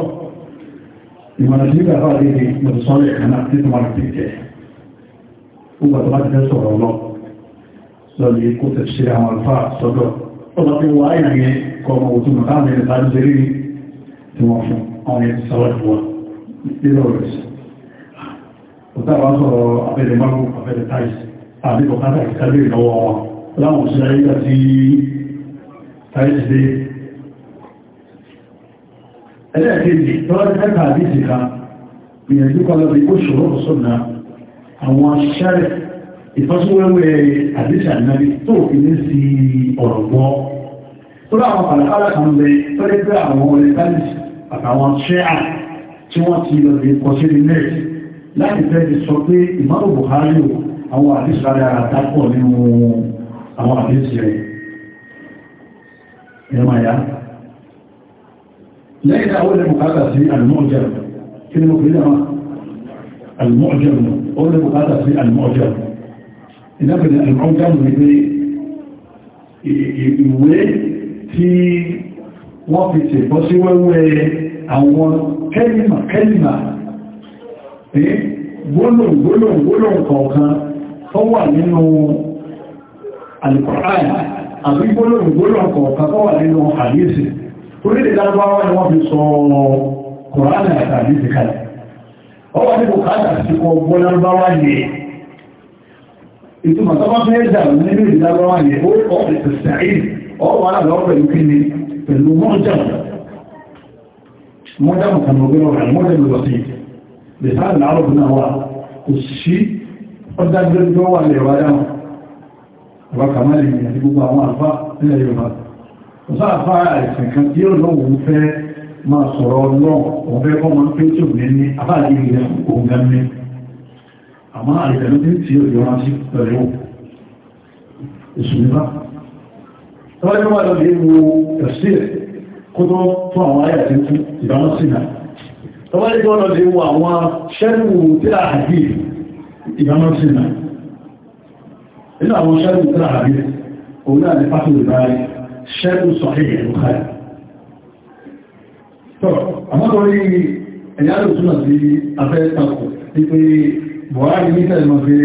ìmọ̀ràn tí bàbá rí ni mo ti sọ́lẹ̀ kan náà títí wọn ti jẹ́ gbogbo àti láti fẹ́ sọ̀rọ̀ lọ lọ́lẹ̀ kó tẹ̀ ṣe àwọn alfa sọ́dọ̀ ó bá fi wá ìrìn yẹn kọ ọmọ òtún mọ̀ táwọn ènìyàn bá ń ṣe rí tí wọ́n fún àwọn ènìyàn sáwọ́ ìwọ̀ nílò rẹ̀ sí òtá wa sọ̀rọ̀ abẹ́rẹ́ mágún abẹ́rẹ́ táìsì àbíkọ̀ kátà ìtàlẹ́ wọn láwọn òṣèré ẹlẹ́ẹ̀kejì tó ẹ́kà àdíjì kan gbìyànjú kọ́ lọ́bí ó ṣòro ọ̀sọ́nà àwọn ṣẹ́rẹ̀ ìfọ́síwẹ́wẹ́ àdíjì ànábì tó fi ní sí ọ̀rọ̀ gbọ́ tó láwọn pàlàpàlà kan bẹ tó lé pé àwọn olùkálìsì àtàwọn ṣẹ́à tí wọ́n ti lọ bí kọ́ sí ní nẹ́ẹ̀sì láti fẹ́ ti sọ pé ìmọ́rò Buhari àwọn àdíjì rẹ̀ àtàkọ̀ nínú àwọn àdíjì rẹ̀ ẹ̀rọ lẹ́yìn àwọn ilẹ̀ bùkátà sí alìmọ́ọ̀jẹ́ kí ni mo fi ní àwọn alìmọ́ọ̀jẹ́ mọ̀ ó lè bùkátà sí alìmọ́ọ̀jẹ́ ìdábìnrin alìmọ́ọ̀jẹ́ mọ̀ ní pé ìwé tí wọ́n fi ṣe bọ́ sí wẹ́wẹ́ àwọn kẹ́lìmà kẹ́lìmà gbólóhùn gbólóhùn gbólóhùn kọ̀ọ̀kan tó wà nínú alìkọ̀ráyà àbí gbólóhùn gbólóhùn kọ̀ọ̀kan tó wà nínú àdíyèsí orílẹ̀ lárúbáwá ni wọ́n fi sọ kòránà àtàrí ìsìnkàlẹ̀ ọwọ́ ní bùkátà sí kọ gbọ́ lárúbáwá yìí ìtumọ̀ tọ́bá fẹ́ ẹ̀dà nínú ìlú lárúbáwá yìí ó kọ́ ìtẹ̀sẹ̀rí ọwọ́ aláàlọ́ pẹ̀lú kíni pẹ̀lú mọ́jàmù mọ́jàmù kan ọgbẹ́ ọ̀rẹ́ mọ́jàmù lọ sí lẹ́sàn láàrùn náà wà kò sí ọdájọ́ wà lẹ́wàá dáhùn ọba kàmáàlì ìgbìyànjú gbogbo àwọn àlfà nílẹ̀ Yorùbá kò sáàfà àìsàn kan tí ó lóun fẹ́ máa sọ̀rọ̀ ọlọ́run òun fẹ́ kọ́ máa ń pé tí òun ní abáàlì ilẹ̀ òun gan ní àmọ́ àìsàn tí tí ó yọra sí pẹ̀lú ìṣúnibá tọ́lá ló wà lọ́dí ewu ẹ̀sìn kó tó fún àwọn ayà ṣẹ́kù sọ̀hìn ìbùkárì tọ́ àmọ́kọ̀rí ẹ̀yà ló túnmọ̀ sí afẹ́ takò ní pé buhari ní tẹ́lẹ̀ máa fi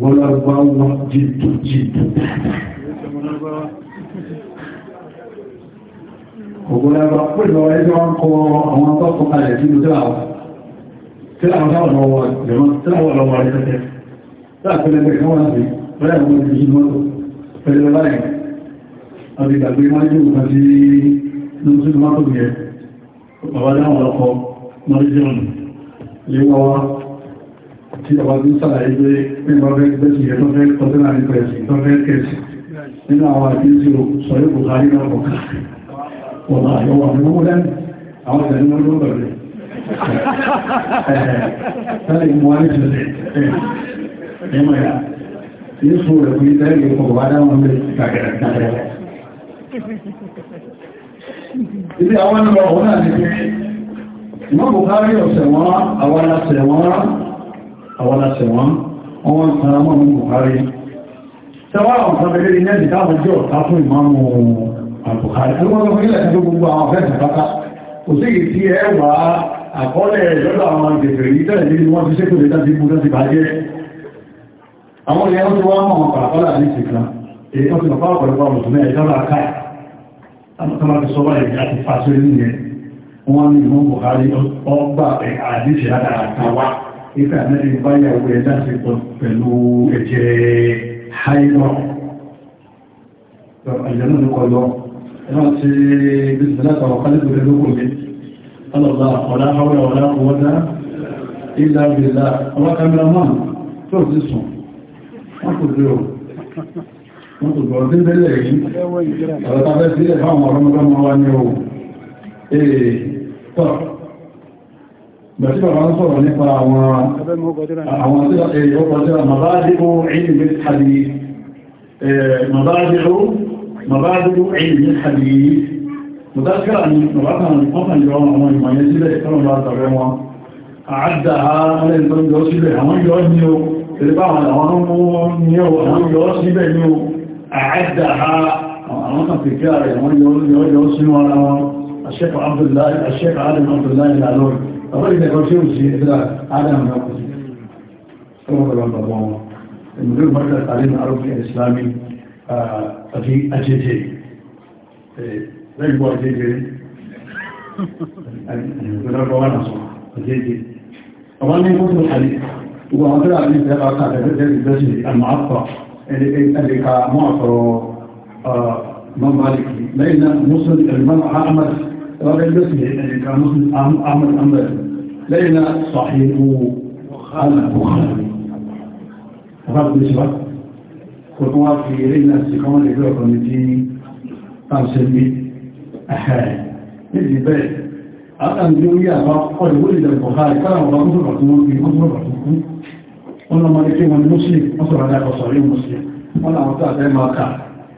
Bọ́lárúbáwá jìtò pẹ̀lú ẹjọ́ ń kọ àwọn tọ́kùnkalẹ̀ tí ó dáa تلعب دعوة الرواد جماعة تلعب الرواد فتاة تلعب كل ذلك هو نفسي ولا يكون في جنوته فإذا لا يكون أبي تأبي ما يجب ففي نمسك ما تبقى وبعدها ولقوا مرجعون ليوا tí ọba tí sàlàyé pé pínlọ fẹ́ gbẹ́sì yẹ tó fẹ́ kọtẹ́lá ní pẹ̀sì tó fẹ́ kẹsì nínú àwọn àkíyèsí sọ̀rọ̀ Buhari náà kọ̀ọ̀kan wọ̀nà àyọwà ní owó lẹ́nu àwọn ìdánimọ̀ ló bẹ̀rẹ̀ Sáré mú wá ní ṣe ya. Yíṣù rẹ̀ fún ìtẹ́ ìlú kò wá dáwọn lè kàkẹ̀rẹ̀ kàkẹ̀rẹ̀. Ibi ni pé, ìmọ́ kò kárí ọ̀sẹ̀ wọ́n, àwọn aláṣẹ̀ wọ́n, àwọn aláṣẹ̀ wọ́n, wọ́n wọ́n sara mọ́ mú kò kárí. Tẹ́wàá ọ̀sán bẹ̀rẹ̀ ilẹ̀ ìdáwọn jẹ́ ọ̀tá fún ìmáàmù àbùkárí. Ẹgbọ́n lọ fún àkọọ́lẹ̀ lọ́dọ̀ àwọn ìgbẹ̀fẹ̀ yìí tẹ́lẹ̀ ní wọ́n ti ṣékò lè tàbí mú lọ́ti bàjẹ́ àwọn ilẹ̀ wọ́n ti wá mọ̀ pàápàá ní ìsìnká èyí tó ti mọ̀ pàápàá pẹ̀lú ọmọ ìsìnká ẹ̀jọ́ bá káì tọ́lá ti sọ́wọ́ ẹ̀jẹ́ àti fàṣẹ nìyẹn wọ́n ní ìmọ̀ Buhari ọgbà àdíṣẹ́ àtàwà ìfẹ́ àmẹ́rin báyàwó ẹ̀ lásìkò pẹ̀lú ẹ̀jẹ̀ hainọ́ àjẹ́ náà ló kọ lọ ẹ̀rọ Allah wala hawla wala quwwata illa billah àwọn cameraman tó ti sùn wọ́n kò dúró wọ́n kò dúró tí bẹ́lẹ̀ yìí àwọn tàbẹ́ sílẹ̀ fáwọn ọ̀rọ̀mọ́gbọ́n wá ní ohun èè tọ́ bẹ̀tí bàbá ń sọ̀rọ̀ mùtákàrà ni ọkàn yọ àwọn ìmọ̀yẹ sílẹ̀ tọ́lọ̀lọ́ àtọ̀rẹ́ wọn àádà alẹ́ tó ń yọ sílẹ̀ àwọn yọ ní o tẹ̀lébà àwọn àwọn ọmọ ní o àwọn yọ síbẹ̀ ní o àádà àwọn kan fèkẹ́ rẹ̀ wọ́n yọ yọ sínú ara wọn àṣẹ́kọ̀ Abdullahi àṣẹ́kọ̀ Adam Abdullahi lalórí ọ̀pọ̀ ìdẹ̀kọ́ tí ó sì ẹ̀dá Adam tàbí àrùn ìsìlámi àti àjẹjẹ لك بوا جي جي أنا أقول لك أنا أقول لك أنا أقول لك أنا أقول لك أنا أقول لك أنا أقول لك أنا أقول لك أنا أقول لك أنا أقول لك أنا أقول لك أنا أقول لك أنا أقول لك níbi bẹ́ẹ̀ aláàbí orí àwọn ọkọ̀ ìwé ìlẹ̀ Buhari kára ọba mọ́sọ̀rọ̀ tí wọ́n fi mọ́sọ̀rọ̀ tó kú wọn lọ mọ́lé kí wọn ni muslim mọ́sọ̀rọ̀ adájọ́ sọ̀rí muslim wọn làwọn tó àfẹ́ máa kà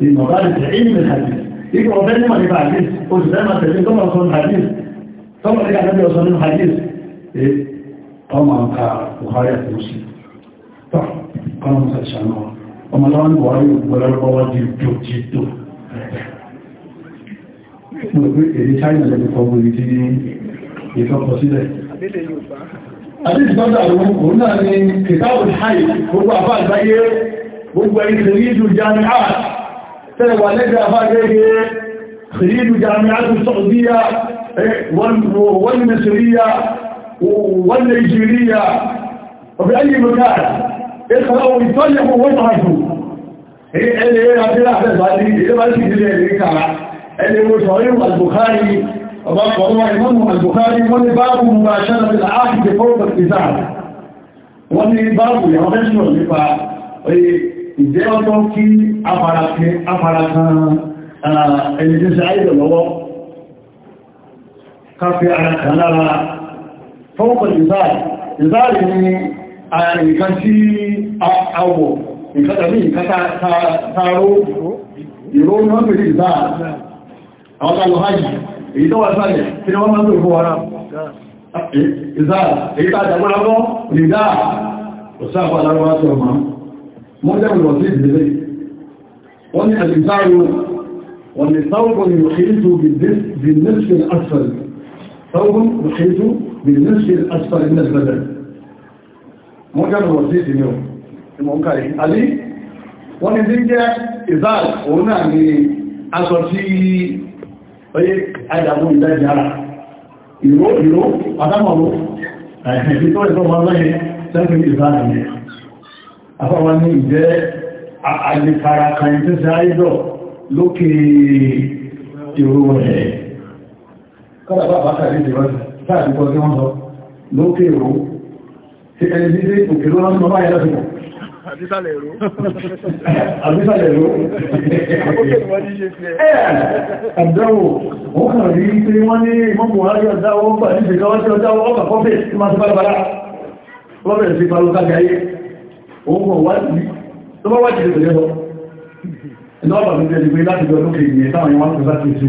ìmọ̀ bá lè tẹ̀ ìmọ̀ ìhàjì ìgbà ọ̀fẹ́ ní mọ̀ nípa àdìs oṣù fẹ́ máa tẹ̀lé tọ́mọ̀ sọ àdìs tọ́mọ̀ ní kàtàbí ọ̀sọ̀ nínú àdìs ẹ ọmọ nǹka Buhari àti gbogbo èdè China lẹ́nu kọ gbogbo tí ìfẹ́kọ sílẹ̀. Àdíjì tọ́jà àwọn òun náà ni kìtàbù ṣáì gbogbo àbá àgbáyé gbogbo ẹ̀yìn ṣèrídù jami'a tẹ́lẹ̀ wà lẹ́gbẹ̀ àbá àgbáyé ṣèrídù jami'a tó sọ̀díyà wọ́n Nàìjíríà wọ́n Nàìjíríà ọ̀bẹ̀ ayé mọ́gá ẹ̀kọ́ ìtọ́lẹ̀ ẹni mo sọ rí al-Bukhari ọba kọ̀ọ̀wà ìmọ́nù al-Bukhari wọ́n ni báàbù mú bá ṣára ti láàájì ti fọ́ọ̀kọ̀ ìzà wọ́n ni báàbù yàwó fẹ́ṣọ̀ nípa ìjẹ́ ọjọ́ kí afarakan ẹni tí ṣe àìdọ̀ lọ́wọ́ káfí ara kan lára fọ́ọ̀kọ̀ ìzà ìzà rí ni nǹkan tí a wọ̀ nǹkan tàbí nǹkan tààró ìró ní wọ́n pè ní ìzà àwọn tàbí hajj èyí tó wà sáré tí wọ́n máa ń lò fún wọ́n eh, ìzáà èyí tàbí àgbọ́lábọ́ nìdá òsáàfà lárúwá tó wọ́n jẹ́ ìwọ̀n sí ìdílé wọ́n ni ni sáwọ́gbọ̀n ìrìnṣẹ́lú oye àìdàmú ìdájì ara ìró ìró àdámọ̀ró ẹ̀ẹ̀kì tó ẹ̀kọ́ wọn lẹ́yìn sẹ́fì ìzáàdì afọ́wọ́ ní ìjẹ́ àlèkàrà kàyìn tó ṣe àìdọ̀ lókè ìró rẹ̀ kọ́lá bá bá kàrí ìdíwọ́sì sáà àbísàlẹ̀ ìró àbísàlẹ̀ ìró ẹ̀ẹ́dẹ̀wò ó kàn rí pé wọ́n ní mọ́kùn ayọ́ dáwọ́ ọgbà ní ìgbẹ̀kọ́ tí ó dáwọ́ ọgbà fọ́bẹ̀ tí máa ti bá bára lọ́bẹ̀ sí balúkà gáyé òun kò wájì tó bá wájì lè lọ lọ́bà tó jẹ́ ìgbé láti jọ lókè ìyẹn táwọn ìwọ̀n tó bá ti ṣe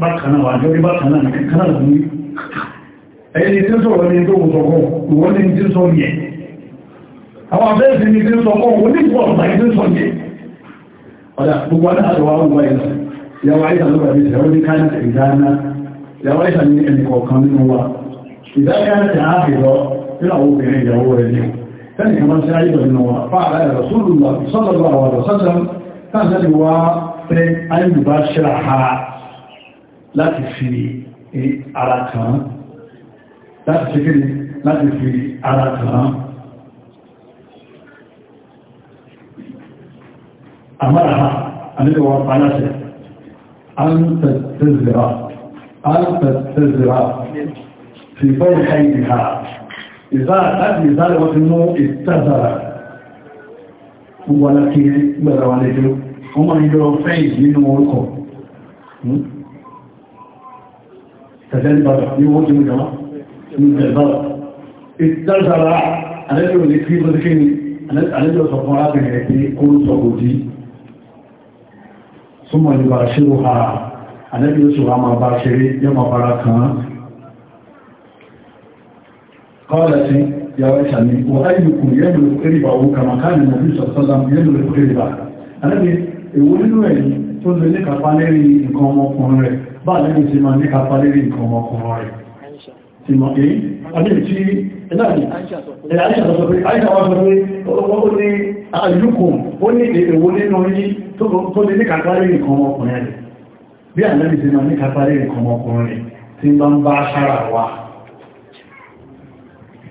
bákanáà wà jọ rí bákanáà nìkan kanáà lórí ẹ̀yẹ́ ni tí ó sọ̀rọ̀ ní tó wùsọ̀kọ̀ ìwọ́n ni tí ó sọ̀rọ̀ yẹn àwọn abẹ́ẹ̀sì ní ti ń sọ fún òun nígbà ọ̀gbà ìdí sọ yẹ ọ̀dà gbogbo adáàdọ̀wà ọgbà ìlà ìyàwó àìsà ló bàbí ìṣẹ̀wọ́ ní káàdì ìdáná ìyàwó àìsà ní ẹnì kọ̀ọ̀kan nínú wa ìdáná ti àáfì lọ nínú àwọn obìnrin ìyàwó rẹ̀ ní sẹ́ni kan máa ń ṣe àìsà nínú wa fa àlàyé rasulullah sallallahu alaihi wasallam táà sẹ́ni wa fẹ́ àìsù bá ṣíra ha láti fi ara kan láti fi ara kan أمرها أن يوقع نفسه أن تتزرع أن تتزرع في بول حيثها إذا أتت مثال وإنه اتزرع ولكن بروانيته هم يدعو فيه من ملكه تجلبر يوجد من جمع من جلبر اتزرع أنا يقول لك في بذكين أنا يقول لك في بذكين أنا يقول لك في بذكين súnmọ̀ ní bá ṣe wà àdẹ́bí oṣù wa máa bá ṣeré yọmọ bára kan kọ́ọ̀lẹ̀ sí yàwó ìṣàmì wọ́n áyùkù yẹ́mù ìrìbà owó kàmàkánì nàbí sọ̀tọ́lám yẹ́mù ìrìbà àdẹ́bí èwo nínú ẹ̀yìn tó lè ní kàpá lérí nǹkan ọmọkùnrin rẹ̀ bá àdẹ́bí ti máa ní kàpá lérí nǹkan ọmọkùnrin rẹ̀ ti mọ̀ pé àdẹ́bí tí ẹ̀láàdì tó lè ní kàpárí nǹkan ọmọkùnrin rẹ̀ bí àlẹ́bì ti máa ní kàpárí nǹkan ọmọkùnrin rẹ̀ tí máa ń bá ṣára wa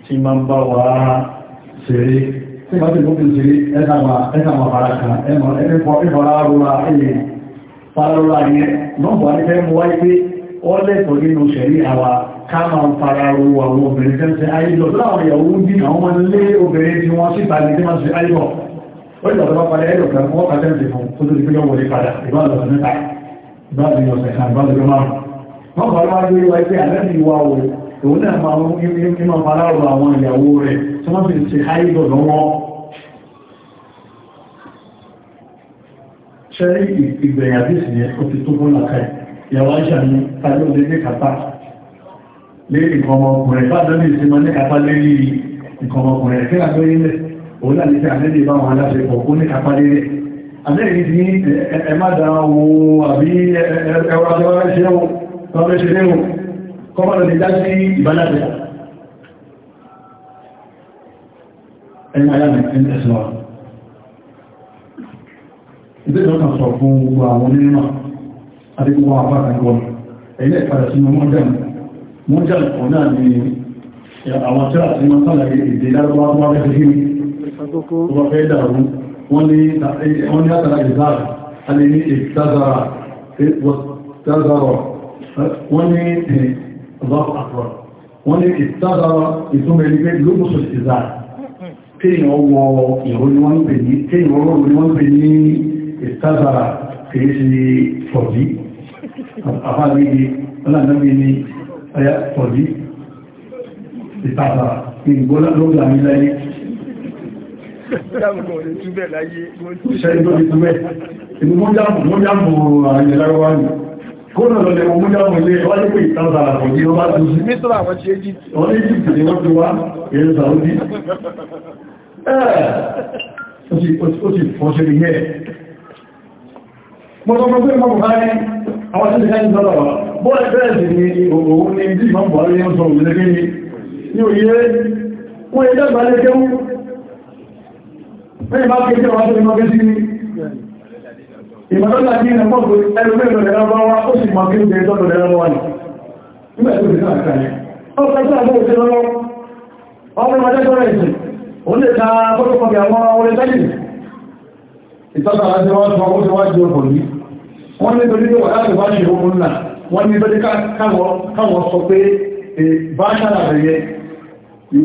tí máa ń bá wa ṣeré tí máa ti gbókùn ṣeré ẹ́sàmà fara kan ẹ̀mọ̀ ẹ̀fọ́ra rúra ẹ̀yẹ fara rúra yẹn nọ́bọ̀ ní fẹ́ mú wáyé pé ọ́lẹ́tọ̀ nínú ṣẹ̀rí àwa ká máa ń fara rú àwọn obìnrin tẹ́ ó ìgbà tó bá padà kan wọ́n padà ẹ̀rọ fún kó tó di pínlẹ̀ wọlé padà ìbáàdì ọ̀sẹ̀ mẹ́ta ìbáàdì ọ̀sẹ̀ kan ìbáàdì ọ̀sẹ̀ márùn wọ́n padà wá gbé wa pé àlẹ́bí wa o òun náà máa ń ní máa fara rọ àwọn ìyàwó rẹ̀ tí wọ́n sì ń ṣe háìdọ̀ lọ́wọ́ ṣe ìgbẹ̀yìn àdéṣì yẹn òun náà ní sí àmẹ́lì bá wọn aláṣepọ̀ ó ní kápálé rẹ̀ àmẹ́lì ní ẹ má da wo àbí ẹwà tó wá ṣe ó tó wá ṣe léwu kọ́mọ́ lọ lè dá sí ìbálàṣẹ ẹni ayámi ẹni ẹ̀sùn wa ìdíjọ́ kan sọ fún gbogbo àwọn onímọ̀ àti gbogbo àwọn àpáàkàkọ́ ẹ̀yìn ẹ̀padà sínú mọ́jẹ̀mù mọ́jẹ̀mù ọ̀nà ni àwọn tíra tí wọ́n sálàyé ìdílárúwá wọ́n fẹ́ fi wọ́n fẹ́ dàrú wọ́n ní eh, látara ìzára a lè ní ìtazara eh, eh, wọ́n ní ìtazara wọ́n ní ìtazara ìtumọ̀ ẹgbẹ́ lókùsù ìzára kéèyàn wọ ìró ni wọ́n ń pè ní kéèyàn ọlọ́run ni wọ́n ń pè ní ìtazara kìí ṣe fọ̀dí àfáàrí ni ọlọ́nàmí ni ọya fọ̀dí ìtazara ìgbóná lóògbà nílẹ̀ jáàmù kan lè túbẹ̀ láyé iṣẹ́ ìlú ní pé ìtàzà àpọ̀ yí ọba tó sí mísọ́lá àwọn ti Egypt wọ́n Egypt ni wọ́n ti wá èrè Saudi ó sì fọ́ṣẹ́ ní yẹ́ mo tọ́kọ́ pé mọ́ Buhari àwọn tí ìṣẹ́ ìjọba Bẹ́ẹ̀ bá kéèkéé wá tó ìmọ̀gé sí ní ìmọ̀lọ́lá ní ẹ̀pọ̀ pé ẹlùmẹ́ ìrọ̀lẹ́ra bá wá ó sì mọ̀gé ìgbẹ̀ ìtọ́lọ̀lẹ́ra wá ní. Nígbà tó ìrìnà àkàrẹ. Ó kẹta àgbẹ̀ òṣèlú ọlọ́rọ̀. Ọmọ ìmọ̀lẹ́ tó rẹ̀ ìsìn. Ó lè ta fọ́tọ́kọ̀bì àwọn orin tẹ́lì. Ìtọ́ta àti wọ́n tó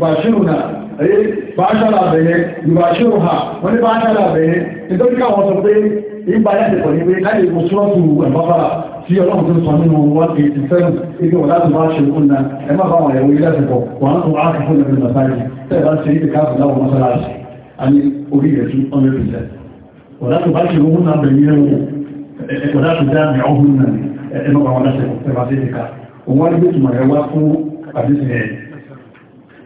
wọ́n ẹ̀yẹ bá ṣára bẹ̀yẹ ìwà ṣòro ha wọ́n ní bá ṣára bẹ̀yẹ nítorí káwọn sọ pé ìgbà láti pọ̀ níwé láti ìwò ṣúrọ́tù ẹ̀mọ́fàrà tí ọlọ́run tó sọ nínú wọ́n ti ti fẹ́rù ibi wọ́n láti máa ṣe kúnna ẹ má bá wọn ẹ̀wọ́ ilé ẹ̀sẹ̀ pọ̀ wọ́n tó á kí fún ẹ̀mí lọ́sáyé tẹ́ẹ̀ bá ṣe ní káàkiri láwọn mọ́sálásí a ní orí rẹ̀ tún 100% wọ́n láti bá ṣe ohun náà bẹ̀yẹ wọ́n láti dá mi ọ̀hún náà ẹ̀mọ́ bá wọn láti pọ̀ tẹ́ẹ̀ bá ṣe ní ká òun wá ní bí tùmọ̀ ẹ̀wá fún àdísìn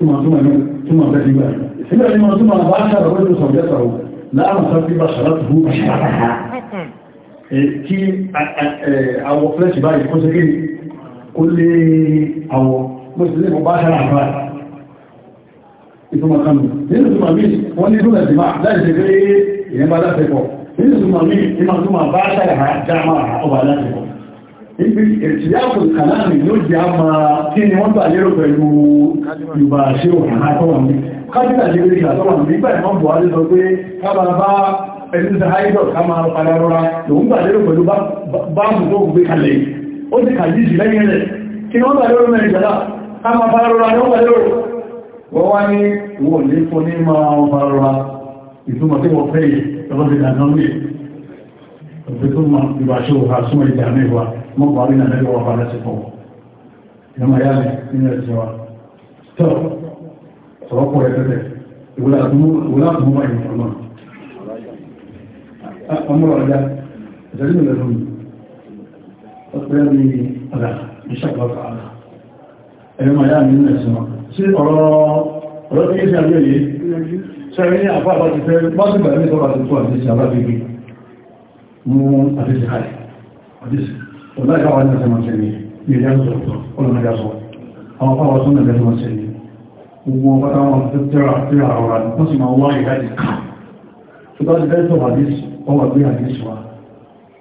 ثم ثم بديوا سمع لما ثم باشر الرجل زوجته لا مصدق بشرته بشرتها kí àwọ̀ flesh báyìí kó ṣe kó lé àwọ̀ mọ́sílẹ̀ mọ́ bá ṣára àbá ìtumọ̀ kanú nínú túnmà mí wọ́n ní túnmà jìmá láì ṣe pé ìyẹn bá láti pọ̀ nínú túnmà ṣára àjá máa ibi ìtìyàkù kàláàmì ló jẹ́ a máa kí ni wọ́n gbà lérò pẹ̀lú yorùbá ṣe òhàn àtọ́wà ní kájíkà lè rí àtọ́wà nígbà ìmọ̀ buhari sọ pé kábàbá ẹ̀sìnsẹ̀ haidọ̀ ká máa padà rọra lòun gbà lérò pẹ̀lú báàmù tó gbé kalẹ̀ ó ti kàjíjì lẹ́yìn rẹ̀ kí ni wọ́n gbà lérò mẹ́rin jẹ́lá ká máa padà rọra ní wọ́n gbà lérò wọ́n wá ní wọ́n lè fún ní máa padà rọra ìtumọ̀ tí wọ́n fẹ́ yìí lọ́wọ́ ti dàgbà mú yìí ọ̀pẹ́ tó máa ìbáṣọ́ àsúnmọ̀ ìdàmẹ́wàá mọ́ parí náà lẹ́yọ́ ọba lẹ́sẹ̀kọ́ ìyọ́mà yá mi nínú ẹ̀sẹ̀ wa tọ́ sọ̀rọ̀pọ̀ rẹ̀ tẹ́tẹ̀ ìwòlátùmọ́ ẹ̀yìn ọmọ ọmọ ọ̀dá ìjẹ́lú ìlẹ́nu ọ̀pẹ́ mi ọ̀dá ìṣàkọ̀ọ̀kọ̀ àdá ẹ̀yọ́mà yá mi nínú ẹ̀sẹ̀ wa sí ọ̀rọ̀ ọ̀rọ̀ tí yẹ́ sẹ́rí ní àpá àbájú fẹ́ bọ́sùgbà ní sọ́bàtí tó àti ìṣàbá gbígbé mú àti ìṣàlẹ̀ àti ìṣàlẹ̀ ọ̀dá ìfà wọ́n tẹ́sẹ̀ mọ̀sẹ̀ ní ilẹ̀ ọ̀sọ̀tọ̀ olùmọ̀dásọ̀ àwọn afáwọ̀ sọ́nà tẹ́sẹ̀ mọ̀sẹ̀ ní gbogbo ọpátá wọn tẹ́tẹ́rà tẹ́rà ọ̀rà wọ́n sì máa wá ìdájì ká tó bá ti tẹ́sọ̀ àdísì ọwà gbé àdísì wa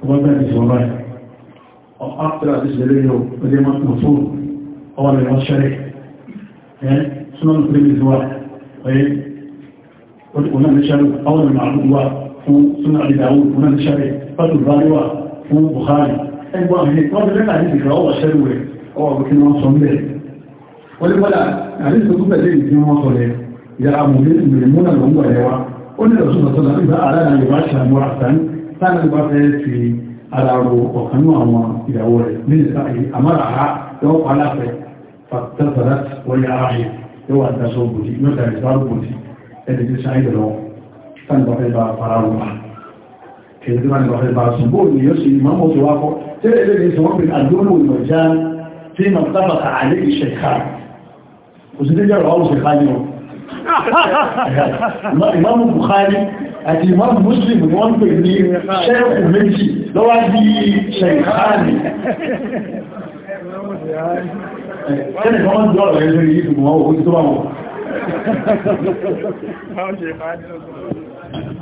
ọwà gbé àdísì wa báyìí ọ̀pátá àdísì lè yọ ọdẹ mọ́tò fún ọwà lè wọ́n ṣẹlẹ̀ ẹ́ súnà ní pẹ́lú wa ẹ́ ọ̀nà ní ṣẹlẹ̀ ọwà lè máa lù wa fún súnà àdìdáwò ọ̀nà ní ṣẹlẹ̀ pàtó bá wà fún Bukhari ẹgbọ́n àmì wọ́n ti lẹ́kà ní ìgbà ọwọ́ ṣẹ́rù rẹ̀ ọwọ́ òkè wọn sọ mẹ́ wọ́n ní padà àrí ìsọkú pẹ̀lú èyí tí wọ́n sọ rẹ̀ ìyá amòlé ìgbèrè múnà ló ń wà rẹ̀ wa ó ní ìrọ̀sùn sọ̀tọ̀ láti bá ara náà yorùbá ṣe àmúra sàn sáà nípa fẹ́ fi ara ro ọ̀kanú àwọn ìyàwó bá fara ro wa kẹ̀lẹ́tí máa nípa fẹ́ bá sùn bóò ní yóò sì ìmọ́mọ́ tó wákọ́ tí ẹ̀lẹ́ ní ìsìnwọ́n pè àdúrà ìmọ̀já tí ma tábàtà àlẹ́ ìṣẹ̀ká kò sí déjọ́rọ̀ ọ̀rọ̀ ṣẹ̀ká ní ọ ìmọ́mù Bukhari àti ìmọ́mù Muslim wọ́n pè ní ṣẹ́ẹ̀kù méjì lọ́wọ́ bí ṣẹ̀ká ní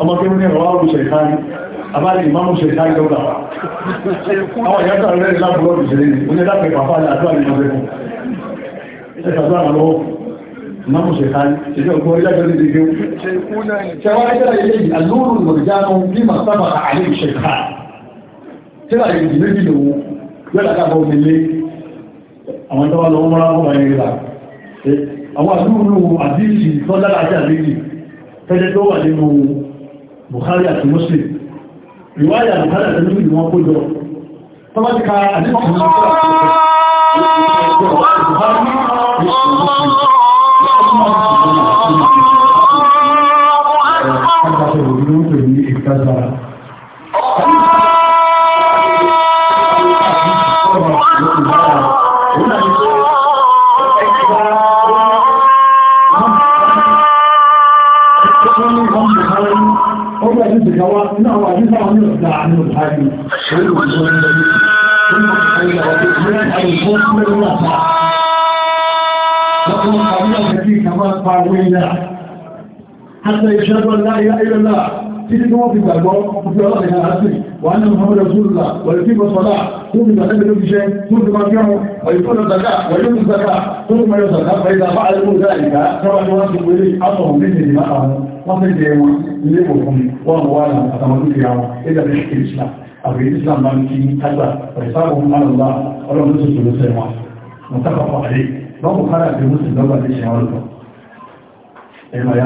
ọmọ kí ní ọwá òṣèrè káàrí àbáyé ìmáàmù òṣèrè káàrí tó gbàwà àwọn ìyàtọ̀ rẹ̀ lábúrọ̀ òṣèrè ní oúnjẹ dápẹ̀ pàpá àdúrà ní ọdún ẹ̀sàdúrà lọ́wọ́ ìmáàmù òṣèrè káàrí ìjọ ọgbọ́ ìlàjọ́ ní ìdíjú ṣẹwàá ìjọ́ ilé àlúrù lòrìjánu bí màsábà àlè òṣèrè káàrí tíra ìdí méjì lòun yóò lágbàbọ̀ òmìnir àwọn tó wà lọ́wọ́ mọ́ra wọn wà ní ìlà àwọn àlúrù àdíjì tó lára àti àdíjì fẹ́lẹ́ tó wà nínú Bukhari àti Muslim ìwáyà Bukhari àti Muslim wọ́n kó jọ tọ́bá àdínkù ní ọjọ́ ìgbẹ̀rẹ̀ náà wà nígbà wọn yóò gba àánú ìparí olùgbò ìlú nígbà ìparí ọ̀pọ̀ ìlú àìkọ́ mẹ́rin náà لكن قبلها في حتى يشهد ان لا اله الا الله تلك موقف الباب في الله يا عبدي وان محمد رسول الله ويقيم الصلاه ثم يعمل كل شيء ثم يرجعه ويكون الزكاه ويؤتي الزكاه ثم يزكى فاذا فعلوا ذلك فهو يواجب اليه امر منه لما wọ́n tẹ́ jẹ wọn ilé òkun wọ́n wà náà àtàwọn dúkìá wọn ẹgbẹ́ bí ṣe islam àbí islam bá ń kí àgbà ọ̀sáàbò alọ́lá ọlọ́run tó sọ̀rọ̀ sẹ́ wọn mo tábà pọ̀ àlẹ́ lọ́kùn kára àti mo sì lọ́gbà lè ṣe àwọn ọlọ́pàá ẹ̀rọ ya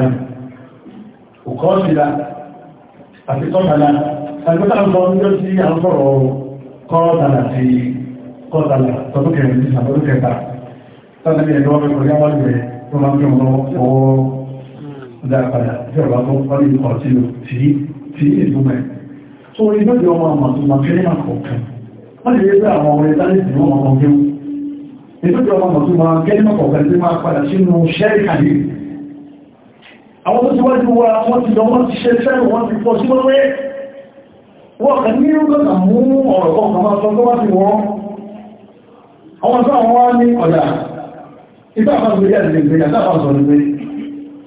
òkọ́ síra àti tọ́tàlá àgbẹ́ta ń lọ níjọ́ sí àwọn sọ̀rọ̀ kọ́ọ̀tàlá sí kọ́ọ̀tàlá tọdún kẹrin sí sàtọ́dún kẹta tọ́tàlá ẹ̀rọ ọmọ ẹ̀kọ́ yá wá lẹ̀ tó máa ń fi ọmọ ọwọ́ dápadà tí ọ̀rọ̀ tó wọ́n ní ọ̀rọ̀ tí ó tí ìdúmẹ̀. tó orí mẹ́jọ ọmọ àmà tó máa kéré àkọ̀ọ̀kan wọ́n lè rí àwọn ọmọ ìtàlẹ̀ tí wọ́n máa gẹ́wọ́ ìtọ́jú ọmọ àmà tó máa kéré àkọ̀ọ̀kan tí máa padà sínú ṣẹ́ríkà yìí àwọn tó ti wájú wa wọ́n ti lọ wọ́n ti ṣe fẹ́ wọ́n ti pọ̀ sí lọ́wẹ́ wọ́n kà ní ọgọ́nà mú ọ̀rọ̀ kan máa sọ lọ́wọ́ sí wọ́n àwọn tó àwọn wá ní ọ̀dà ìgbà àbájúgbé àti ìgbéyà láàbàzọ̀ nígbéyà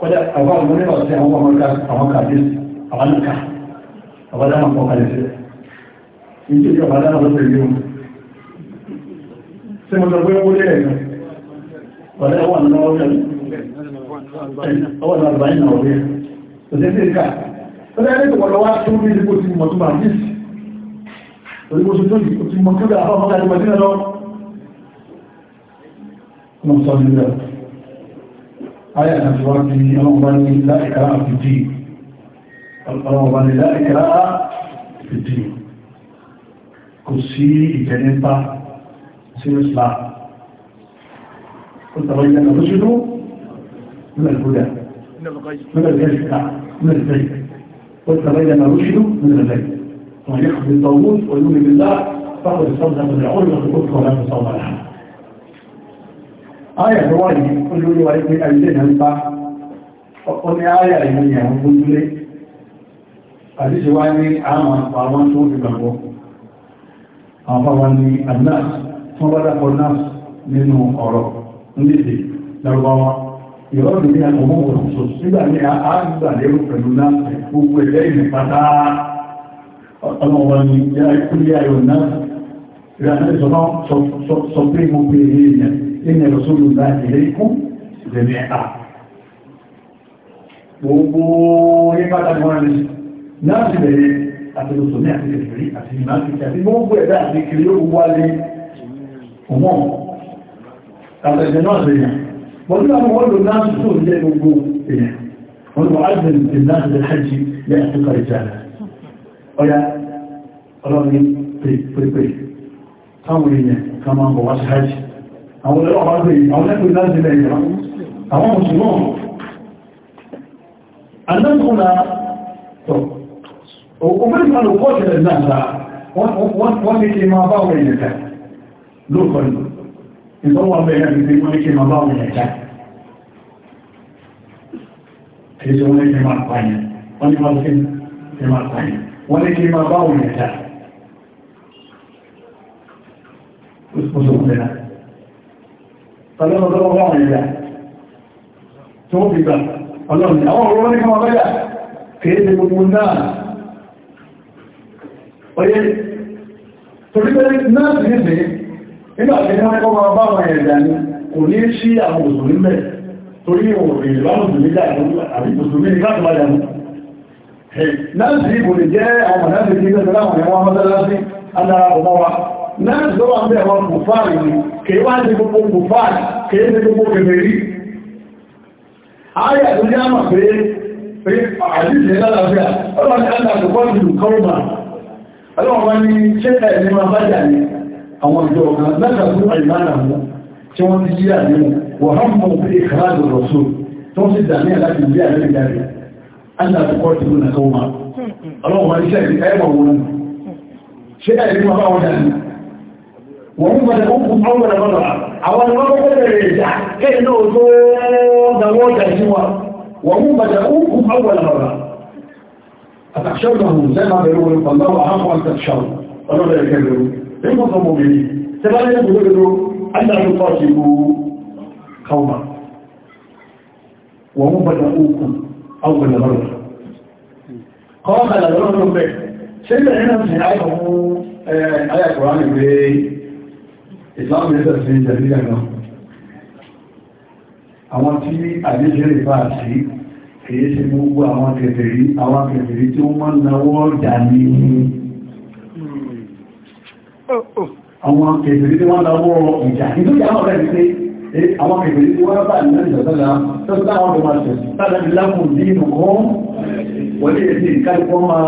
kọjá àwọn àwọn onímọ̀ sí àwọn ọmọkà àwọn kàbí àwọn nìka àwọn dáná pọ̀ kalẹ̀ sí ìjì ìjọba dáná lọ́pẹ̀ yìí wọn sí mo sọ pé ó lé ẹ̀gbẹ́ wọ́n lé wọn lọ́wọ́ ọwọ́ náà bá yìí náà wọ́n lé kò sí sí ìka ó dá ẹgbẹ́ wọn tó ní ìdíkò tí mo tún bá tó ti mọ̀ tí mo tún آية الفرق من أمضان لا إكراء في الدين أمضان لا إكراء في الدين كسي إجنبا سنسلا قلت بينا نرشد من الهدى من الهدى من الهدى قلت بينا نرشد من الهدى ويخذ الضوء ويؤمن بالله فقد صدق العلم وقلت ولا تصدق الحمد Ayà tó wà yìí, olórí wa pé àìsẹ́ ìyàn bá, ó ní ayà ìyàn ìyàn gbójúlé, àdíṣẹ́ wá ní àwọn àwọn tó fi gbàgbọ́. Àwọn bá wá ní àdáà, tí wọ́n bá dápọ̀ náà nínú ọ̀rọ̀ nídè lárúbáwá. Ìrọ́dù ní àwọn ọmọ òṣòṣò nígbà ní àgbà lérò pẹ̀lú náà gbogbo ẹ̀jẹ̀ ìrìn pátá ọmọ wa ní ìyá ìkúlé ayọ̀ ẹni rọ̀sọ́lù bá ìlẹ́kùn ìrẹ̀lẹ̀ ẹ̀ta gbogbo ní pàtàkì wọn ni náà ti bẹ̀rẹ̀ àti lọ́sọ̀mí àti ìrẹ̀lẹ̀ àti ìmáàkìtì àti gbogbo ẹ̀dá àti kiri ó wálé ọmọ àtẹ̀jẹ̀ náà sí yẹn wọ́n ní àwọn ọlọ́ náà sí tó jẹ́ gbogbo èèyàn wọ́n ni wọ́n á bẹ̀rẹ̀ sí náà sí hajji yẹ́ àtúkọ̀ ìjàlá ọya ọlọ́rin pèpèpè táwọn èèyàn kan máa ń bọ̀ wá sí hajji àwọn ọlọ́pàá ń pè àwọn ẹgbẹ́ láti ilẹ̀ ìyá àwọn mùsùlùmọ́ anáàkùnà tọ̀ òkùnrin ìfà ló kọ́ ìṣẹ̀lẹ̀ náà sáà wọ́n ní kí máa bá wọn ìyẹ̀ká lóòkọ́ ìlú ìtọ́wọ́ abẹ́rẹ́ àti pé wọ́n ní kí máa bá wọn ìyẹ̀ká kìí ṣe wọ́n ní kí máa pààyàn wọ́n ní máa sí kí máa pààyàn wọ́n ní kí máa bá wọn ìyẹ̀ká ó sì kó sókùnrin náà Ọlọ́run tó wọ́n wọ́n ìyà tó ọ̀rọ̀ ní kìí ṣe gbogbo náà. Oye, torí pé náà sí ìsẹ́, nígbà tí wọ́n ní kọmọ bá wọn ẹ̀dà ni kò ní sí àwọn òṣùn nílẹ̀ torí òfin ìbámùsùn nílẹ̀ àbí òṣùn nílẹ̀ láti máa yàmù. Náà sí ìbò lè jẹ́ àwọn ọ̀nà náà tó wà bẹ́ wọn kùfààrì ni kìí wá ní gbogbo kùfààrì kìí ní gbogbo kèfèrí ayà tó a mà pé àdíjẹ́ lálàáfíà ọlọ́run ní àdàkùkọ́ ìlú kọ́ọ̀mà ọlọ́run wá ní ṣẹ́ ẹ̀ ní máa bájà ní àwọn ìjọ ọ̀gá mẹ́ta fún àìmánà mú tí wọ́n ti jíyà ní wọ́n hàn mọ́ pé ìkàràdù rọ̀sùn tó ń sì dàmí àláti jíyà ní ìdáre aláàkọ́kọ́ ti múnà kọ́ọ̀mà ọlọ́run wá ní ṣẹ́ ẹ̀ وهم لهم أول مرة أول مرة الرجع كأنه دوات الجوع وهم بدأوكم أول مرة أتخشونهم زي ما بيقولوا إيه الله أهم أن تخشوا الله لا يكبروا لما صموا به سبحانه يقولوا أن تقاتلوا قوما وهم بدأوكم أول مرة قال لهم به سيدنا هنا في الآية آه، آية القرآن الكريم ìsìláàmù ẹ̀sẹ̀ sí ìjẹ̀lẹ́yà náà àwọn tí àjẹ́jẹ́ ìfà sí kìí ṣe gbogbo àwọn kẹfẹ̀rí àwọn kẹfẹ̀rí tí ó máa náwó ọjà ní àwọn kẹfẹ̀rí tí wọ́n náwó ìjà nítorí àwọn ọ̀rẹ́ ìpé àwọn kẹfẹ̀rí tí wọ́n bá nílẹ̀ ìjọ̀tọ́lá tó dáwọn ọmọ ṣẹ̀ tàbí lápò dínú kan wọlé ẹ̀sìn kálùkọ́ máa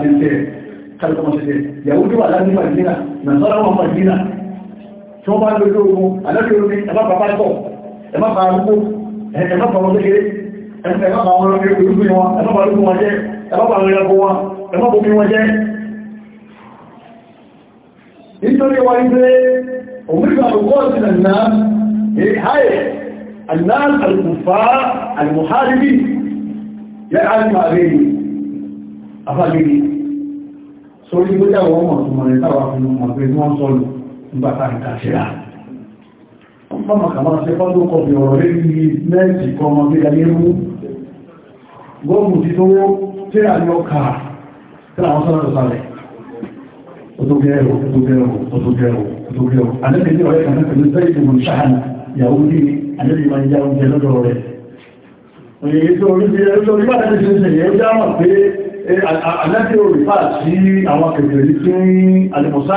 ṣẹ̀ṣẹ̀ kálùkọ́ máa ṣẹ̀ṣẹ̀ yàwó tí wọ́n bá ń lójú ogun àlẹ́bí omi ẹ̀má bàbá tọ̀ ẹ̀má bá arúgbó ẹ̀má bá wọn kékeré ẹ̀má bá wọn erúgbìn wọn ẹ̀má bá arúgbó wọn jẹ́ ẹ̀má bá wọn ẹ̀kọ́ wọn ẹ̀má bómi wọn jẹ́ nítorí wọ́n ń gbé òmìnira àlùkọ́ọ̀sì nàná المحاربين يعلم عليه أفاقيني سوري بجاء وما سمعني ترى في المحاربين nígbà tá nǹkan síra ọmọ kàmọ́ sí fọ́dún kọ bí ọ̀rọ̀ lórí mẹ́ẹ̀tì kọ ọmọ bí ayé mú gómù ti tó tíra ní ọkà tíra wọn sọ́rọ̀ sálẹ̀ ọdúnbẹ̀rẹ̀ ọdúnbẹ̀rẹ̀ ọdúnbẹ̀rẹ̀ ọdúnbẹ̀rẹ̀ alẹ́bẹ̀ ní ọ̀rẹ́ kan pẹ̀lú sẹ́yìn tó mọ̀ ṣáhánà ìyàwó ní alẹ́bẹ̀ máa ń já oúnjẹ lọ́dọ̀ rẹ̀ òyìnbí tó orí bí ẹjọ́ orí bá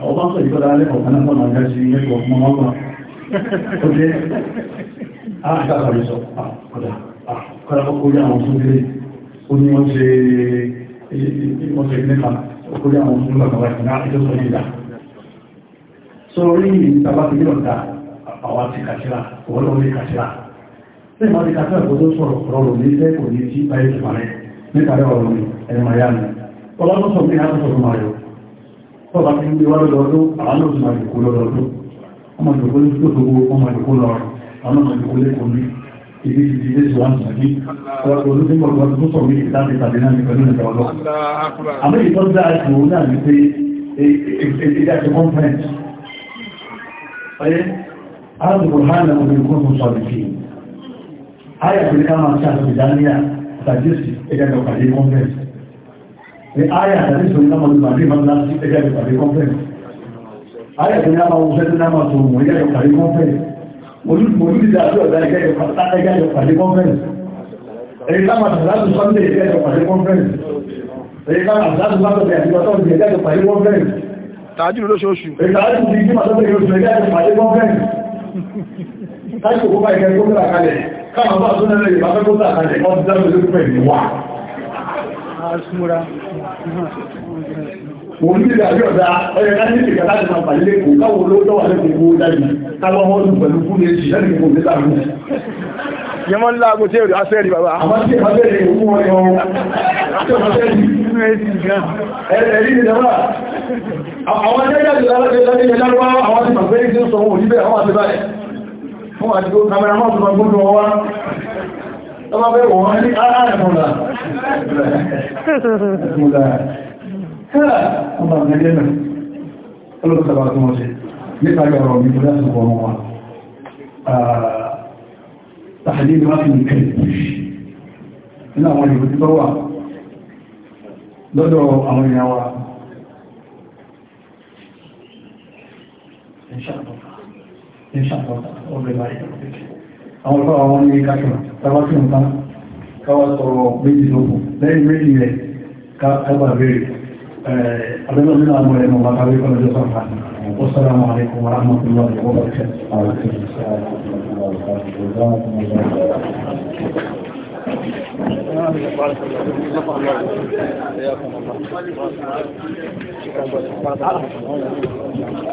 àwọn bá sọ ìgbọ́dá alẹ́kọ̀ọ́ kan náà máa ṣe ilé ìwọ̀n mọ́ ó jẹ́ àṣàkàrí sọ àkọ́dà àkọ́dà ó kórí àwọn tó dé ó ní wọ́n ṣe wọ́n ṣe nípa ó kórí àwọn tó lọ́kà wáyé náà ìjọ sọ ìdá so rí ìtàbá ti yọ̀ dá àwọn ti kàṣírà òwò lọ́wọ́ ní kàṣírà tí ìmọ̀ ti kàṣírà kò tó sọ̀rọ̀ rọrùn ní iṣẹ́ kò ní tí báyé ti parẹ́ tọ́ba ti ń gbé wá lọ́dún àwọn náà sì máa dìkú lọ́dún ọmọ ìdìkú ní tó gbogbo ọmọ ìdìkú lọ́rùn àwọn ọmọ ìdìkú lẹ́kọ̀ọ́ ní ibi ti ti lẹ́sù wọn sàbí ọ̀rọ̀ olùdíkọ̀ ọ̀rọ̀ tó e, e, e, sọ̀rọ̀ ní ìdáfi tàbí náà ní pẹ̀lú ìjọ ọlọ́ àmì ìtọ́ dá ìṣù náà ní pé ìdí àti conference ọ̀yẹ́ arábùkù hàn àwọn olùkọ́ tó sọ̀rọ̀ sí ayà pẹ̀lú ká máa ṣe àtúndánilá tàbí ẹgbẹ́ ọ̀pàdé conference ní ayé àtàrí ìṣòro náà mọ̀ nípa bí ìmọ̀ ńlá sí ẹgbẹ́ ìpàdé kọ́fẹ́rẹ́ ada àtàrí náà máa wọ́n náà máa tó mọ̀ ẹgbẹ́ ìpàdé kọ́fẹ́rẹ́ olùdíje àti ọ̀dà ẹgbẹ́ ìpàdé kọ́fẹ́rẹ́ èyí ká máa tàbí láti sọ́ndé ẹgbẹ́ ìpàdé kọ́fẹ́rẹ́ èyí ká máa tàbí láti ẹgbẹ́ ìpàdé kọ́fẹ́rẹ́ tàájú lóṣooṣù èyí tàájú ti jí màtọ́lẹ̀ yóò ṣe ẹgbẹ́ ìpàdé kọ́fẹ́rẹ́ káṣí òkú bá ìgbẹ́ gómìnà kalẹ̀ káwọn bá tó nẹ́rẹ̀ ìbáfẹ́ gómìnà kalẹ̀ kọ́ mo ní ìdí àbí ọ̀dá ọ̀yẹ̀ ká ní ìdíkà láti máa pàdé lẹ́kọ̀ọ́ káwọn olówó tọ́wà owó dájú káwọn wọ́n lù pẹ̀lú fún èjì lẹ́nu kò ní láàrú yẹmọ́ ńlá agbó tí èrò asẹ́rì bàbá àwọn tí ìfàbẹ́ rẹ̀ ọmọ bẹ́ẹ̀ wọ́n ní ara ẹ̀mọ́lá ẹ̀mọ́lá ọmọ ìgbẹ́lẹ́ náà olóòsàbà tó wọ́n ṣe nípa ìgbàrọ̀ mi tó láti wọ́n wọ́n tàbí ìwá fi nìkẹ́ nínú àwọn ìwò tí tó wà lọ́dọ̀ àwọn èèyàn wa Inshallah. Inshallah. Ọgbẹ̀lá ìgbẹ̀lẹ̀. àwọn tó àwọn ní káṣọ tàbá tí nǹkan káwà sọ̀rọ̀ méjì lókù lẹ́yìn méjì rẹ̀ káwà bèèrè àbẹ́lọ́ nínú àwọn ẹ̀mọ bàbá wí kọ́lọ́ jọ sọ̀rọ̀ والسلام عليكم ورحمة الله وبركاته. وعليكم السلام ورحمة الله وبركاته. Gracias.